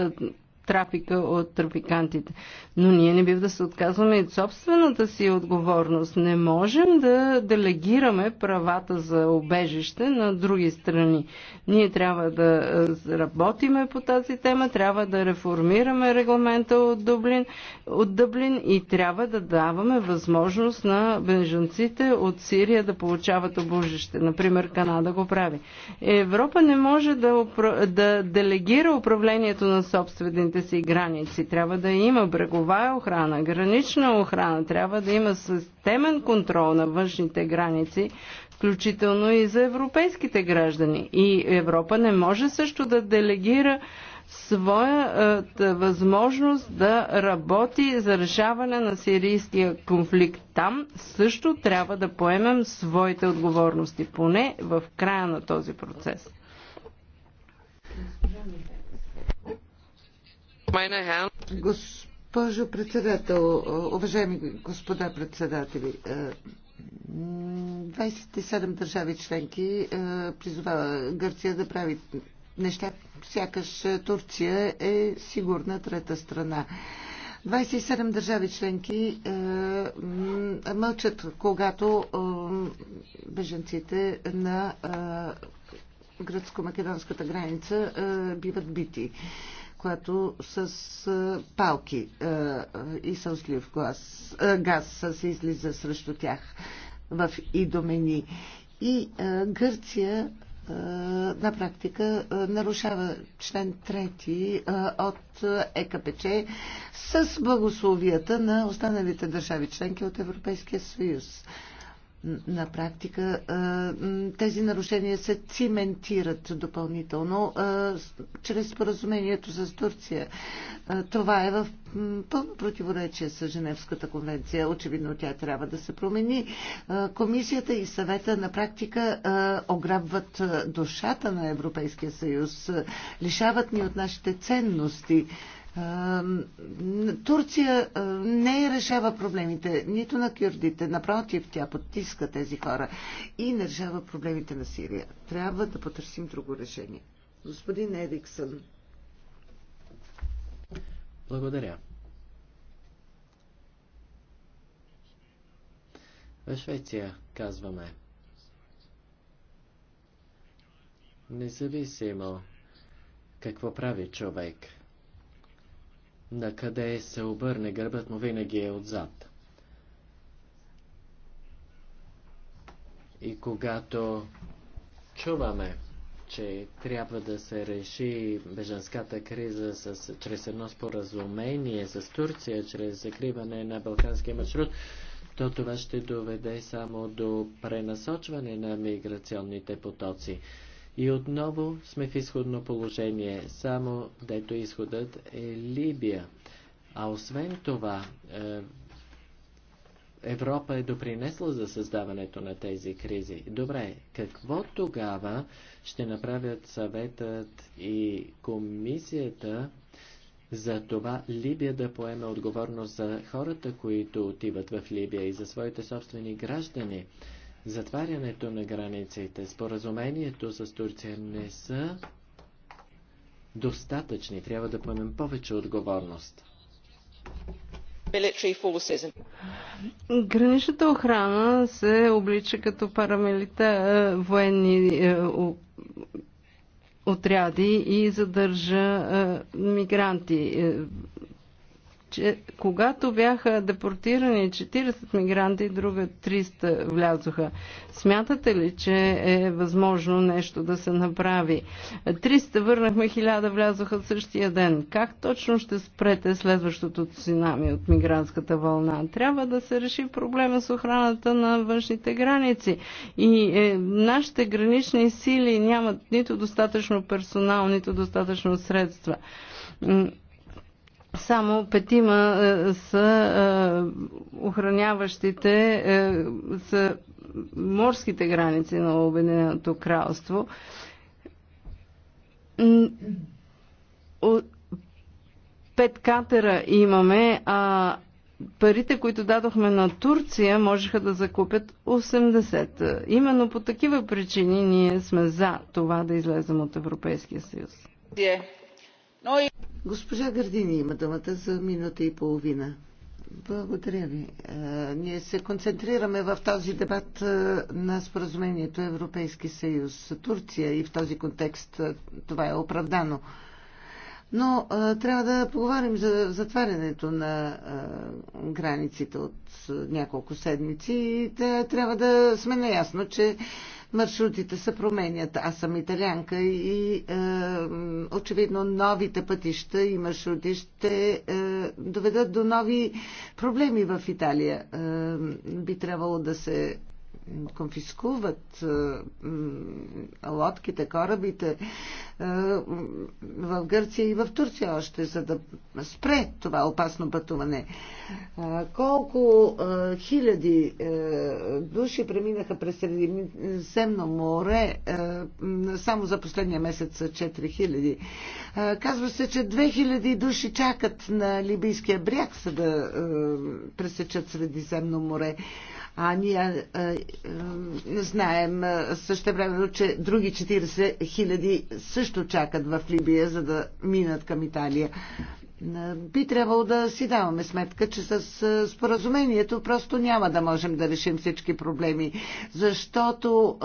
трафика от трафикантите. Но ние не бива да се отказваме и от собствената си отговорност. Не можем да делегираме правата за обежище на други страни. Ние трябва да е, работиме по тази тема, трябва да реформираме регламента от Дублин, от Дъблин и трябва да даваме възможност на бежанците от Сирия да получават обожище. Например, Канада го прави. Европа не може да, да делегира управлението на собствените външните си граници. Трябва да има брегова охрана, гранична охрана, трябва да има системен контрол на външните граници, включително и за европейските граждани. И Европа не може също да делегира своята е, възможност да работи за решаване на сирийския конфликт. Там също трябва да поемем своите отговорности, поне в края на този процес. Госпожо председател, уважаеми господа председатели, 27 е, държави членки е, призовава Гърция да прави неща, сякаш е, Турция е сигурна трета страна. 27 държави членки мълчат, когато беженците на гръцко-македонската граница биват бити която с палки и сълзлив слив а, газ се излиза срещу тях в Идомени. И Гърция на практика нарушава член 3 от ЕКПЧ с благословията на останалите държави членки от Европейския съюз на практика тези нарушения се циментират допълнително чрез споразумението с Турция. Това е в пълно противоречие с Женевската конвенция. Очевидно тя трябва да се промени. Комисията и съвета на практика ограбват душата на Европейския съюз, лишават ни от нашите ценности. Турция не решава проблемите нито на кюрдите, напротив, тя потиска тези хора и не решава проблемите на Сирия. Трябва да потърсим друго решение. Господин Ериксън. Благодаря. В Швеция казваме. Независимо какво прави човек – на къде се обърне гърбът му винаги е отзад. И когато чуваме, че трябва да се реши беженската криза с, чрез едно споразумение с Турция, чрез закриване на балканския маршрут, то това ще доведе само до пренасочване на миграционните потоци. И отново сме в изходно положение, само дето изходът е Либия. А освен това, е, Европа е допринесла за създаването на тези кризи. Добре, какво тогава ще направят съветът и комисията за това Либия да поеме отговорност за хората, които отиват в Либия и за своите собствени граждани? затварянето на границите, споразумението с Турция не са достатъчни. Трябва да поемем повече отговорност. Граничната охрана се облича като парамилита е, военни е, отряди и задържа е, мигранти че когато бяха депортирани 40 мигранти, друга 300 влязоха. Смятате ли, че е възможно нещо да се направи? 300 върнахме, 1000 влязоха същия ден. Как точно ще спрете следващото цунами от мигрантската вълна? Трябва да се реши проблема с охраната на външните граници. И е, нашите гранични сили нямат нито достатъчно персонал, нито достатъчно средства само петима е, са е, охраняващите е, са морските граници на Обединеното кралство пет катера имаме, а парите, които дадохме на Турция, можеха да закупят 80. Именно по такива причини ние сме за това да излезем от Европейския съюз. Госпожа Гърдини има думата за минута и половина. Благодаря ви. Е, ние се концентрираме в този дебат е, на споразумението Европейски съюз Турция и в този контекст е, това е оправдано. Но а, трябва да поговорим за затварянето на а, границите от а, няколко седмици и да, трябва да сме наясно, че маршрутите се променят. Аз съм италянка и а, очевидно новите пътища и маршрути ще а, доведат до нови проблеми в Италия. А, би трябвало да се конфискуват е, лодките, корабите е, в Гърция и в Турция още, за да спре това опасно пътуване. Е, колко хиляди души преминаха през Средиземно море само за последния месец 4 хиляди. Казва се, че 2000 души чакат на Либийския бряг, за да пресечат Средиземно море. А ние знаем също време, че други 40 хиляди също чакат в Либия, за да минат към Италия. Би трябвало да си даваме сметка, че с споразумението просто няма да можем да решим всички проблеми, защото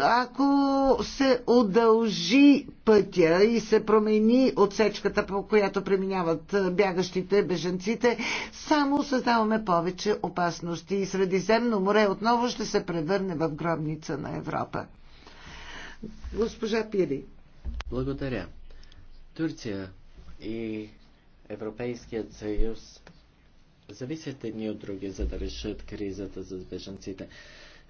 ако се удължи пътя и се промени отсечката, по която преминават бягащите беженците, само създаваме повече опасности и Средиземно море отново ще се превърне в гробница на Европа. Госпожа Пири. Благодаря. Турция и Европейският съюз зависят едни от други, за да решат кризата за беженците.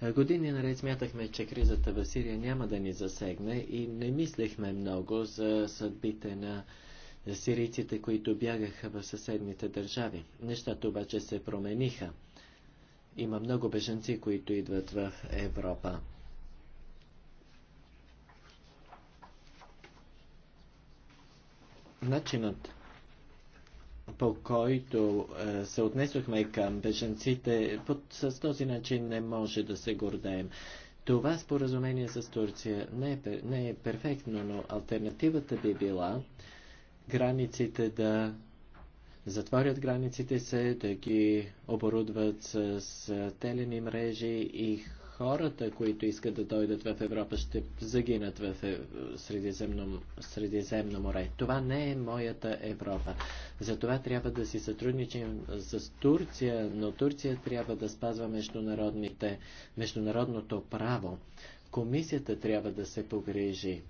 Години наред смятахме, че кризата в Сирия няма да ни засегне и не мислехме много за съдбите на сирийците, които бягаха в съседните държави. Нещата обаче се промениха. Има много беженци, които идват в Европа. Начинът по който е, се отнесохме към беженците, под, с този начин не може да се гордеем. Това споразумение с Турция не е, не е перфектно, но альтернативата би била границите да затворят границите се, да ги оборудват с телени мрежи и хората, които искат да дойдат в Европа, ще загинат в е, Средиземно, Средиземно море. Това не е моята Европа. Затова трябва да си сътрудничим с Турция, но Турция трябва да спазва международните, международното право. Комисията трябва да се погрижи.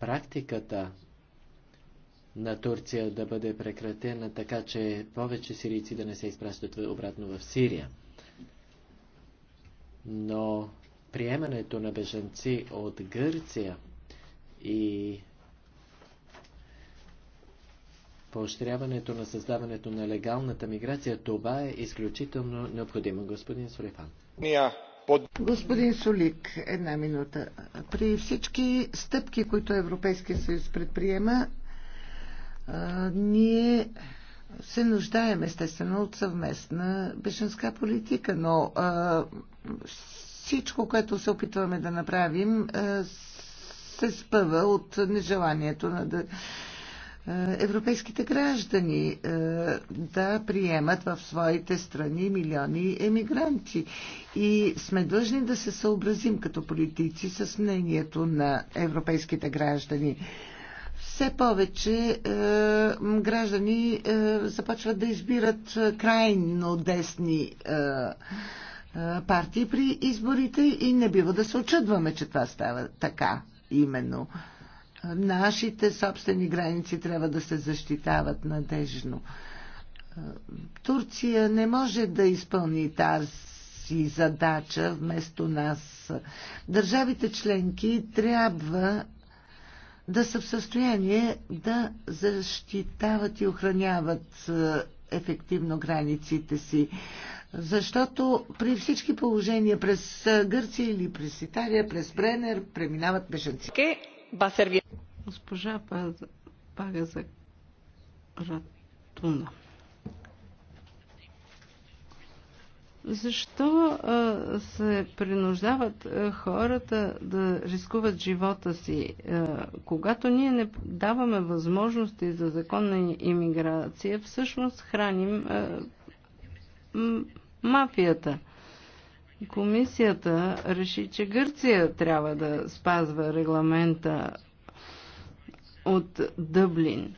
Практиката на Турция да бъде прекратена така, че повече сирийци да не се изпращат обратно в Сирия но приемането на беженци от Гърция и поощряването на създаването на легалната миграция, това е изключително необходимо. Господин Солифан. Господин Солик, една минута. При всички стъпки, които Европейския съюз предприема, ние се нуждаем естествено от съвместна бешенска политика, но всичко, което се опитваме да направим, е, се спъва от нежеланието на да е, европейските граждани е, да приемат в своите страни милиони емигранти. И сме длъжни да се съобразим като политици с мнението на европейските граждани. Все повече е, граждани е, започват да избират крайно десни е, партии при изборите и не бива да се очудваме, че това става така именно. Нашите собствени граници трябва да се защитават надежно. Турция не може да изпълни тази задача вместо нас. Държавите членки трябва да са в състояние да защитават и охраняват ефективно границите си защото при всички положения през Гърция или през Италия, през Бренер преминават бежанци. Госпожа за Ратуна. Защо а, се принуждават а, хората да рискуват живота си, а, когато ние не даваме възможности за законна иммиграция, всъщност храним а, мафията. Комисията реши, че Гърция трябва да спазва регламента от Дъблин.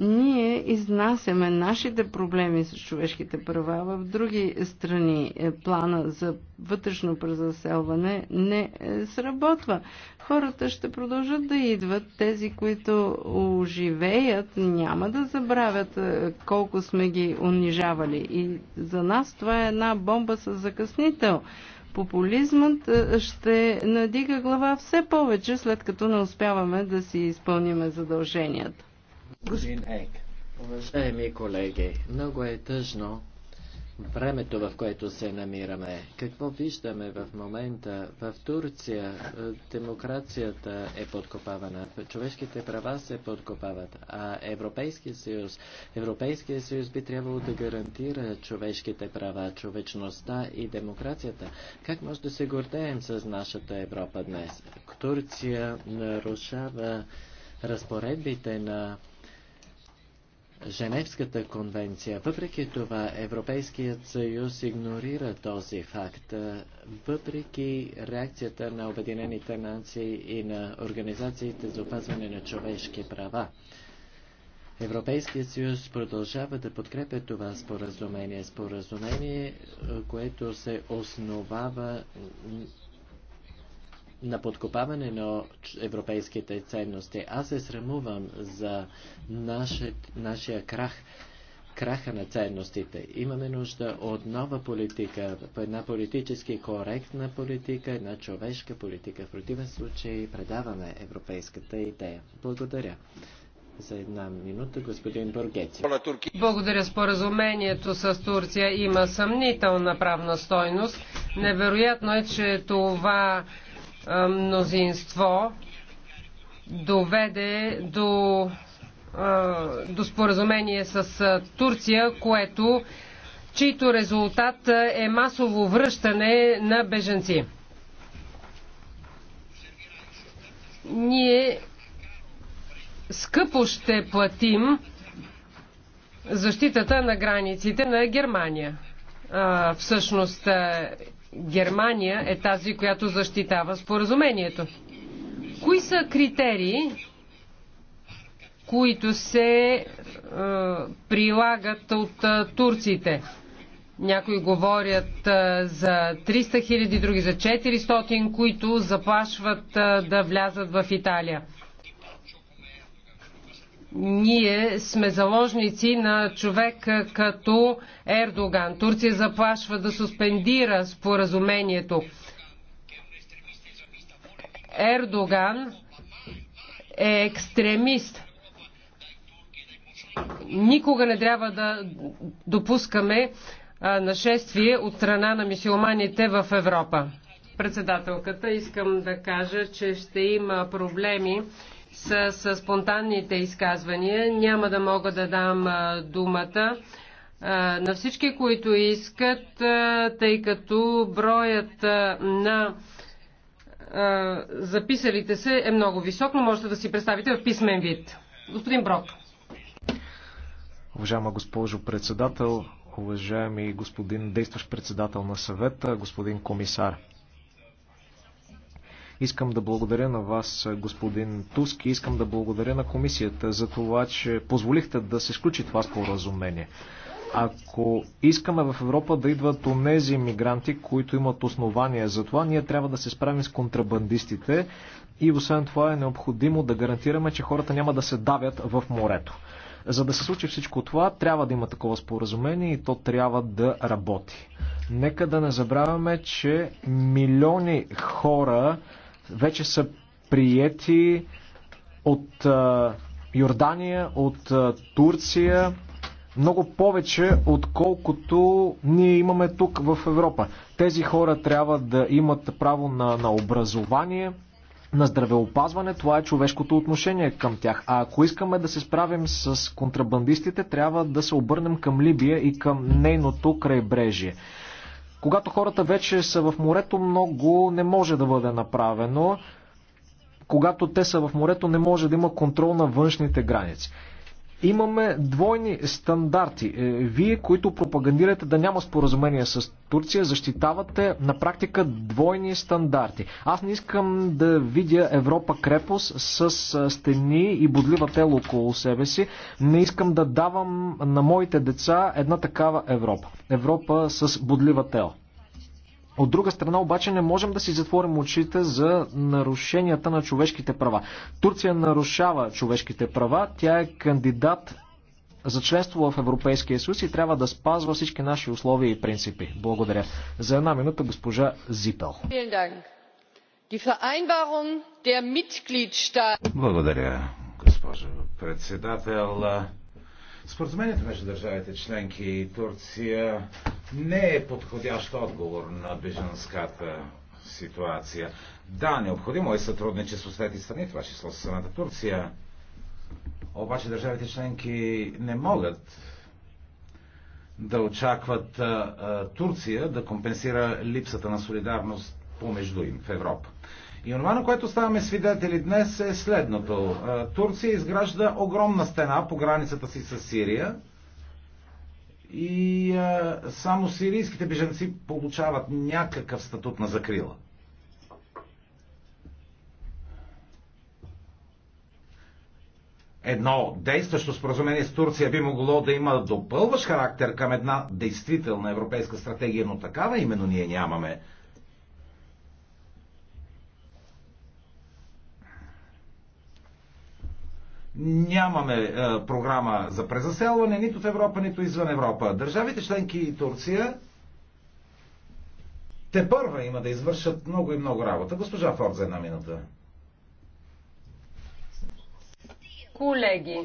Ние изнасяме нашите проблеми с човешките права в други страни. Е, плана за вътрешно презаселване не е, сработва. Хората ще продължат да идват. Тези, които оживеят, няма да забравят е, колко сме ги унижавали. И за нас това е една бомба с закъснител. Популизмът ще надига глава все повече, след като не успяваме да си изпълниме задълженията. Господин Ек, уважаеми колеги, много е тъжно времето, в което се намираме. Какво виждаме в момента? В Турция е, демокрацията е подкопавана, човешките права се подкопават, а Европейския съюз, Европейския съюз би трябвало да гарантира човешките права, човечността и демокрацията. Как може да се гордеем с нашата Европа днес? Турция нарушава разпоредбите на Женевската конвенция. Въпреки това, Европейският съюз игнорира този факт. Въпреки реакцията на Обединените нации и на организациите за опазване на човешки права, Европейският съюз продължава да подкрепя това споразумение. Споразумение, което се основава на подкопаване на европейските ценности. Аз се срамувам за наше, нашия крах, краха на ценностите. Имаме нужда от нова политика, една политически коректна политика, една човешка политика. В противен случай предаваме европейската идея. Благодаря за една минута господин Бургеци. Благодаря споразумението с Турция има съмнителна правна стойност. Невероятно е, че това мнозинство доведе до, до споразумение с Турция, което чийто резултат е масово връщане на беженци. Ние скъпо ще платим защитата на границите на Германия. всъщност Германия е тази, която защитава споразумението. Кои са критерии, които се е, прилагат от е, турците? Някои говорят е, за 300 хиляди, други за 400, които заплашват е, да влязат в Италия ние сме заложници на човек като Ердоган. Турция заплашва да суспендира споразумението. Ердоган е екстремист. Никога не трябва да допускаме нашествие от страна на мисиоманите в Европа. Председателката искам да кажа, че ще има проблеми с, с спонтанните изказвания. Няма да мога да дам думата на всички, които искат, тъй като броят на записалите се е много висок, но можете да си представите в писмен вид. Господин Брок. Уважаема госпожо председател, уважаеми господин действащ председател на съвета, господин комисар. Искам да благодаря на вас, господин Туски, искам да благодаря на комисията за това, че позволихте да се сключи това споразумение. Ако искаме в Европа да идват онези мигранти, които имат основания за това, ние трябва да се справим с контрабандистите и освен това е необходимо да гарантираме, че хората няма да се давят в морето. За да се случи всичко това, трябва да има такова споразумение и то трябва да работи. Нека да не забравяме, че милиони хора вече са приети от Йордания, от Турция, много повече, отколкото ние имаме тук в Европа. Тези хора трябва да имат право на, на образование, на здравеопазване, това е човешкото отношение към тях. А ако искаме да се справим с контрабандистите, трябва да се обърнем към Либия и към нейното крайбрежие. Когато хората вече са в морето, много не може да бъде направено. Когато те са в морето, не може да има контрол на външните граници. Имаме двойни стандарти. Е, вие, които пропагандирате да няма споразумение с Турция, защитавате на практика двойни стандарти. Аз не искам да видя Европа крепост с е, стени и бодлива тело около себе си. Не искам да давам на моите деца една такава Европа. Европа с бодлива тело. От друга страна обаче не можем да си затворим очите за нарушенията на човешките права. Турция нарушава човешките права, тя е кандидат за членство в Европейския съюз и трябва да спазва всички наши условия и принципи. Благодаря. За една минута госпожа Зипел. Благодаря, госпожо председател. Споразумението между държавите членки и Турция не е подходящ отговор на беженската ситуация. Да, необходимо е сътрудничество с трети страни, това число с самата Турция. Обаче държавите членки не могат да очакват а, а, Турция да компенсира липсата на солидарност помежду им в Европа. И онова, на което ставаме свидетели днес е следното. Турция изгражда огромна стена по границата си с Сирия, и а, само сирийските беженци получават някакъв статут на закрила. Едно действащо споразумение с Турция би могло да има допълваш характер към една действителна европейска стратегия, но такава именно ние нямаме. Нямаме е, програма за презаселване нито в Европа, нито извън Европа. Държавите членки и Турция те първа има да извършат много и много работа. Госпожа Форд за една минута. Колеги,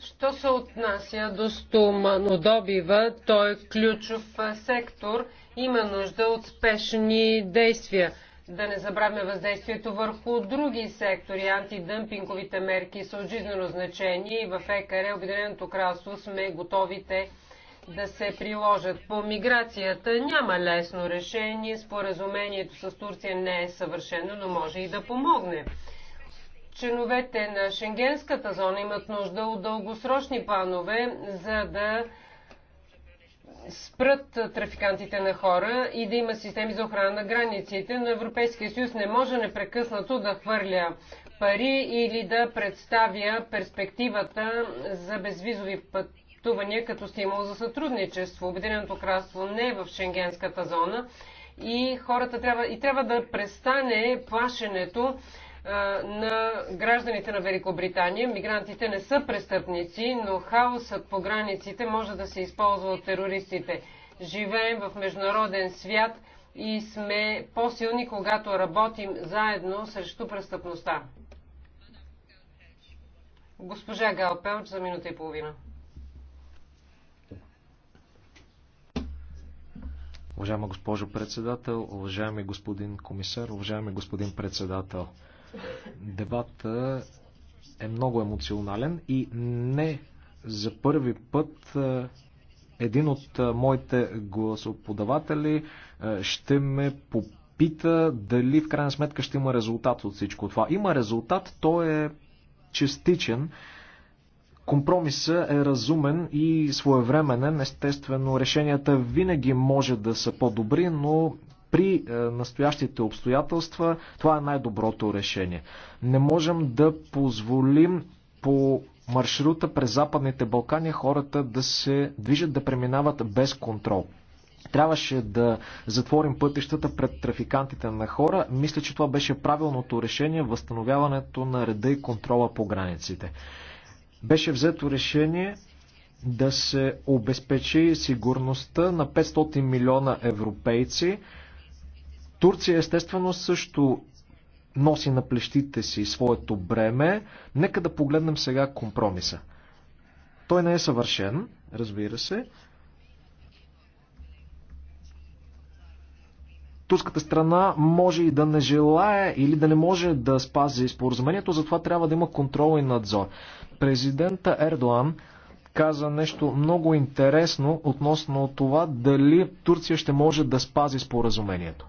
що се отнася до стоманодобива, той е ключов е, сектор, има нужда от спешни действия. Да не забравяме въздействието върху други сектори. Антидъмпинговите мерки са от жизнено значение и в ЕКР Обединеното кралство сме готовите да се приложат. По миграцията няма лесно решение. Споразумението с Турция не е съвършено, но може и да помогне. Членовете на Шенгенската зона имат нужда от дългосрочни планове, за да спрат трафикантите на хора и да има системи за охрана на границите, но Европейския съюз не може непрекъснато да хвърля пари или да представя перспективата за безвизови пътувания като стимул за сътрудничество. Обединеното кралство не е в шенгенската зона и хората трябва, и трябва да престане плашенето, на гражданите на Великобритания. Мигрантите не са престъпници, но хаосът по границите може да се използва от терористите. Живеем в международен свят и сме по-силни, когато работим заедно срещу престъпността. Госпожа Галпелч за минута и половина. Уважаема госпожо председател, уважаеми господин комисар, уважаеми господин председател. Дебата е много емоционален и не за първи път един от моите гласоподаватели ще ме попита дали в крайна сметка ще има резултат от всичко това. Има резултат, той е частичен. Компромиса е разумен и своевременен. Естествено, решенията винаги може да са по-добри, но при е, настоящите обстоятелства това е най-доброто решение. Не можем да позволим по маршрута през Западните Балкани хората да се движат, да преминават без контрол. Трябваше да затворим пътищата пред трафикантите на хора. Мисля, че това беше правилното решение, възстановяването на реда и контрола по границите. Беше взето решение да се обезпечи сигурността на 500 милиона европейци, Турция естествено също носи на плещите си своето бреме. Нека да погледнем сега компромиса. Той не е съвършен, разбира се. Турската страна може и да не желая или да не може да спази споразумението, затова трябва да има контрол и надзор. Президента Ердоан каза нещо много интересно относно това дали Турция ще може да спази споразумението.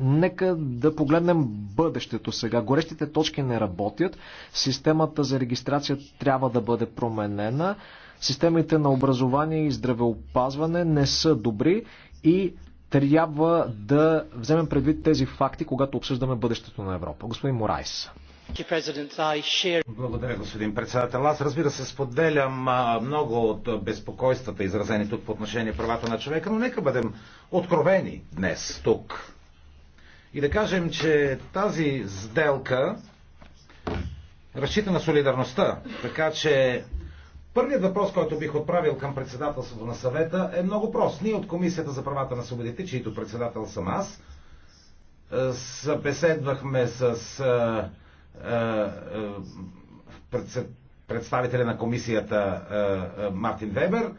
Нека да погледнем бъдещето сега. Горещите точки не работят. Системата за регистрация трябва да бъде променена. Системите на образование и здравеопазване не са добри и трябва да вземем предвид тези факти, когато обсъждаме бъдещето на Европа. Господин Морайс. Благодаря, господин председател. Аз разбира се споделям много от безпокойствата, изразени тук по отношение правата на човека, но нека бъдем откровени днес тук и да кажем, че тази сделка разчита на солидарността. Така че първият въпрос, който бих отправил към председателството на съвета е много прост. Ние от Комисията за правата на свободите, чието председател съм аз, е, събеседвахме с е, е, представителя на комисията Мартин Вебер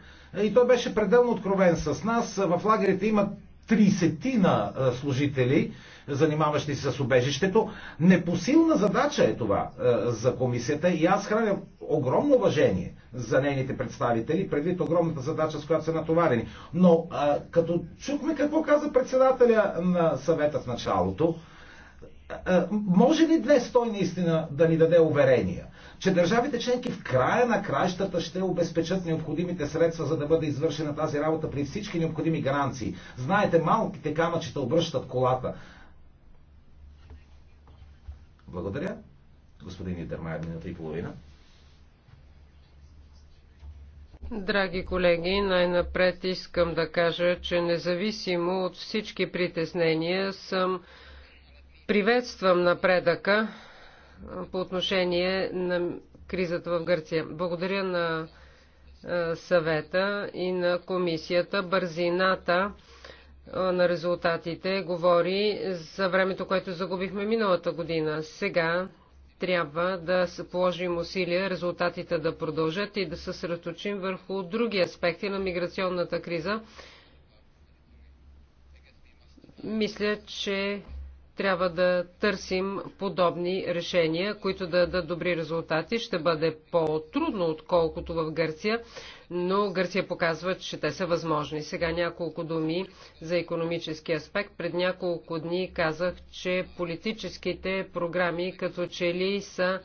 и той беше пределно откровен с нас. В лагерите има 30 служители, занимаващи се с обежището, Непосилна задача е това е, за комисията и аз храня огромно уважение за нейните представители, предвид огромната задача, с която са натоварени. Но е, като чухме какво каза председателя на съвета в началото, е, може ли днес той наистина да ни даде уверения, че държавите членки в края на краищата ще обезпечат необходимите средства, за да бъде извършена тази работа при всички необходими гаранции? Знаете, малките камъчета обръщат колата. Благодаря. Господин Идермайер, минута и половина. Драги колеги, най-напред искам да кажа, че независимо от всички притеснения съм приветствам напредъка по отношение на кризата в Гърция. Благодаря на съвета и на комисията. Бързината на резултатите говори за времето, което загубихме миналата година. Сега трябва да положим усилия резултатите да продължат и да се съсредоточим върху други аспекти на миграционната криза. Мисля, че трябва да търсим подобни решения, които да дадат добри резултати. Ще бъде по-трудно, отколкото в Гърция, но Гърция показва, че те са възможни. Сега няколко думи за економически аспект. Пред няколко дни казах, че политическите програми като че ли са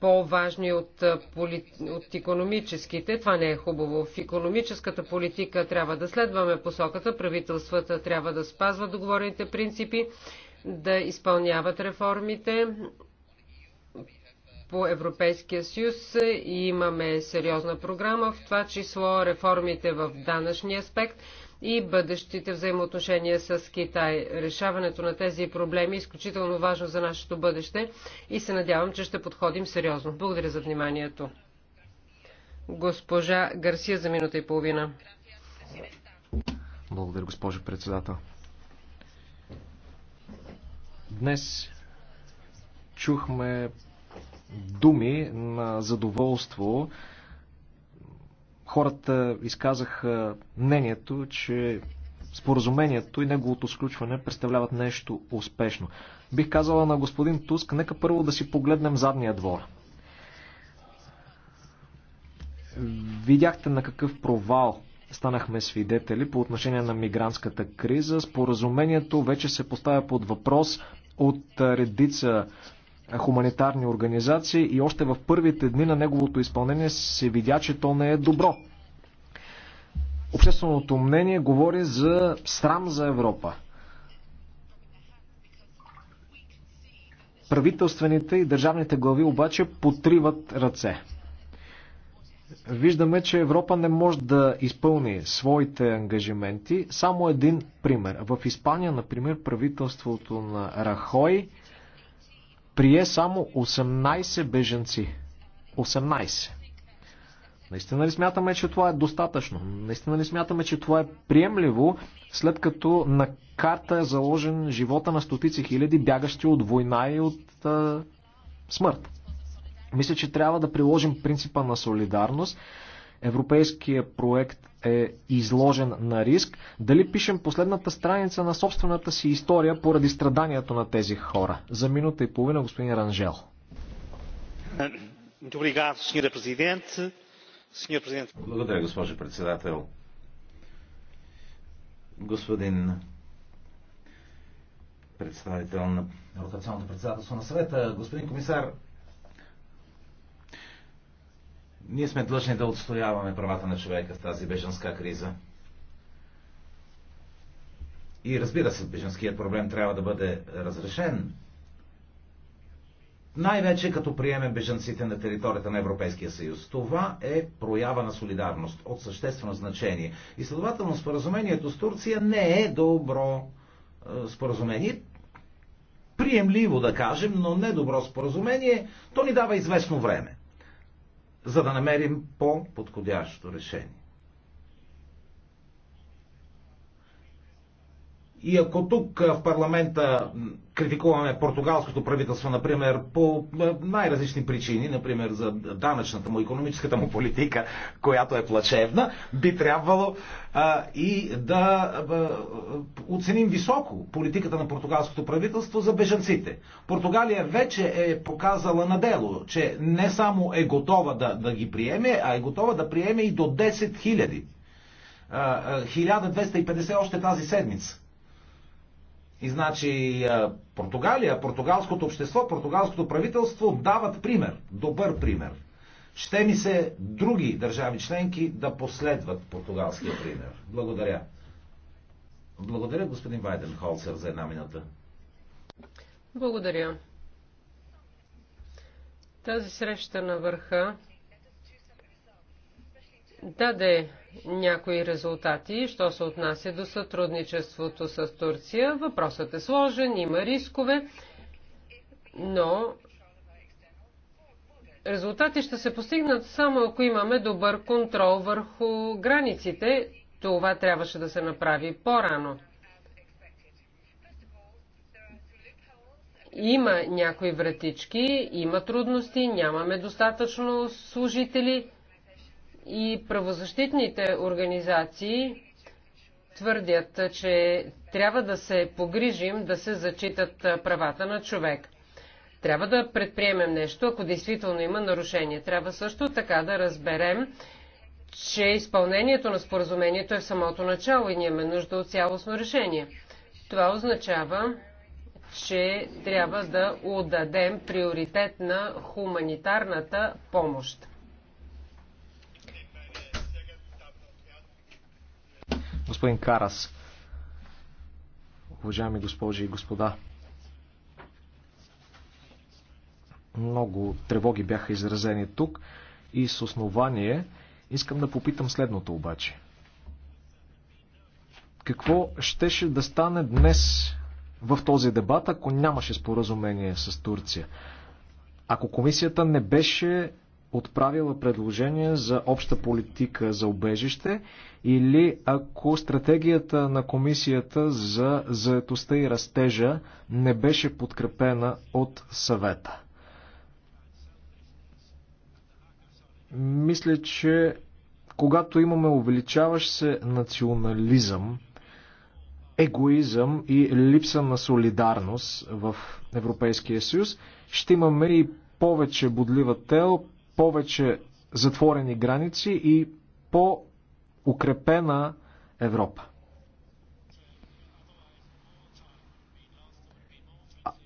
по-важни от, поли... от економическите. Това не е хубаво. В економическата политика трябва да следваме посоката, правителствата трябва да спазват договорените принципи да изпълняват реформите по Европейския съюз. И имаме сериозна програма, в това число реформите в данъчния аспект и бъдещите взаимоотношения с Китай. Решаването на тези проблеми е изключително важно за нашето бъдеще и се надявам, че ще подходим сериозно. Благодаря за вниманието. Госпожа Гарсия за минута и половина. Благодаря, госпожо председател. Днес чухме думи на задоволство. Хората изказаха мнението, че споразумението и неговото сключване представляват нещо успешно. Бих казала на господин Туск, нека първо да си погледнем задния двор. Видяхте на какъв провал станахме свидетели по отношение на мигрантската криза. Споразумението вече се поставя под въпрос от редица хуманитарни организации и още в първите дни на неговото изпълнение се видя, че то не е добро. Общественото мнение говори за срам за Европа. Правителствените и държавните глави обаче потриват ръце виждаме, че Европа не може да изпълни своите ангажименти. Само един пример. В Испания, например, правителството на Рахой прие само 18 беженци. 18. Наистина ли смятаме, че това е достатъчно? Наистина ли смятаме, че това е приемливо, след като на карта е заложен живота на стотици хиляди бягащи от война и от а, смърт? Мисля, че трябва да приложим принципа на солидарност. Европейския проект е изложен на риск. Дали пишем последната страница на собствената си история поради страданието на тези хора? За минута и половина, господин Ранжел. Благодаря, госпожо председател. Господин представител на ротационното председателство на съвета, господин комисар, ние сме длъжни да отстояваме правата на човека в тази беженска криза. И разбира се, беженският проблем трябва да бъде разрешен. Най-вече като приемем беженците на територията на Европейския съюз. Това е проява на солидарност от съществено значение. И следователно споразумението с Турция не е добро е, споразумение. Приемливо да кажем, но не добро споразумение. То ни дава известно време за да намерим по-подходящо решение. И ако тук в парламента критикуваме португалското правителство, например, по най-различни причини, например за данъчната му, економическата му политика, която е плачевна, би трябвало а, и да а, оценим високо политиката на португалското правителство за бежанците. Португалия вече е показала на дело, че не само е готова да, да ги приеме, а е готова да приеме и до 10 000. 1250 още тази седмица. И значи Португалия, португалското общество, португалското правителство дават пример, добър пример. Ще ми се други държави членки да последват португалския пример. Благодаря. Благодаря, господин Вайден Холцер, за една минута. Благодаря. Тази среща на върха даде някои резултати, що се отнася до сътрудничеството с Турция. Въпросът е сложен, има рискове, но резултати ще се постигнат само ако имаме добър контрол върху границите. Това трябваше да се направи по-рано. Има някои вратички, има трудности, нямаме достатъчно служители – и правозащитните организации твърдят, че трябва да се погрижим да се зачитат правата на човек. Трябва да предприемем нещо, ако действително има нарушение. Трябва също така да разберем, че изпълнението на споразумението е в самото начало и ние имаме нужда от цялостно решение. Това означава, че трябва да отдадем приоритет на хуманитарната помощ. Господин Карас, уважаеми госпожи и господа, много тревоги бяха изразени тук и с основание искам да попитам следното обаче. Какво щеше да стане днес в този дебат, ако нямаше споразумение с Турция? Ако комисията не беше отправила предложение за обща политика за обежище или ако стратегията на комисията за заетостта и растежа не беше подкрепена от съвета. Мисля, че когато имаме увеличаващ се национализъм, егоизъм и липса на солидарност в Европейския съюз, ще имаме и повече бодлива тел, повече затворени граници и по-укрепена Европа.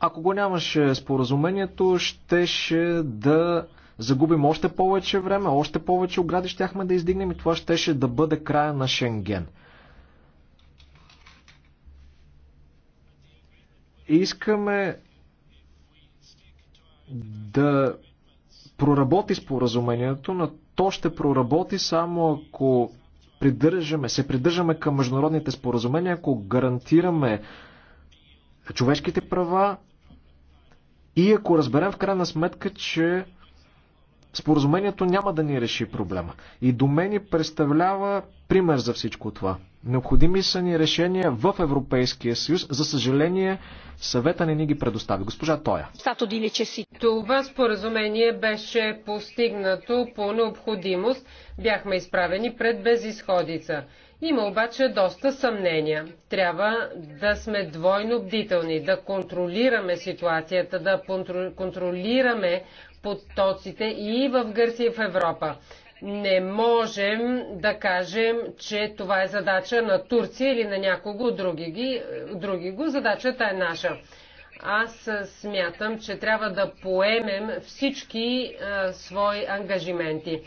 Ако го нямаше споразумението, щеше да загубим още повече време, още повече огради щяхме да издигнем и това щеше да бъде края на Шенген. Искаме да проработи споразумението, но то ще проработи само ако придържаме, се придържаме към международните споразумения, ако гарантираме човешките права и ако разберем в крайна сметка, че споразумението няма да ни реши проблема. И до мен представлява пример за всичко това. Необходими са ни решения в Европейския съюз. За съжаление, съвета не ни ги предостави. Госпожа Тоя. Това споразумение беше постигнато по необходимост. Бяхме изправени пред безисходица. Има обаче доста съмнения. Трябва да сме двойно бдителни, да контролираме ситуацията, да контролираме потоците и в Гърция и в Европа. Не можем да кажем, че това е задача на Турция или на някого други, ги, други го. Задачата е наша. Аз смятам, че трябва да поемем всички а, свои ангажименти.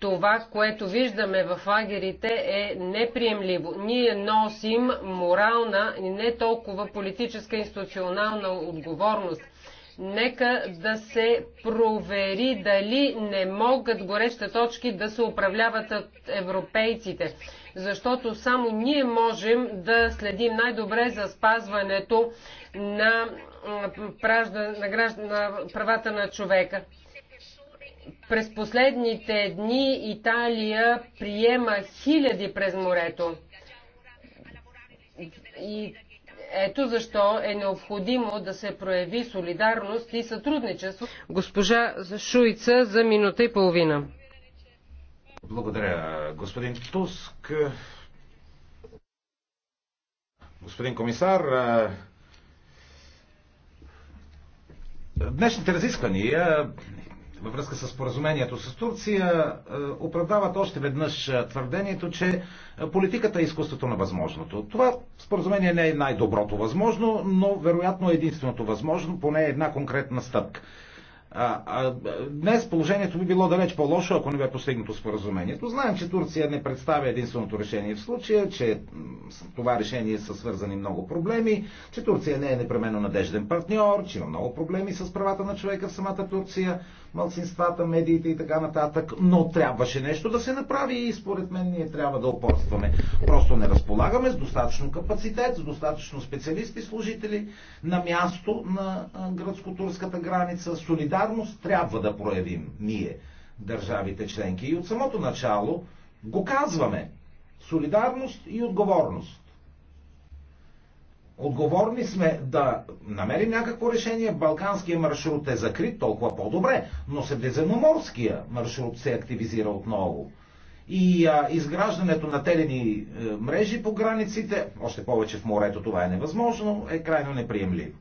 Това, което виждаме в лагерите е неприемливо. Ние носим морална и не толкова политическа институционална отговорност – Нека да се провери дали не могат горещите точки да се управляват от европейците, защото само ние можем да следим най-добре за спазването на, пражда, на, граждан, на правата на човека. През последните дни Италия приема хиляди през морето. И ето защо е необходимо да се прояви солидарност и сътрудничество. Госпожа Шуица за минута и половина. Благодаря, господин Туск. Господин комисар, днешните разисквания във връзка с поразумението с Турция е, оправдават още веднъж е, твърдението, че е, политиката е изкуството на възможното. Това споразумение не е най-доброто възможно, но вероятно е единственото възможно, поне една конкретна стъпка. А, а, днес положението би било далеч по-лошо, ако не бе постигнато споразумението. Знаем, че Турция не представя единственото решение в случая, че това решение са свързани много проблеми, че Турция не е непременно надежден партньор, че има много проблеми с правата на човека в самата Турция мълцинствата, медиите и така нататък, но трябваше нещо да се направи и според мен ние трябва да опорстваме. Просто не разполагаме с достатъчно капацитет, с достатъчно специалисти, служители на място на гръцко-турската граница. Солидарност трябва да проявим ние, държавите членки. И от самото начало го казваме. Солидарност и отговорност. Отговорни сме да намерим някакво решение. Балканския маршрут е закрит, толкова по-добре, но Средиземноморския маршрут се активизира отново. И а, изграждането на телени е, мрежи по границите, още повече в морето това е невъзможно, е крайно неприемливо.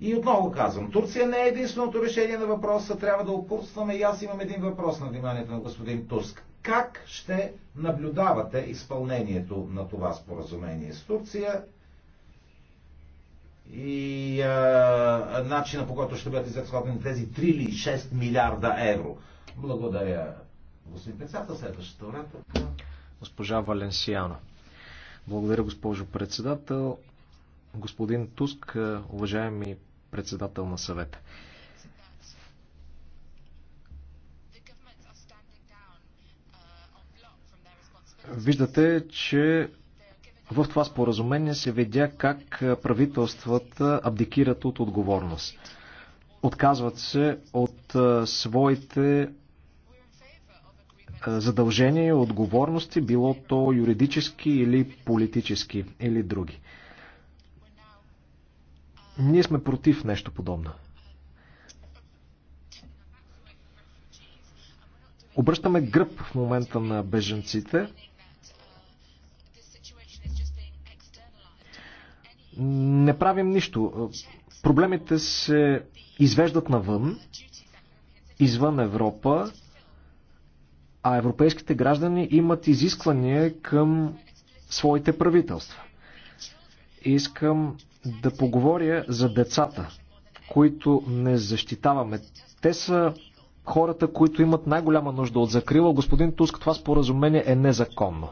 И отново казвам, Турция не е единственото решение на въпроса, трябва да опутстваме и аз имам един въпрос на вниманието на господин Туск. Как ще наблюдавате изпълнението на това споразумение с Турция и а, начина по който ще бъдат изразходени тези 3 или 6 милиарда евро. Благодаря, господин председател. Следващата врата. Госпожа Валенсиана. Благодаря, госпожо председател. Господин Туск, уважаеми председател на съвета. Виждате, че в това споразумение се видя как правителствата абдикират от отговорност. Отказват се от своите задължения и отговорности, било то юридически или политически или други. Ние сме против нещо подобно. Обръщаме гръб в момента на беженците не правим нищо. Проблемите се извеждат навън, извън Европа, а европейските граждани имат изисквания към своите правителства. Искам да поговоря за децата, които не защитаваме. Те са хората, които имат най-голяма нужда от закрила. Господин Туск, това споразумение е незаконно.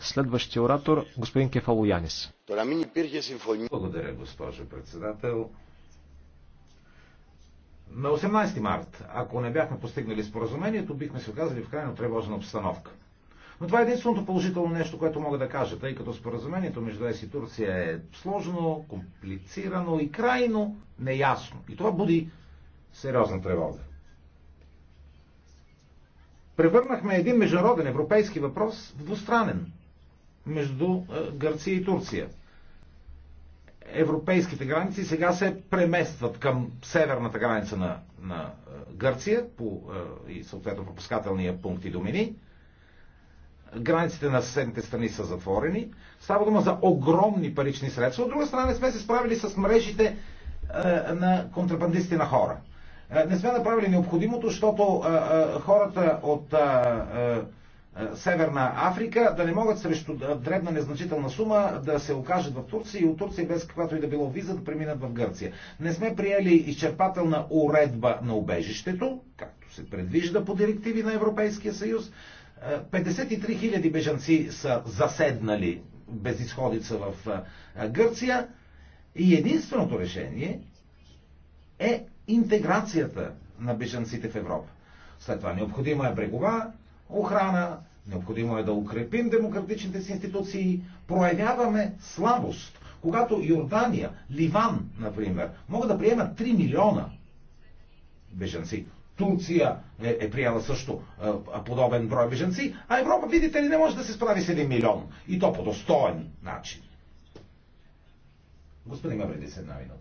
Следващия оратор, господин Кефало Янис. Благодаря, госпожо председател. На 18 март, ако не бяхме постигнали споразумението, бихме се оказали в крайно тревожна обстановка. Но това е единственото положително нещо, което мога да кажа, тъй като споразумението между ЕС и Турция е сложно, комплицирано и крайно неясно. И това буди сериозна тревога. Превърнахме един международен европейски въпрос в двустранен между е, Гърция и Турция. Европейските граници сега се преместват към северната граница на, на е, Гърция по, е, и съответно пропускателния пункт и домини. Границите на съседните страни са затворени. Става дума за огромни парични средства. От друга страна не сме се справили с мрежите на контрабандисти на хора. Не сме направили необходимото, защото хората от е, Северна Африка, да не могат срещу дребна незначителна сума да се окажат в Турция и от Турция без каквато и да било виза да преминат в Гърция. Не сме приели изчерпателна уредба на убежището, както се предвижда по директиви на Европейския съюз. 53 е, 000 бежанци са заседнали безисходица в е, Гърция и единственото решение е интеграцията на бежанците в Европа. След това необходима е брегова охрана, необходимо е да укрепим демократичните си институции, проявяваме слабост. Когато Йордания, Ливан, например, могат да приемат 3 милиона беженци, Турция е, е приела също е, подобен брой беженци, а Европа, видите ли, не може да се справи с 1 милион. И то по достоен начин. Господин Мавридис, една минута.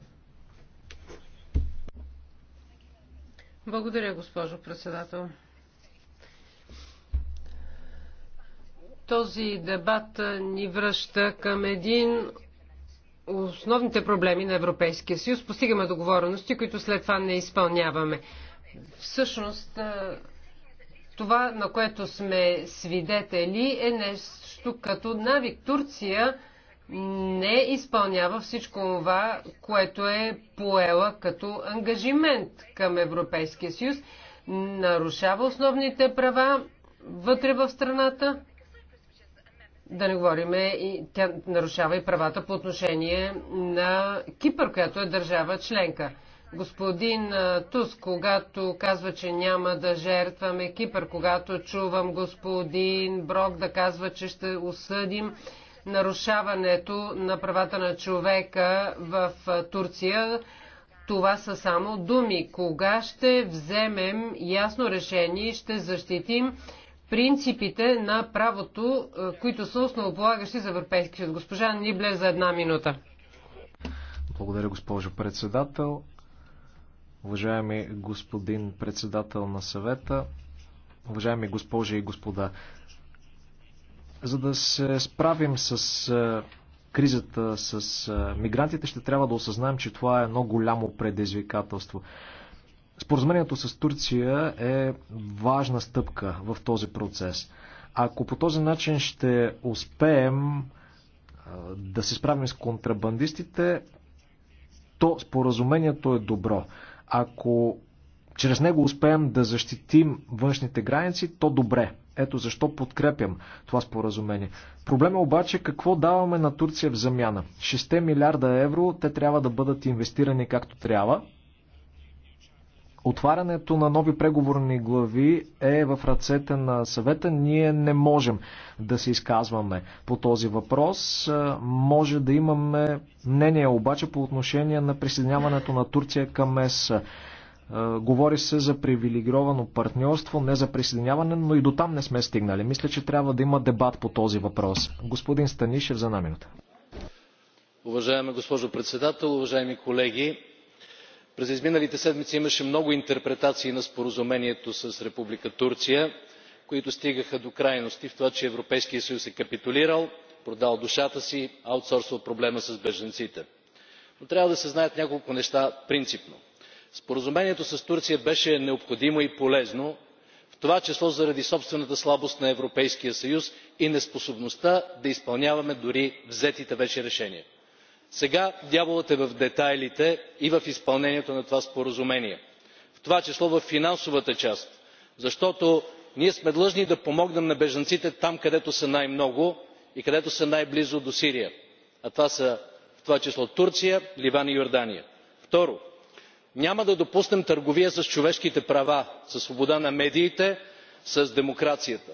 Благодаря, госпожо председател. Този дебат ни връща към един основните проблеми на Европейския съюз. Постигаме договорености, които след това не изпълняваме. Всъщност, това, на което сме свидетели, е нещо като навик. Турция не изпълнява всичко това, което е поела като ангажимент към Европейския съюз, нарушава основните права вътре в страната да не говорим, и тя нарушава и правата по отношение на Кипър, която е държава членка. Господин Туск, когато казва, че няма да жертваме Кипър, когато чувам господин Брок да казва, че ще осъдим нарушаването на правата на човека в Турция, това са само думи. Кога ще вземем ясно решение и ще защитим принципите на правото, е, които са основополагащи за Европейския съюз. Госпожа Нибле за една минута. Благодаря, госпожо председател. Уважаеми господин председател на съвета, уважаеми госпожи и господа, за да се справим с е, кризата с е, мигрантите, ще трябва да осъзнаем, че това е едно голямо предизвикателство. Споразумението с Турция е важна стъпка в този процес. Ако по този начин ще успеем да се справим с контрабандистите, то споразумението е добро. Ако чрез него успеем да защитим външните граници, то добре. Ето защо подкрепям това споразумение. Проблема е обаче какво даваме на Турция в замяна. 6 милиарда евро те трябва да бъдат инвестирани както трябва, Отварянето на нови преговорни глави е в ръцете на съвета. Ние не можем да се изказваме по този въпрос. Може да имаме мнение обаче по отношение на присъединяването на Турция към ЕС. Говори се за привилегировано партньорство, не за присъединяване, но и до там не сме стигнали. Мисля, че трябва да има дебат по този въпрос. Господин Станишев за една минута. Уважаема госпожо председател, уважаеми колеги, през изминалите седмици имаше много интерпретации на споразумението с република турция които стигаха до крайности в това че европейският съюз е капитулирал продал душата си аутсорсвал проблема с бежанците. но трябва да се знаят няколко неща принципно. споразумението с турция беше необходимо и полезно в това число заради собствената слабост на европейския съюз и неспособността да изпълняваме дори взетите вече решения сега дяволът е в детайлите и в изпълнението на това споразумение в това число във финансовата част защото ние сме длъжни да помогнем на бежанците там където са най много и където са най близо до сирия а това са в това число турция ливан и йордания. второ няма да допуснем търговия с човешките права със свобода на медиите с демокрацията.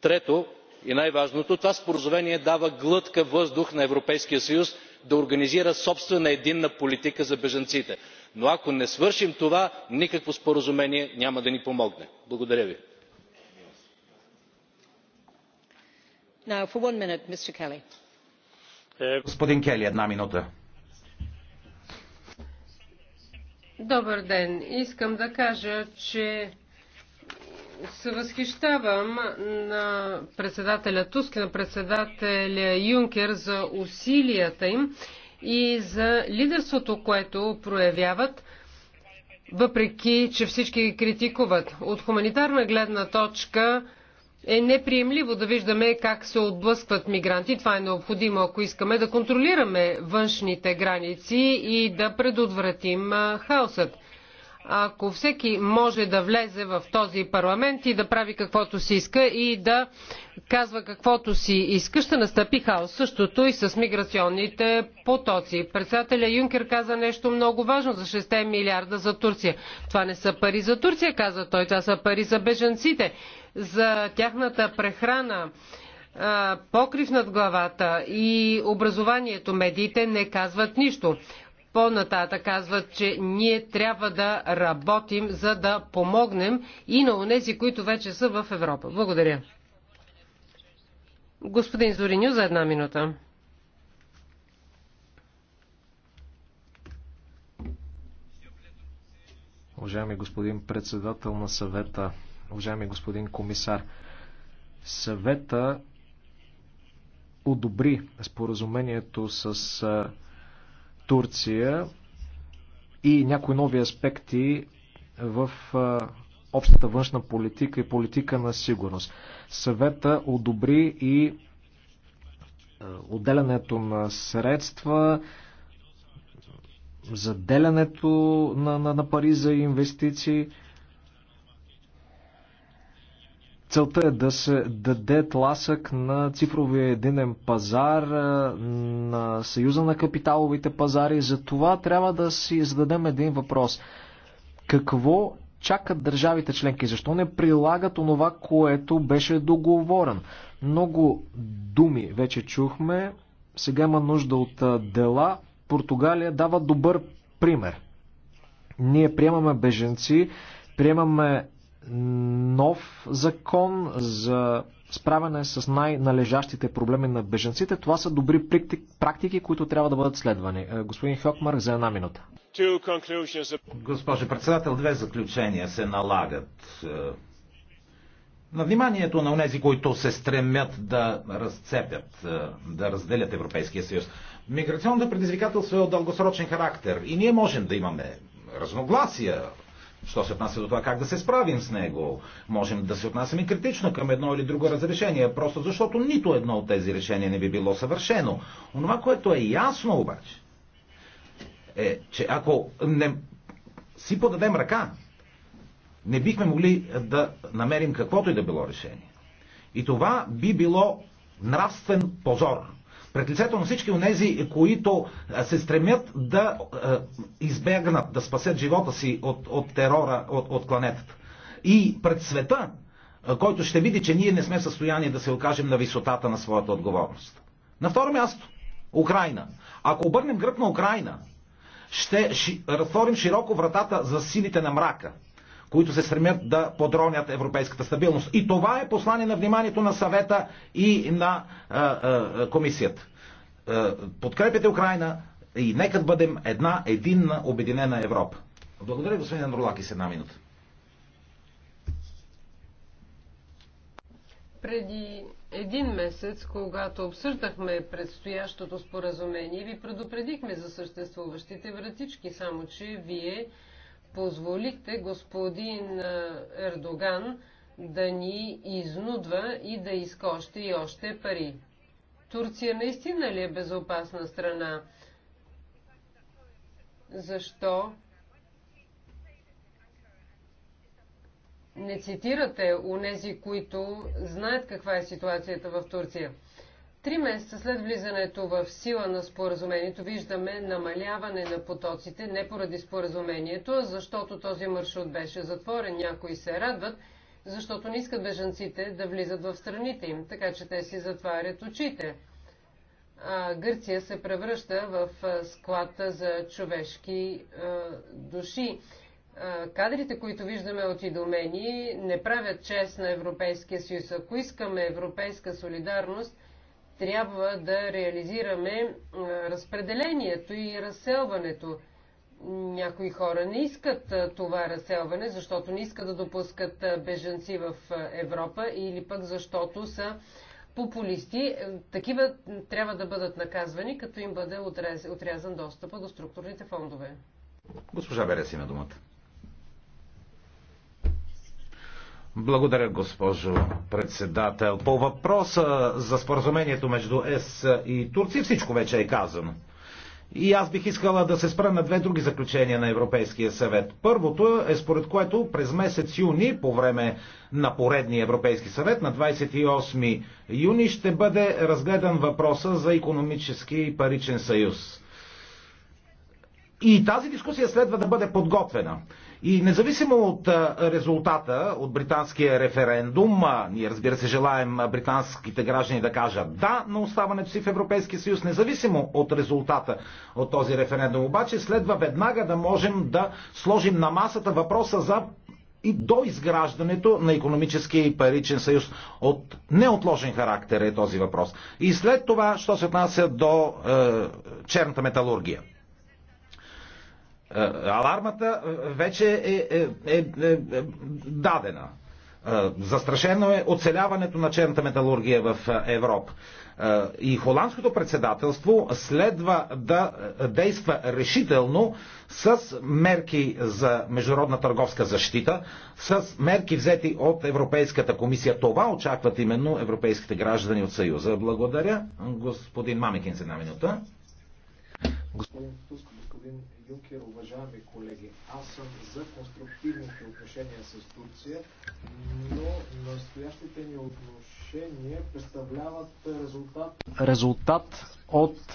трето и най важното това споразумение дава глътка въздух на европейския съюз да организира собствена единна политика за бежанците. но ако не свършим това никакво споразумение няма да ни помогне. благодаря ви. Е, Искам да кажа, че се възхищавам на председателя Туск, на председателя Юнкер за усилията им и за лидерството, което проявяват, въпреки че всички ги критикуват. От хуманитарна гледна точка е неприемливо да виждаме как се отблъскват мигранти. Това е необходимо, ако искаме да контролираме външните граници и да предотвратим хаосът ако всеки може да влезе в този парламент и да прави каквото си иска и да казва каквото си иска, ще настъпи хаос. Същото и с миграционните потоци. Председателя Юнкер каза нещо много важно за 6 милиарда за Турция. Това не са пари за Турция, каза той, това са пари за беженците, за тяхната прехрана покрив над главата и образованието, медиите не казват нищо. По-нататък казват, че ние трябва да работим, за да помогнем и на онези, които вече са в Европа. Благодаря. Господин Зориню за една минута. Уважаеми господин председател на съвета, уважаеми господин комисар, съвета одобри споразумението с Турция и някои нови аспекти в общата външна политика и политика на сигурност. Съвета одобри и отделянето на средства, заделянето на, на, на пари за инвестиции. Целта е да се даде тласък на цифровия единен пазар, е, на съюза на капиталовите пазари. За това трябва да си зададем един въпрос. Какво чакат държавите членки? Защо не прилагат онова, което беше договорен? Много думи вече чухме. Сега има нужда от е, дела. Португалия дава добър пример. Ние приемаме беженци, приемаме нов закон за справяне с най-належащите проблеми на беженците. Това са добри практики, които трябва да бъдат следвани. Е, господин Хокмар, за една минута. Госпожо председател, две заключения се налагат. Е, на вниманието на тези, които се стремят да разцепят, е, да разделят Европейския съюз. Миграционното предизвикателство е от дългосрочен характер и ние можем да имаме разногласия Що се отнася до това как да се справим с него? Можем да се отнасяме критично към едно или друго разрешение, просто защото нито едно от тези решения не би било съвършено. Онова, което е ясно обаче, е, че ако не си подадем ръка, не бихме могли да намерим каквото и да било решение. И това би било нравствен позор пред лицето на всички онези, които се стремят да избегнат, да спасят живота си от, от терора, от, от кланетата. И пред света, който ще види, че ние не сме в състояние да се окажем на висотата на своята отговорност. На второ място, Украина. Ако обърнем гръб на Украина, ще разтворим широко вратата за силите на мрака, които се стремят да подронят европейската стабилност. И това е послание на вниманието на съвета и на а, а, комисията. А, подкрепите Украина и нека бъдем една единна обединена Европа. Благодаря, господин Андролакис, една минута. Преди един месец, когато обсъждахме предстоящото споразумение, ви предупредихме за съществуващите вратички, само че вие позволихте господин Ердоган да ни изнудва и да изкоща и още пари. Турция наистина ли е безопасна страна? Защо не цитирате унези, които знаят каква е ситуацията в Турция? Три месеца след влизането в сила на споразумението виждаме намаляване на потоците не поради споразумението, защото този маршрут беше затворен. Някои се радват, защото не искат бежанците да влизат в страните им, така че те си затварят очите. А Гърция се превръща в склад за човешки души. кадрите, които виждаме от идомени, не правят чест на Европейския съюз. Ако искаме европейска солидарност – трябва да реализираме разпределението и разселването. Някои хора не искат това разселване, защото не искат да допускат беженци в Европа или пък защото са популисти. Е, такива трябва да бъдат наказвани, като им бъде отрязан достъпа до структурните фондове. Госпожа Берес има думата. Благодаря, госпожо председател. По въпроса за споразумението между ЕС и Турция всичко вече е казано. И аз бих искала да се спра на две други заключения на Европейския съвет. Първото е според което през месец юни, по време на поредния Европейски съвет, на 28 юни ще бъде разгледан въпроса за економически и паричен съюз. И тази дискусия следва да бъде подготвена. И независимо от резултата от британския референдум, ние разбира се желаем британските граждани да кажат да на оставането си в Европейския съюз, независимо от резултата от този референдум, обаче следва веднага да можем да сложим на масата въпроса за и до изграждането на економическия и паричен съюз. От неотложен характер е този въпрос. И след това, що се отнася до е, черната металургия. Е, алармата е, вече е, е, е, е дадена. Е, застрашено е оцеляването на черната металургия в Европа. И холандското председателство следва да действа решително с мерки за международна търговска защита, с мерки взети от Европейската комисия. Това очакват именно европейските граждани от Съюза. Благодаря. Господин Мамикин за една минута. Господин Юнкер, уважаеми колеги, аз съм за конструктивните отношения с Турция, но настоящите ни отношения представляват резултат, резултат от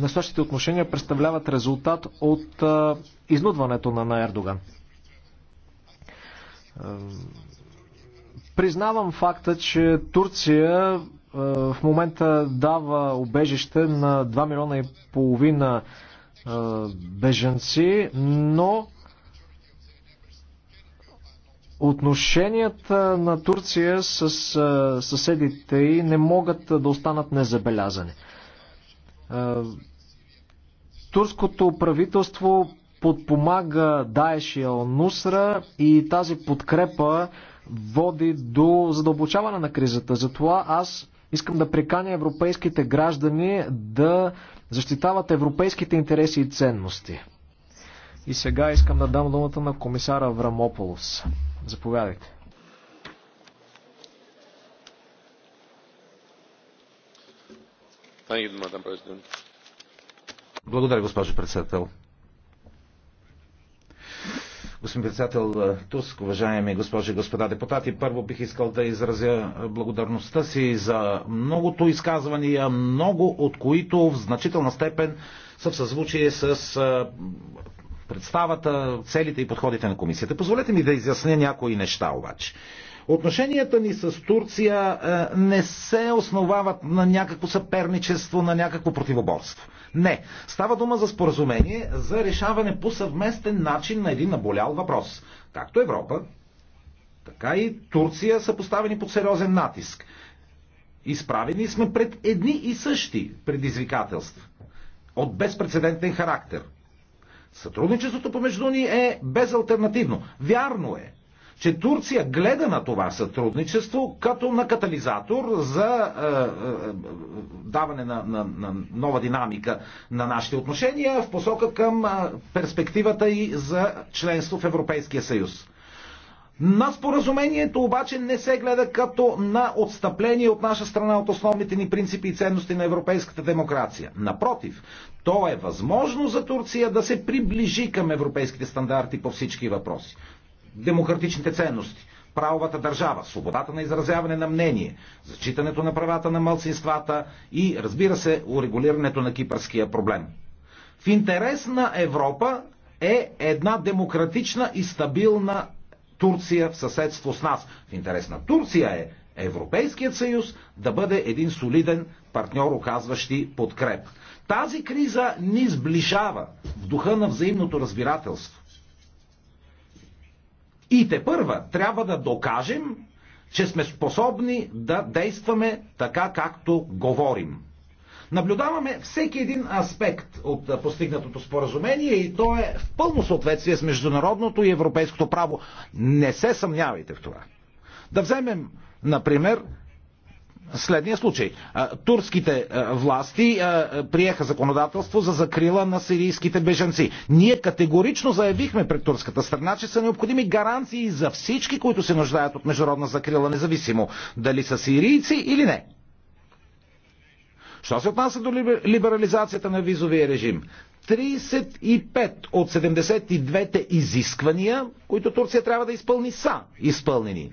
настоящите отношения представляват резултат от изнудването на Ердоган. Признавам факта, че Турция в момента дава обежище на 2 милиона и половина беженци, но отношенията на Турция с съседите й не могат да останат незабелязани. Турското правителство подпомага Даеш и нусра и тази подкрепа води до задълбочаване на кризата. Затова аз искам да приканя европейските граждани да защитават европейските интереси и ценности. И сега искам да дам думата на комисара Врамополос. Заповядайте. Благодаря, госпожо председател. Господин председател е, Туск, уважаеми госпожи и господа депутати, първо бих искал да изразя е, благодарността си за многото изказвания, много от които в значителна степен са в съзвучие с е, представата, целите и подходите на комисията. Позволете ми да изясня някои неща обаче. Отношенията ни с Турция е, не се основават на някакво съперничество, на някакво противоборство. Не. Става дума за споразумение за решаване по съвместен начин на един наболял въпрос. Както Европа, така и Турция са поставени под сериозен натиск. Изправени сме пред едни и същи предизвикателства от безпредседентен характер. Сътрудничеството помежду ни е безалтернативно. Вярно е, че Турция гледа на това сътрудничество като на катализатор за е, е, е, даване на, на, на нова динамика на нашите отношения в посока към е, перспективата и за членство в Европейския съюз. На споразумението обаче не се гледа като на отстъпление от наша страна от основните ни принципи и ценности на европейската демокрация. Напротив, то е възможно за Турция да се приближи към европейските стандарти по всички въпроси демократичните ценности, правовата държава, свободата на изразяване на мнение, зачитането на правата на мълцинствата и, разбира се, урегулирането на кипърския проблем. В интерес на Европа е една демократична и стабилна Турция в съседство с нас. В интерес на Турция е Европейският съюз да бъде един солиден партньор, оказващи подкреп. Тази криза ни сближава в духа на взаимното разбирателство. И те първа трябва да докажем, че сме способни да действаме така, както говорим. Наблюдаваме всеки един аспект от постигнатото споразумение и то е в пълно съответствие с международното и европейското право. Не се съмнявайте в това. Да вземем, например, следния случай. Турските власти приеха законодателство за закрила на сирийските бежанци. Ние категорично заявихме пред турската страна, че са необходими гаранции за всички, които се нуждаят от международна закрила, независимо дали са сирийци или не. Що се отнася до либерализацията на визовия режим? 35 от 72-те изисквания, които Турция трябва да изпълни, са изпълнени.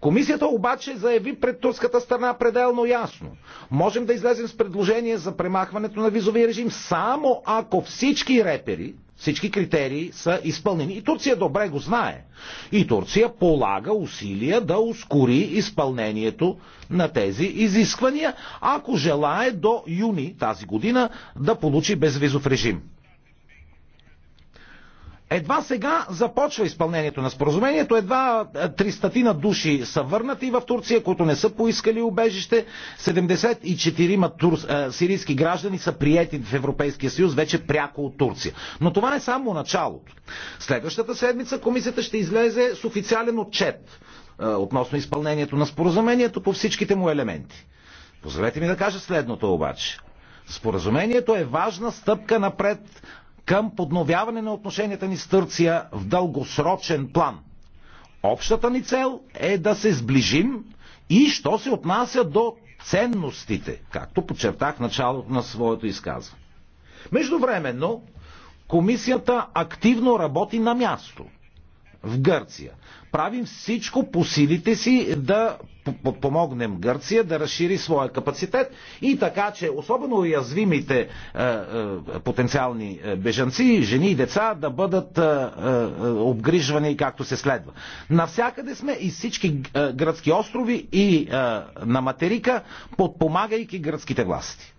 Комисията обаче заяви пред турската страна пределно ясно. Можем да излезем с предложение за премахването на визовия режим само ако всички репери, всички критерии са изпълнени. И Турция добре го знае. И Турция полага усилия да ускори изпълнението на тези изисквания, ако желае до юни тази година да получи безвизов режим. Едва сега започва изпълнението на споразумението, едва е, тристатина души са върнати в Турция, които не са поискали убежище, 74 ма тур... сирийски граждани са приети в Европейския съюз вече пряко от Турция. Но това е само началото. Следващата седмица комисията ще излезе с официален отчет е, относно изпълнението на споразумението по всичките му елементи. Позволете ми да кажа следното обаче. Споразумението е важна стъпка напред към подновяване на отношенията ни с Турция в дългосрочен план. Общата ни цел е да се сближим и що се отнася до ценностите, както подчертах в началото на своето изказване. Междувременно, комисията активно работи на място в Гърция. Правим всичко по силите си да подпомогнем Гърция да разшири своя капацитет и така, че особено уязвимите е, е, потенциални е, бежанци, жени и деца да бъдат обгрижвани както се следва. Навсякъде сме и всички гръцки острови и на материка, подпомагайки гръцките власти.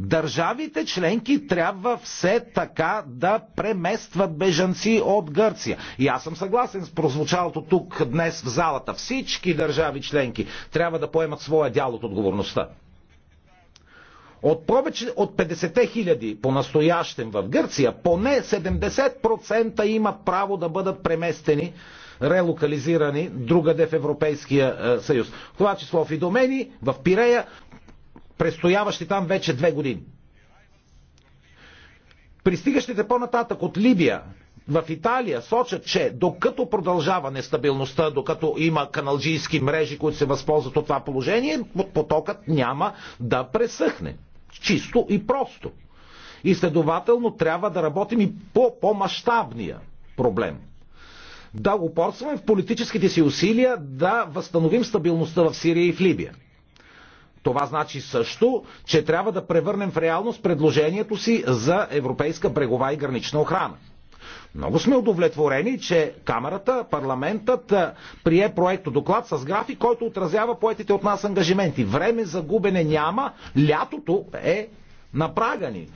Държавите членки трябва все така да преместват бежанци от Гърция. И аз съм съгласен с прозвучалото тук днес в залата. Всички държави членки трябва да поемат своя дял от отговорността. От повече от 50 хиляди по-настоящем в Гърция, поне 70% имат право да бъдат преместени, релокализирани другаде в Европейския е, съюз. това число в Идомени, в Пирея, престояващи там вече две години. Пристигащите по-нататък от Либия в Италия сочат, че докато продължава нестабилността, докато има каналджийски мрежи, които се възползват от това положение, потокът няма да пресъхне. Чисто и просто. И следователно трябва да работим и по по-масштабния проблем. Да упорстваме в политическите си усилия да възстановим стабилността в Сирия и в Либия. Това значи също, че трябва да превърнем в реалност предложението си за европейска брегова и гранична охрана. Много сме удовлетворени, че Камерата, парламентът прие проекто доклад с график, който отразява поетите от нас ангажименти. Време за губене няма, лятото е напрагани.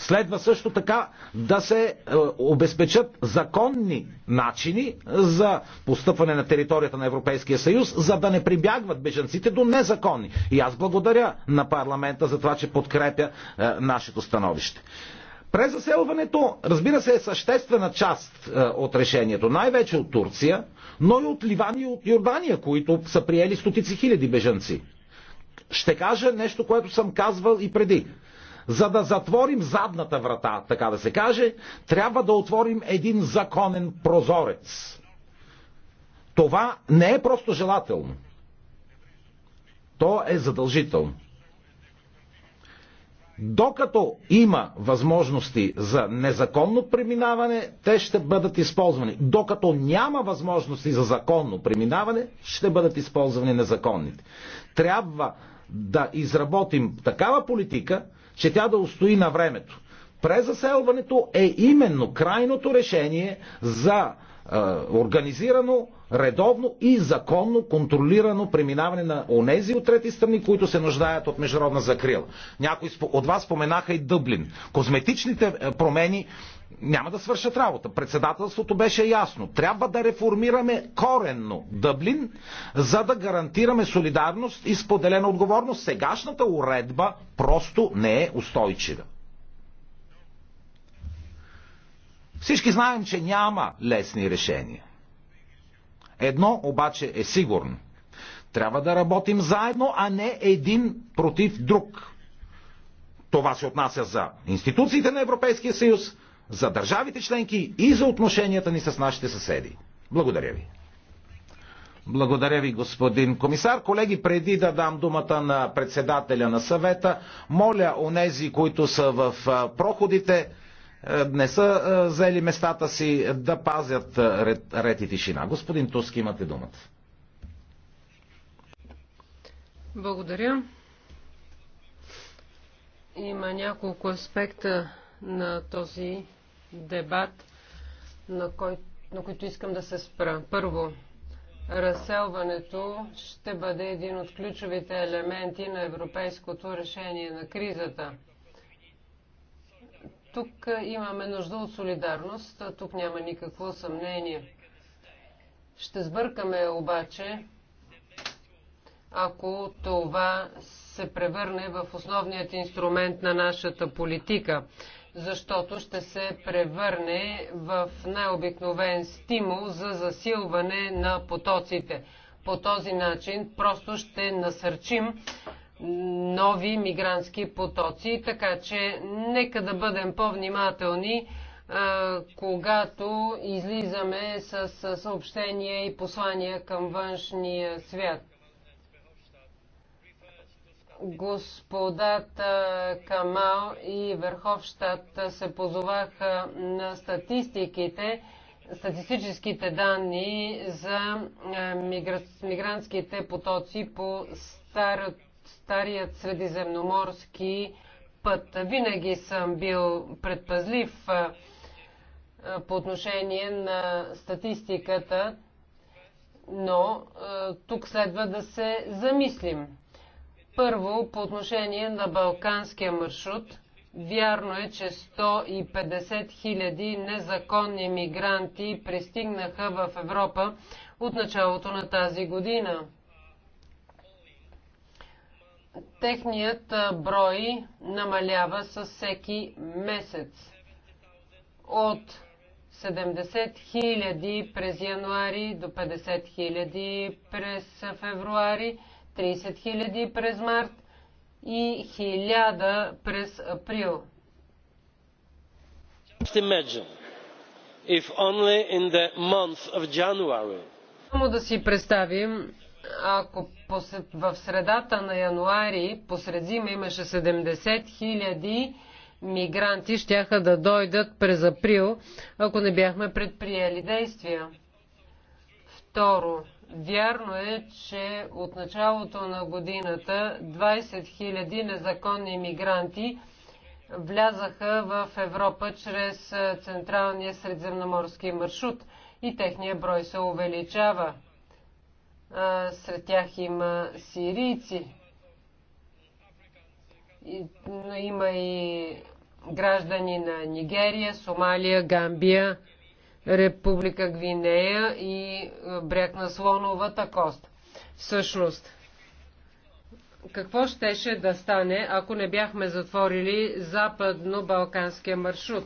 Следва също така да се е, обезпечат законни начини за постъпване на територията на Европейския съюз, за да не прибягват беженците до незаконни. И аз благодаря на парламента за това, че подкрепя е, нашето становище. Презаселването, разбира се, е съществена част е, от решението, най-вече от Турция, но и от Ливан и от Йордания, които са приели стотици хиляди бежанци. Ще кажа нещо, което съм казвал и преди. За да затворим задната врата, така да се каже, трябва да отворим един законен прозорец. Това не е просто желателно. То е задължително. Докато има възможности за незаконно преминаване, те ще бъдат използвани. Докато няма възможности за законно преминаване, ще бъдат използвани незаконните. Трябва да изработим такава политика, че тя да устои на времето. Презаселването е именно крайното решение за е, организирано, редовно и законно контролирано преминаване на онези от трети страни, които се нуждаят от международна закрила. Някои от вас споменаха и Дъблин. Козметичните е, промени няма да свършат работа. Председателството беше ясно. Трябва да реформираме коренно Дъблин, за да гарантираме солидарност и споделена отговорност. Сегашната уредба просто не е устойчива. Всички знаем, че няма лесни решения. Едно обаче е сигурно. Трябва да работим заедно, а не един против друг. Това се отнася за институциите на Европейския съюз, за държавите членки и за отношенията ни с нашите съседи. Благодаря ви. Благодаря ви, господин комисар. Колеги, преди да дам думата на председателя на съвета, моля онези, които са в проходите, не са взели местата си, да пазят ред, ред и тишина. Господин Туски, имате думата. Благодаря. Има няколко аспекта на този дебат, на, кой, на който искам да се спра. Първо, разселването ще бъде един от ключовите елементи на европейското решение на кризата. Тук имаме нужда от солидарност, тук няма никакво съмнение. Ще сбъркаме обаче, ако това се превърне в основният инструмент на нашата политика защото ще се превърне в най-обикновен стимул за засилване на потоците. По този начин просто ще насърчим нови мигрантски потоци, така че нека да бъдем по-внимателни, когато излизаме с съобщения и послания към външния свят господата Камал и Верховщат се позоваха на статистиките, статистическите данни за е, мигрантските потоци по стар, старият средиземноморски път. Винаги съм бил предпазлив е, по отношение на статистиката, но е, тук следва да се замислим. Първо, по отношение на Балканския маршрут, вярно е, че 150 хиляди незаконни мигранти пристигнаха в Европа от началото на тази година. Техният брой намалява със всеки месец. От 70 хиляди през януари до 50 хиляди през февруари – 30 000 през март и 1000 през април. Само да си представим, ако в средата на януари, посред зима имаше 70 000 мигранти, щяха да дойдат през април, ако не бяхме предприели действия. Второ, Вярно е, че от началото на годината 20 000 незаконни мигранти влязаха в Европа чрез Централния средземноморски маршрут и техния брой се увеличава. Сред тях има сирийци, но има и граждани на Нигерия, Сомалия, Гамбия Република Гвинея и е, бряг на Слоновата кост. Всъщност, какво щеше да стане, ако не бяхме затворили западно-балканския маршрут?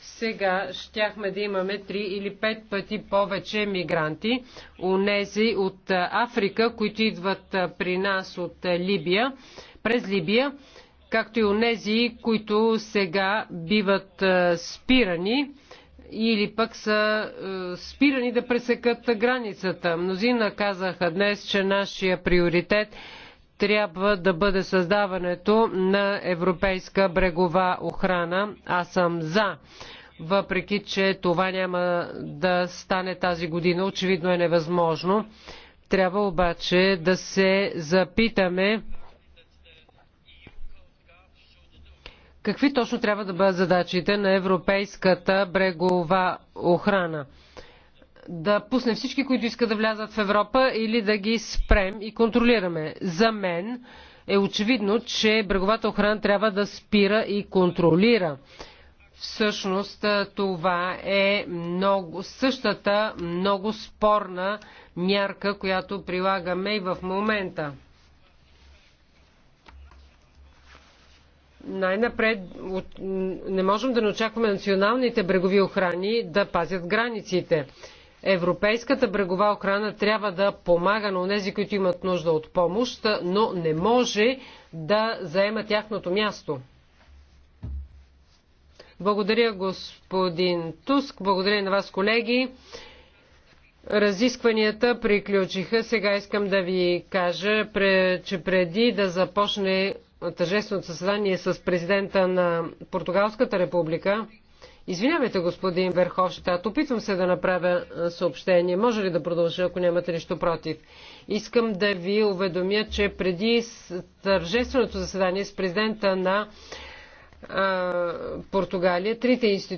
Сега щяхме да имаме 3 или 5 пъти повече мигранти, унези от е, Африка, които идват е, при нас от Либия, през Либия както и онези, които сега биват е, спирани или пък са е, спирани да пресекат границата. Мнозина казаха днес, че нашия приоритет трябва да бъде създаването на европейска брегова охрана. Аз съм за. Въпреки, че това няма да стане тази година, очевидно е невъзможно. Трябва обаче да се запитаме Какви точно трябва да бъдат задачите на Европейската брегова охрана? Да пуснем всички, които искат да влязат в Европа или да ги спрем и контролираме? За мен е очевидно, че бреговата охрана трябва да спира и контролира. Всъщност това е много, същата много спорна мярка, която прилагаме и в момента. най-напред не можем да не очакваме националните брегови охрани да пазят границите. Европейската брегова охрана трябва да помага на тези, които имат нужда от помощ, но не може да заема тяхното място. Благодаря господин Туск, благодаря на вас колеги. Разискванията приключиха. Сега искам да ви кажа, че преди да започне тържественото съседание с президента на Португалската република. Извинявайте, господин Верховщат, опитвам се да направя съобщение. Може ли да продължа, ако нямате нищо против? Искам да ви уведомя, че преди тържественото заседание с президента на а, Португалия, трите институции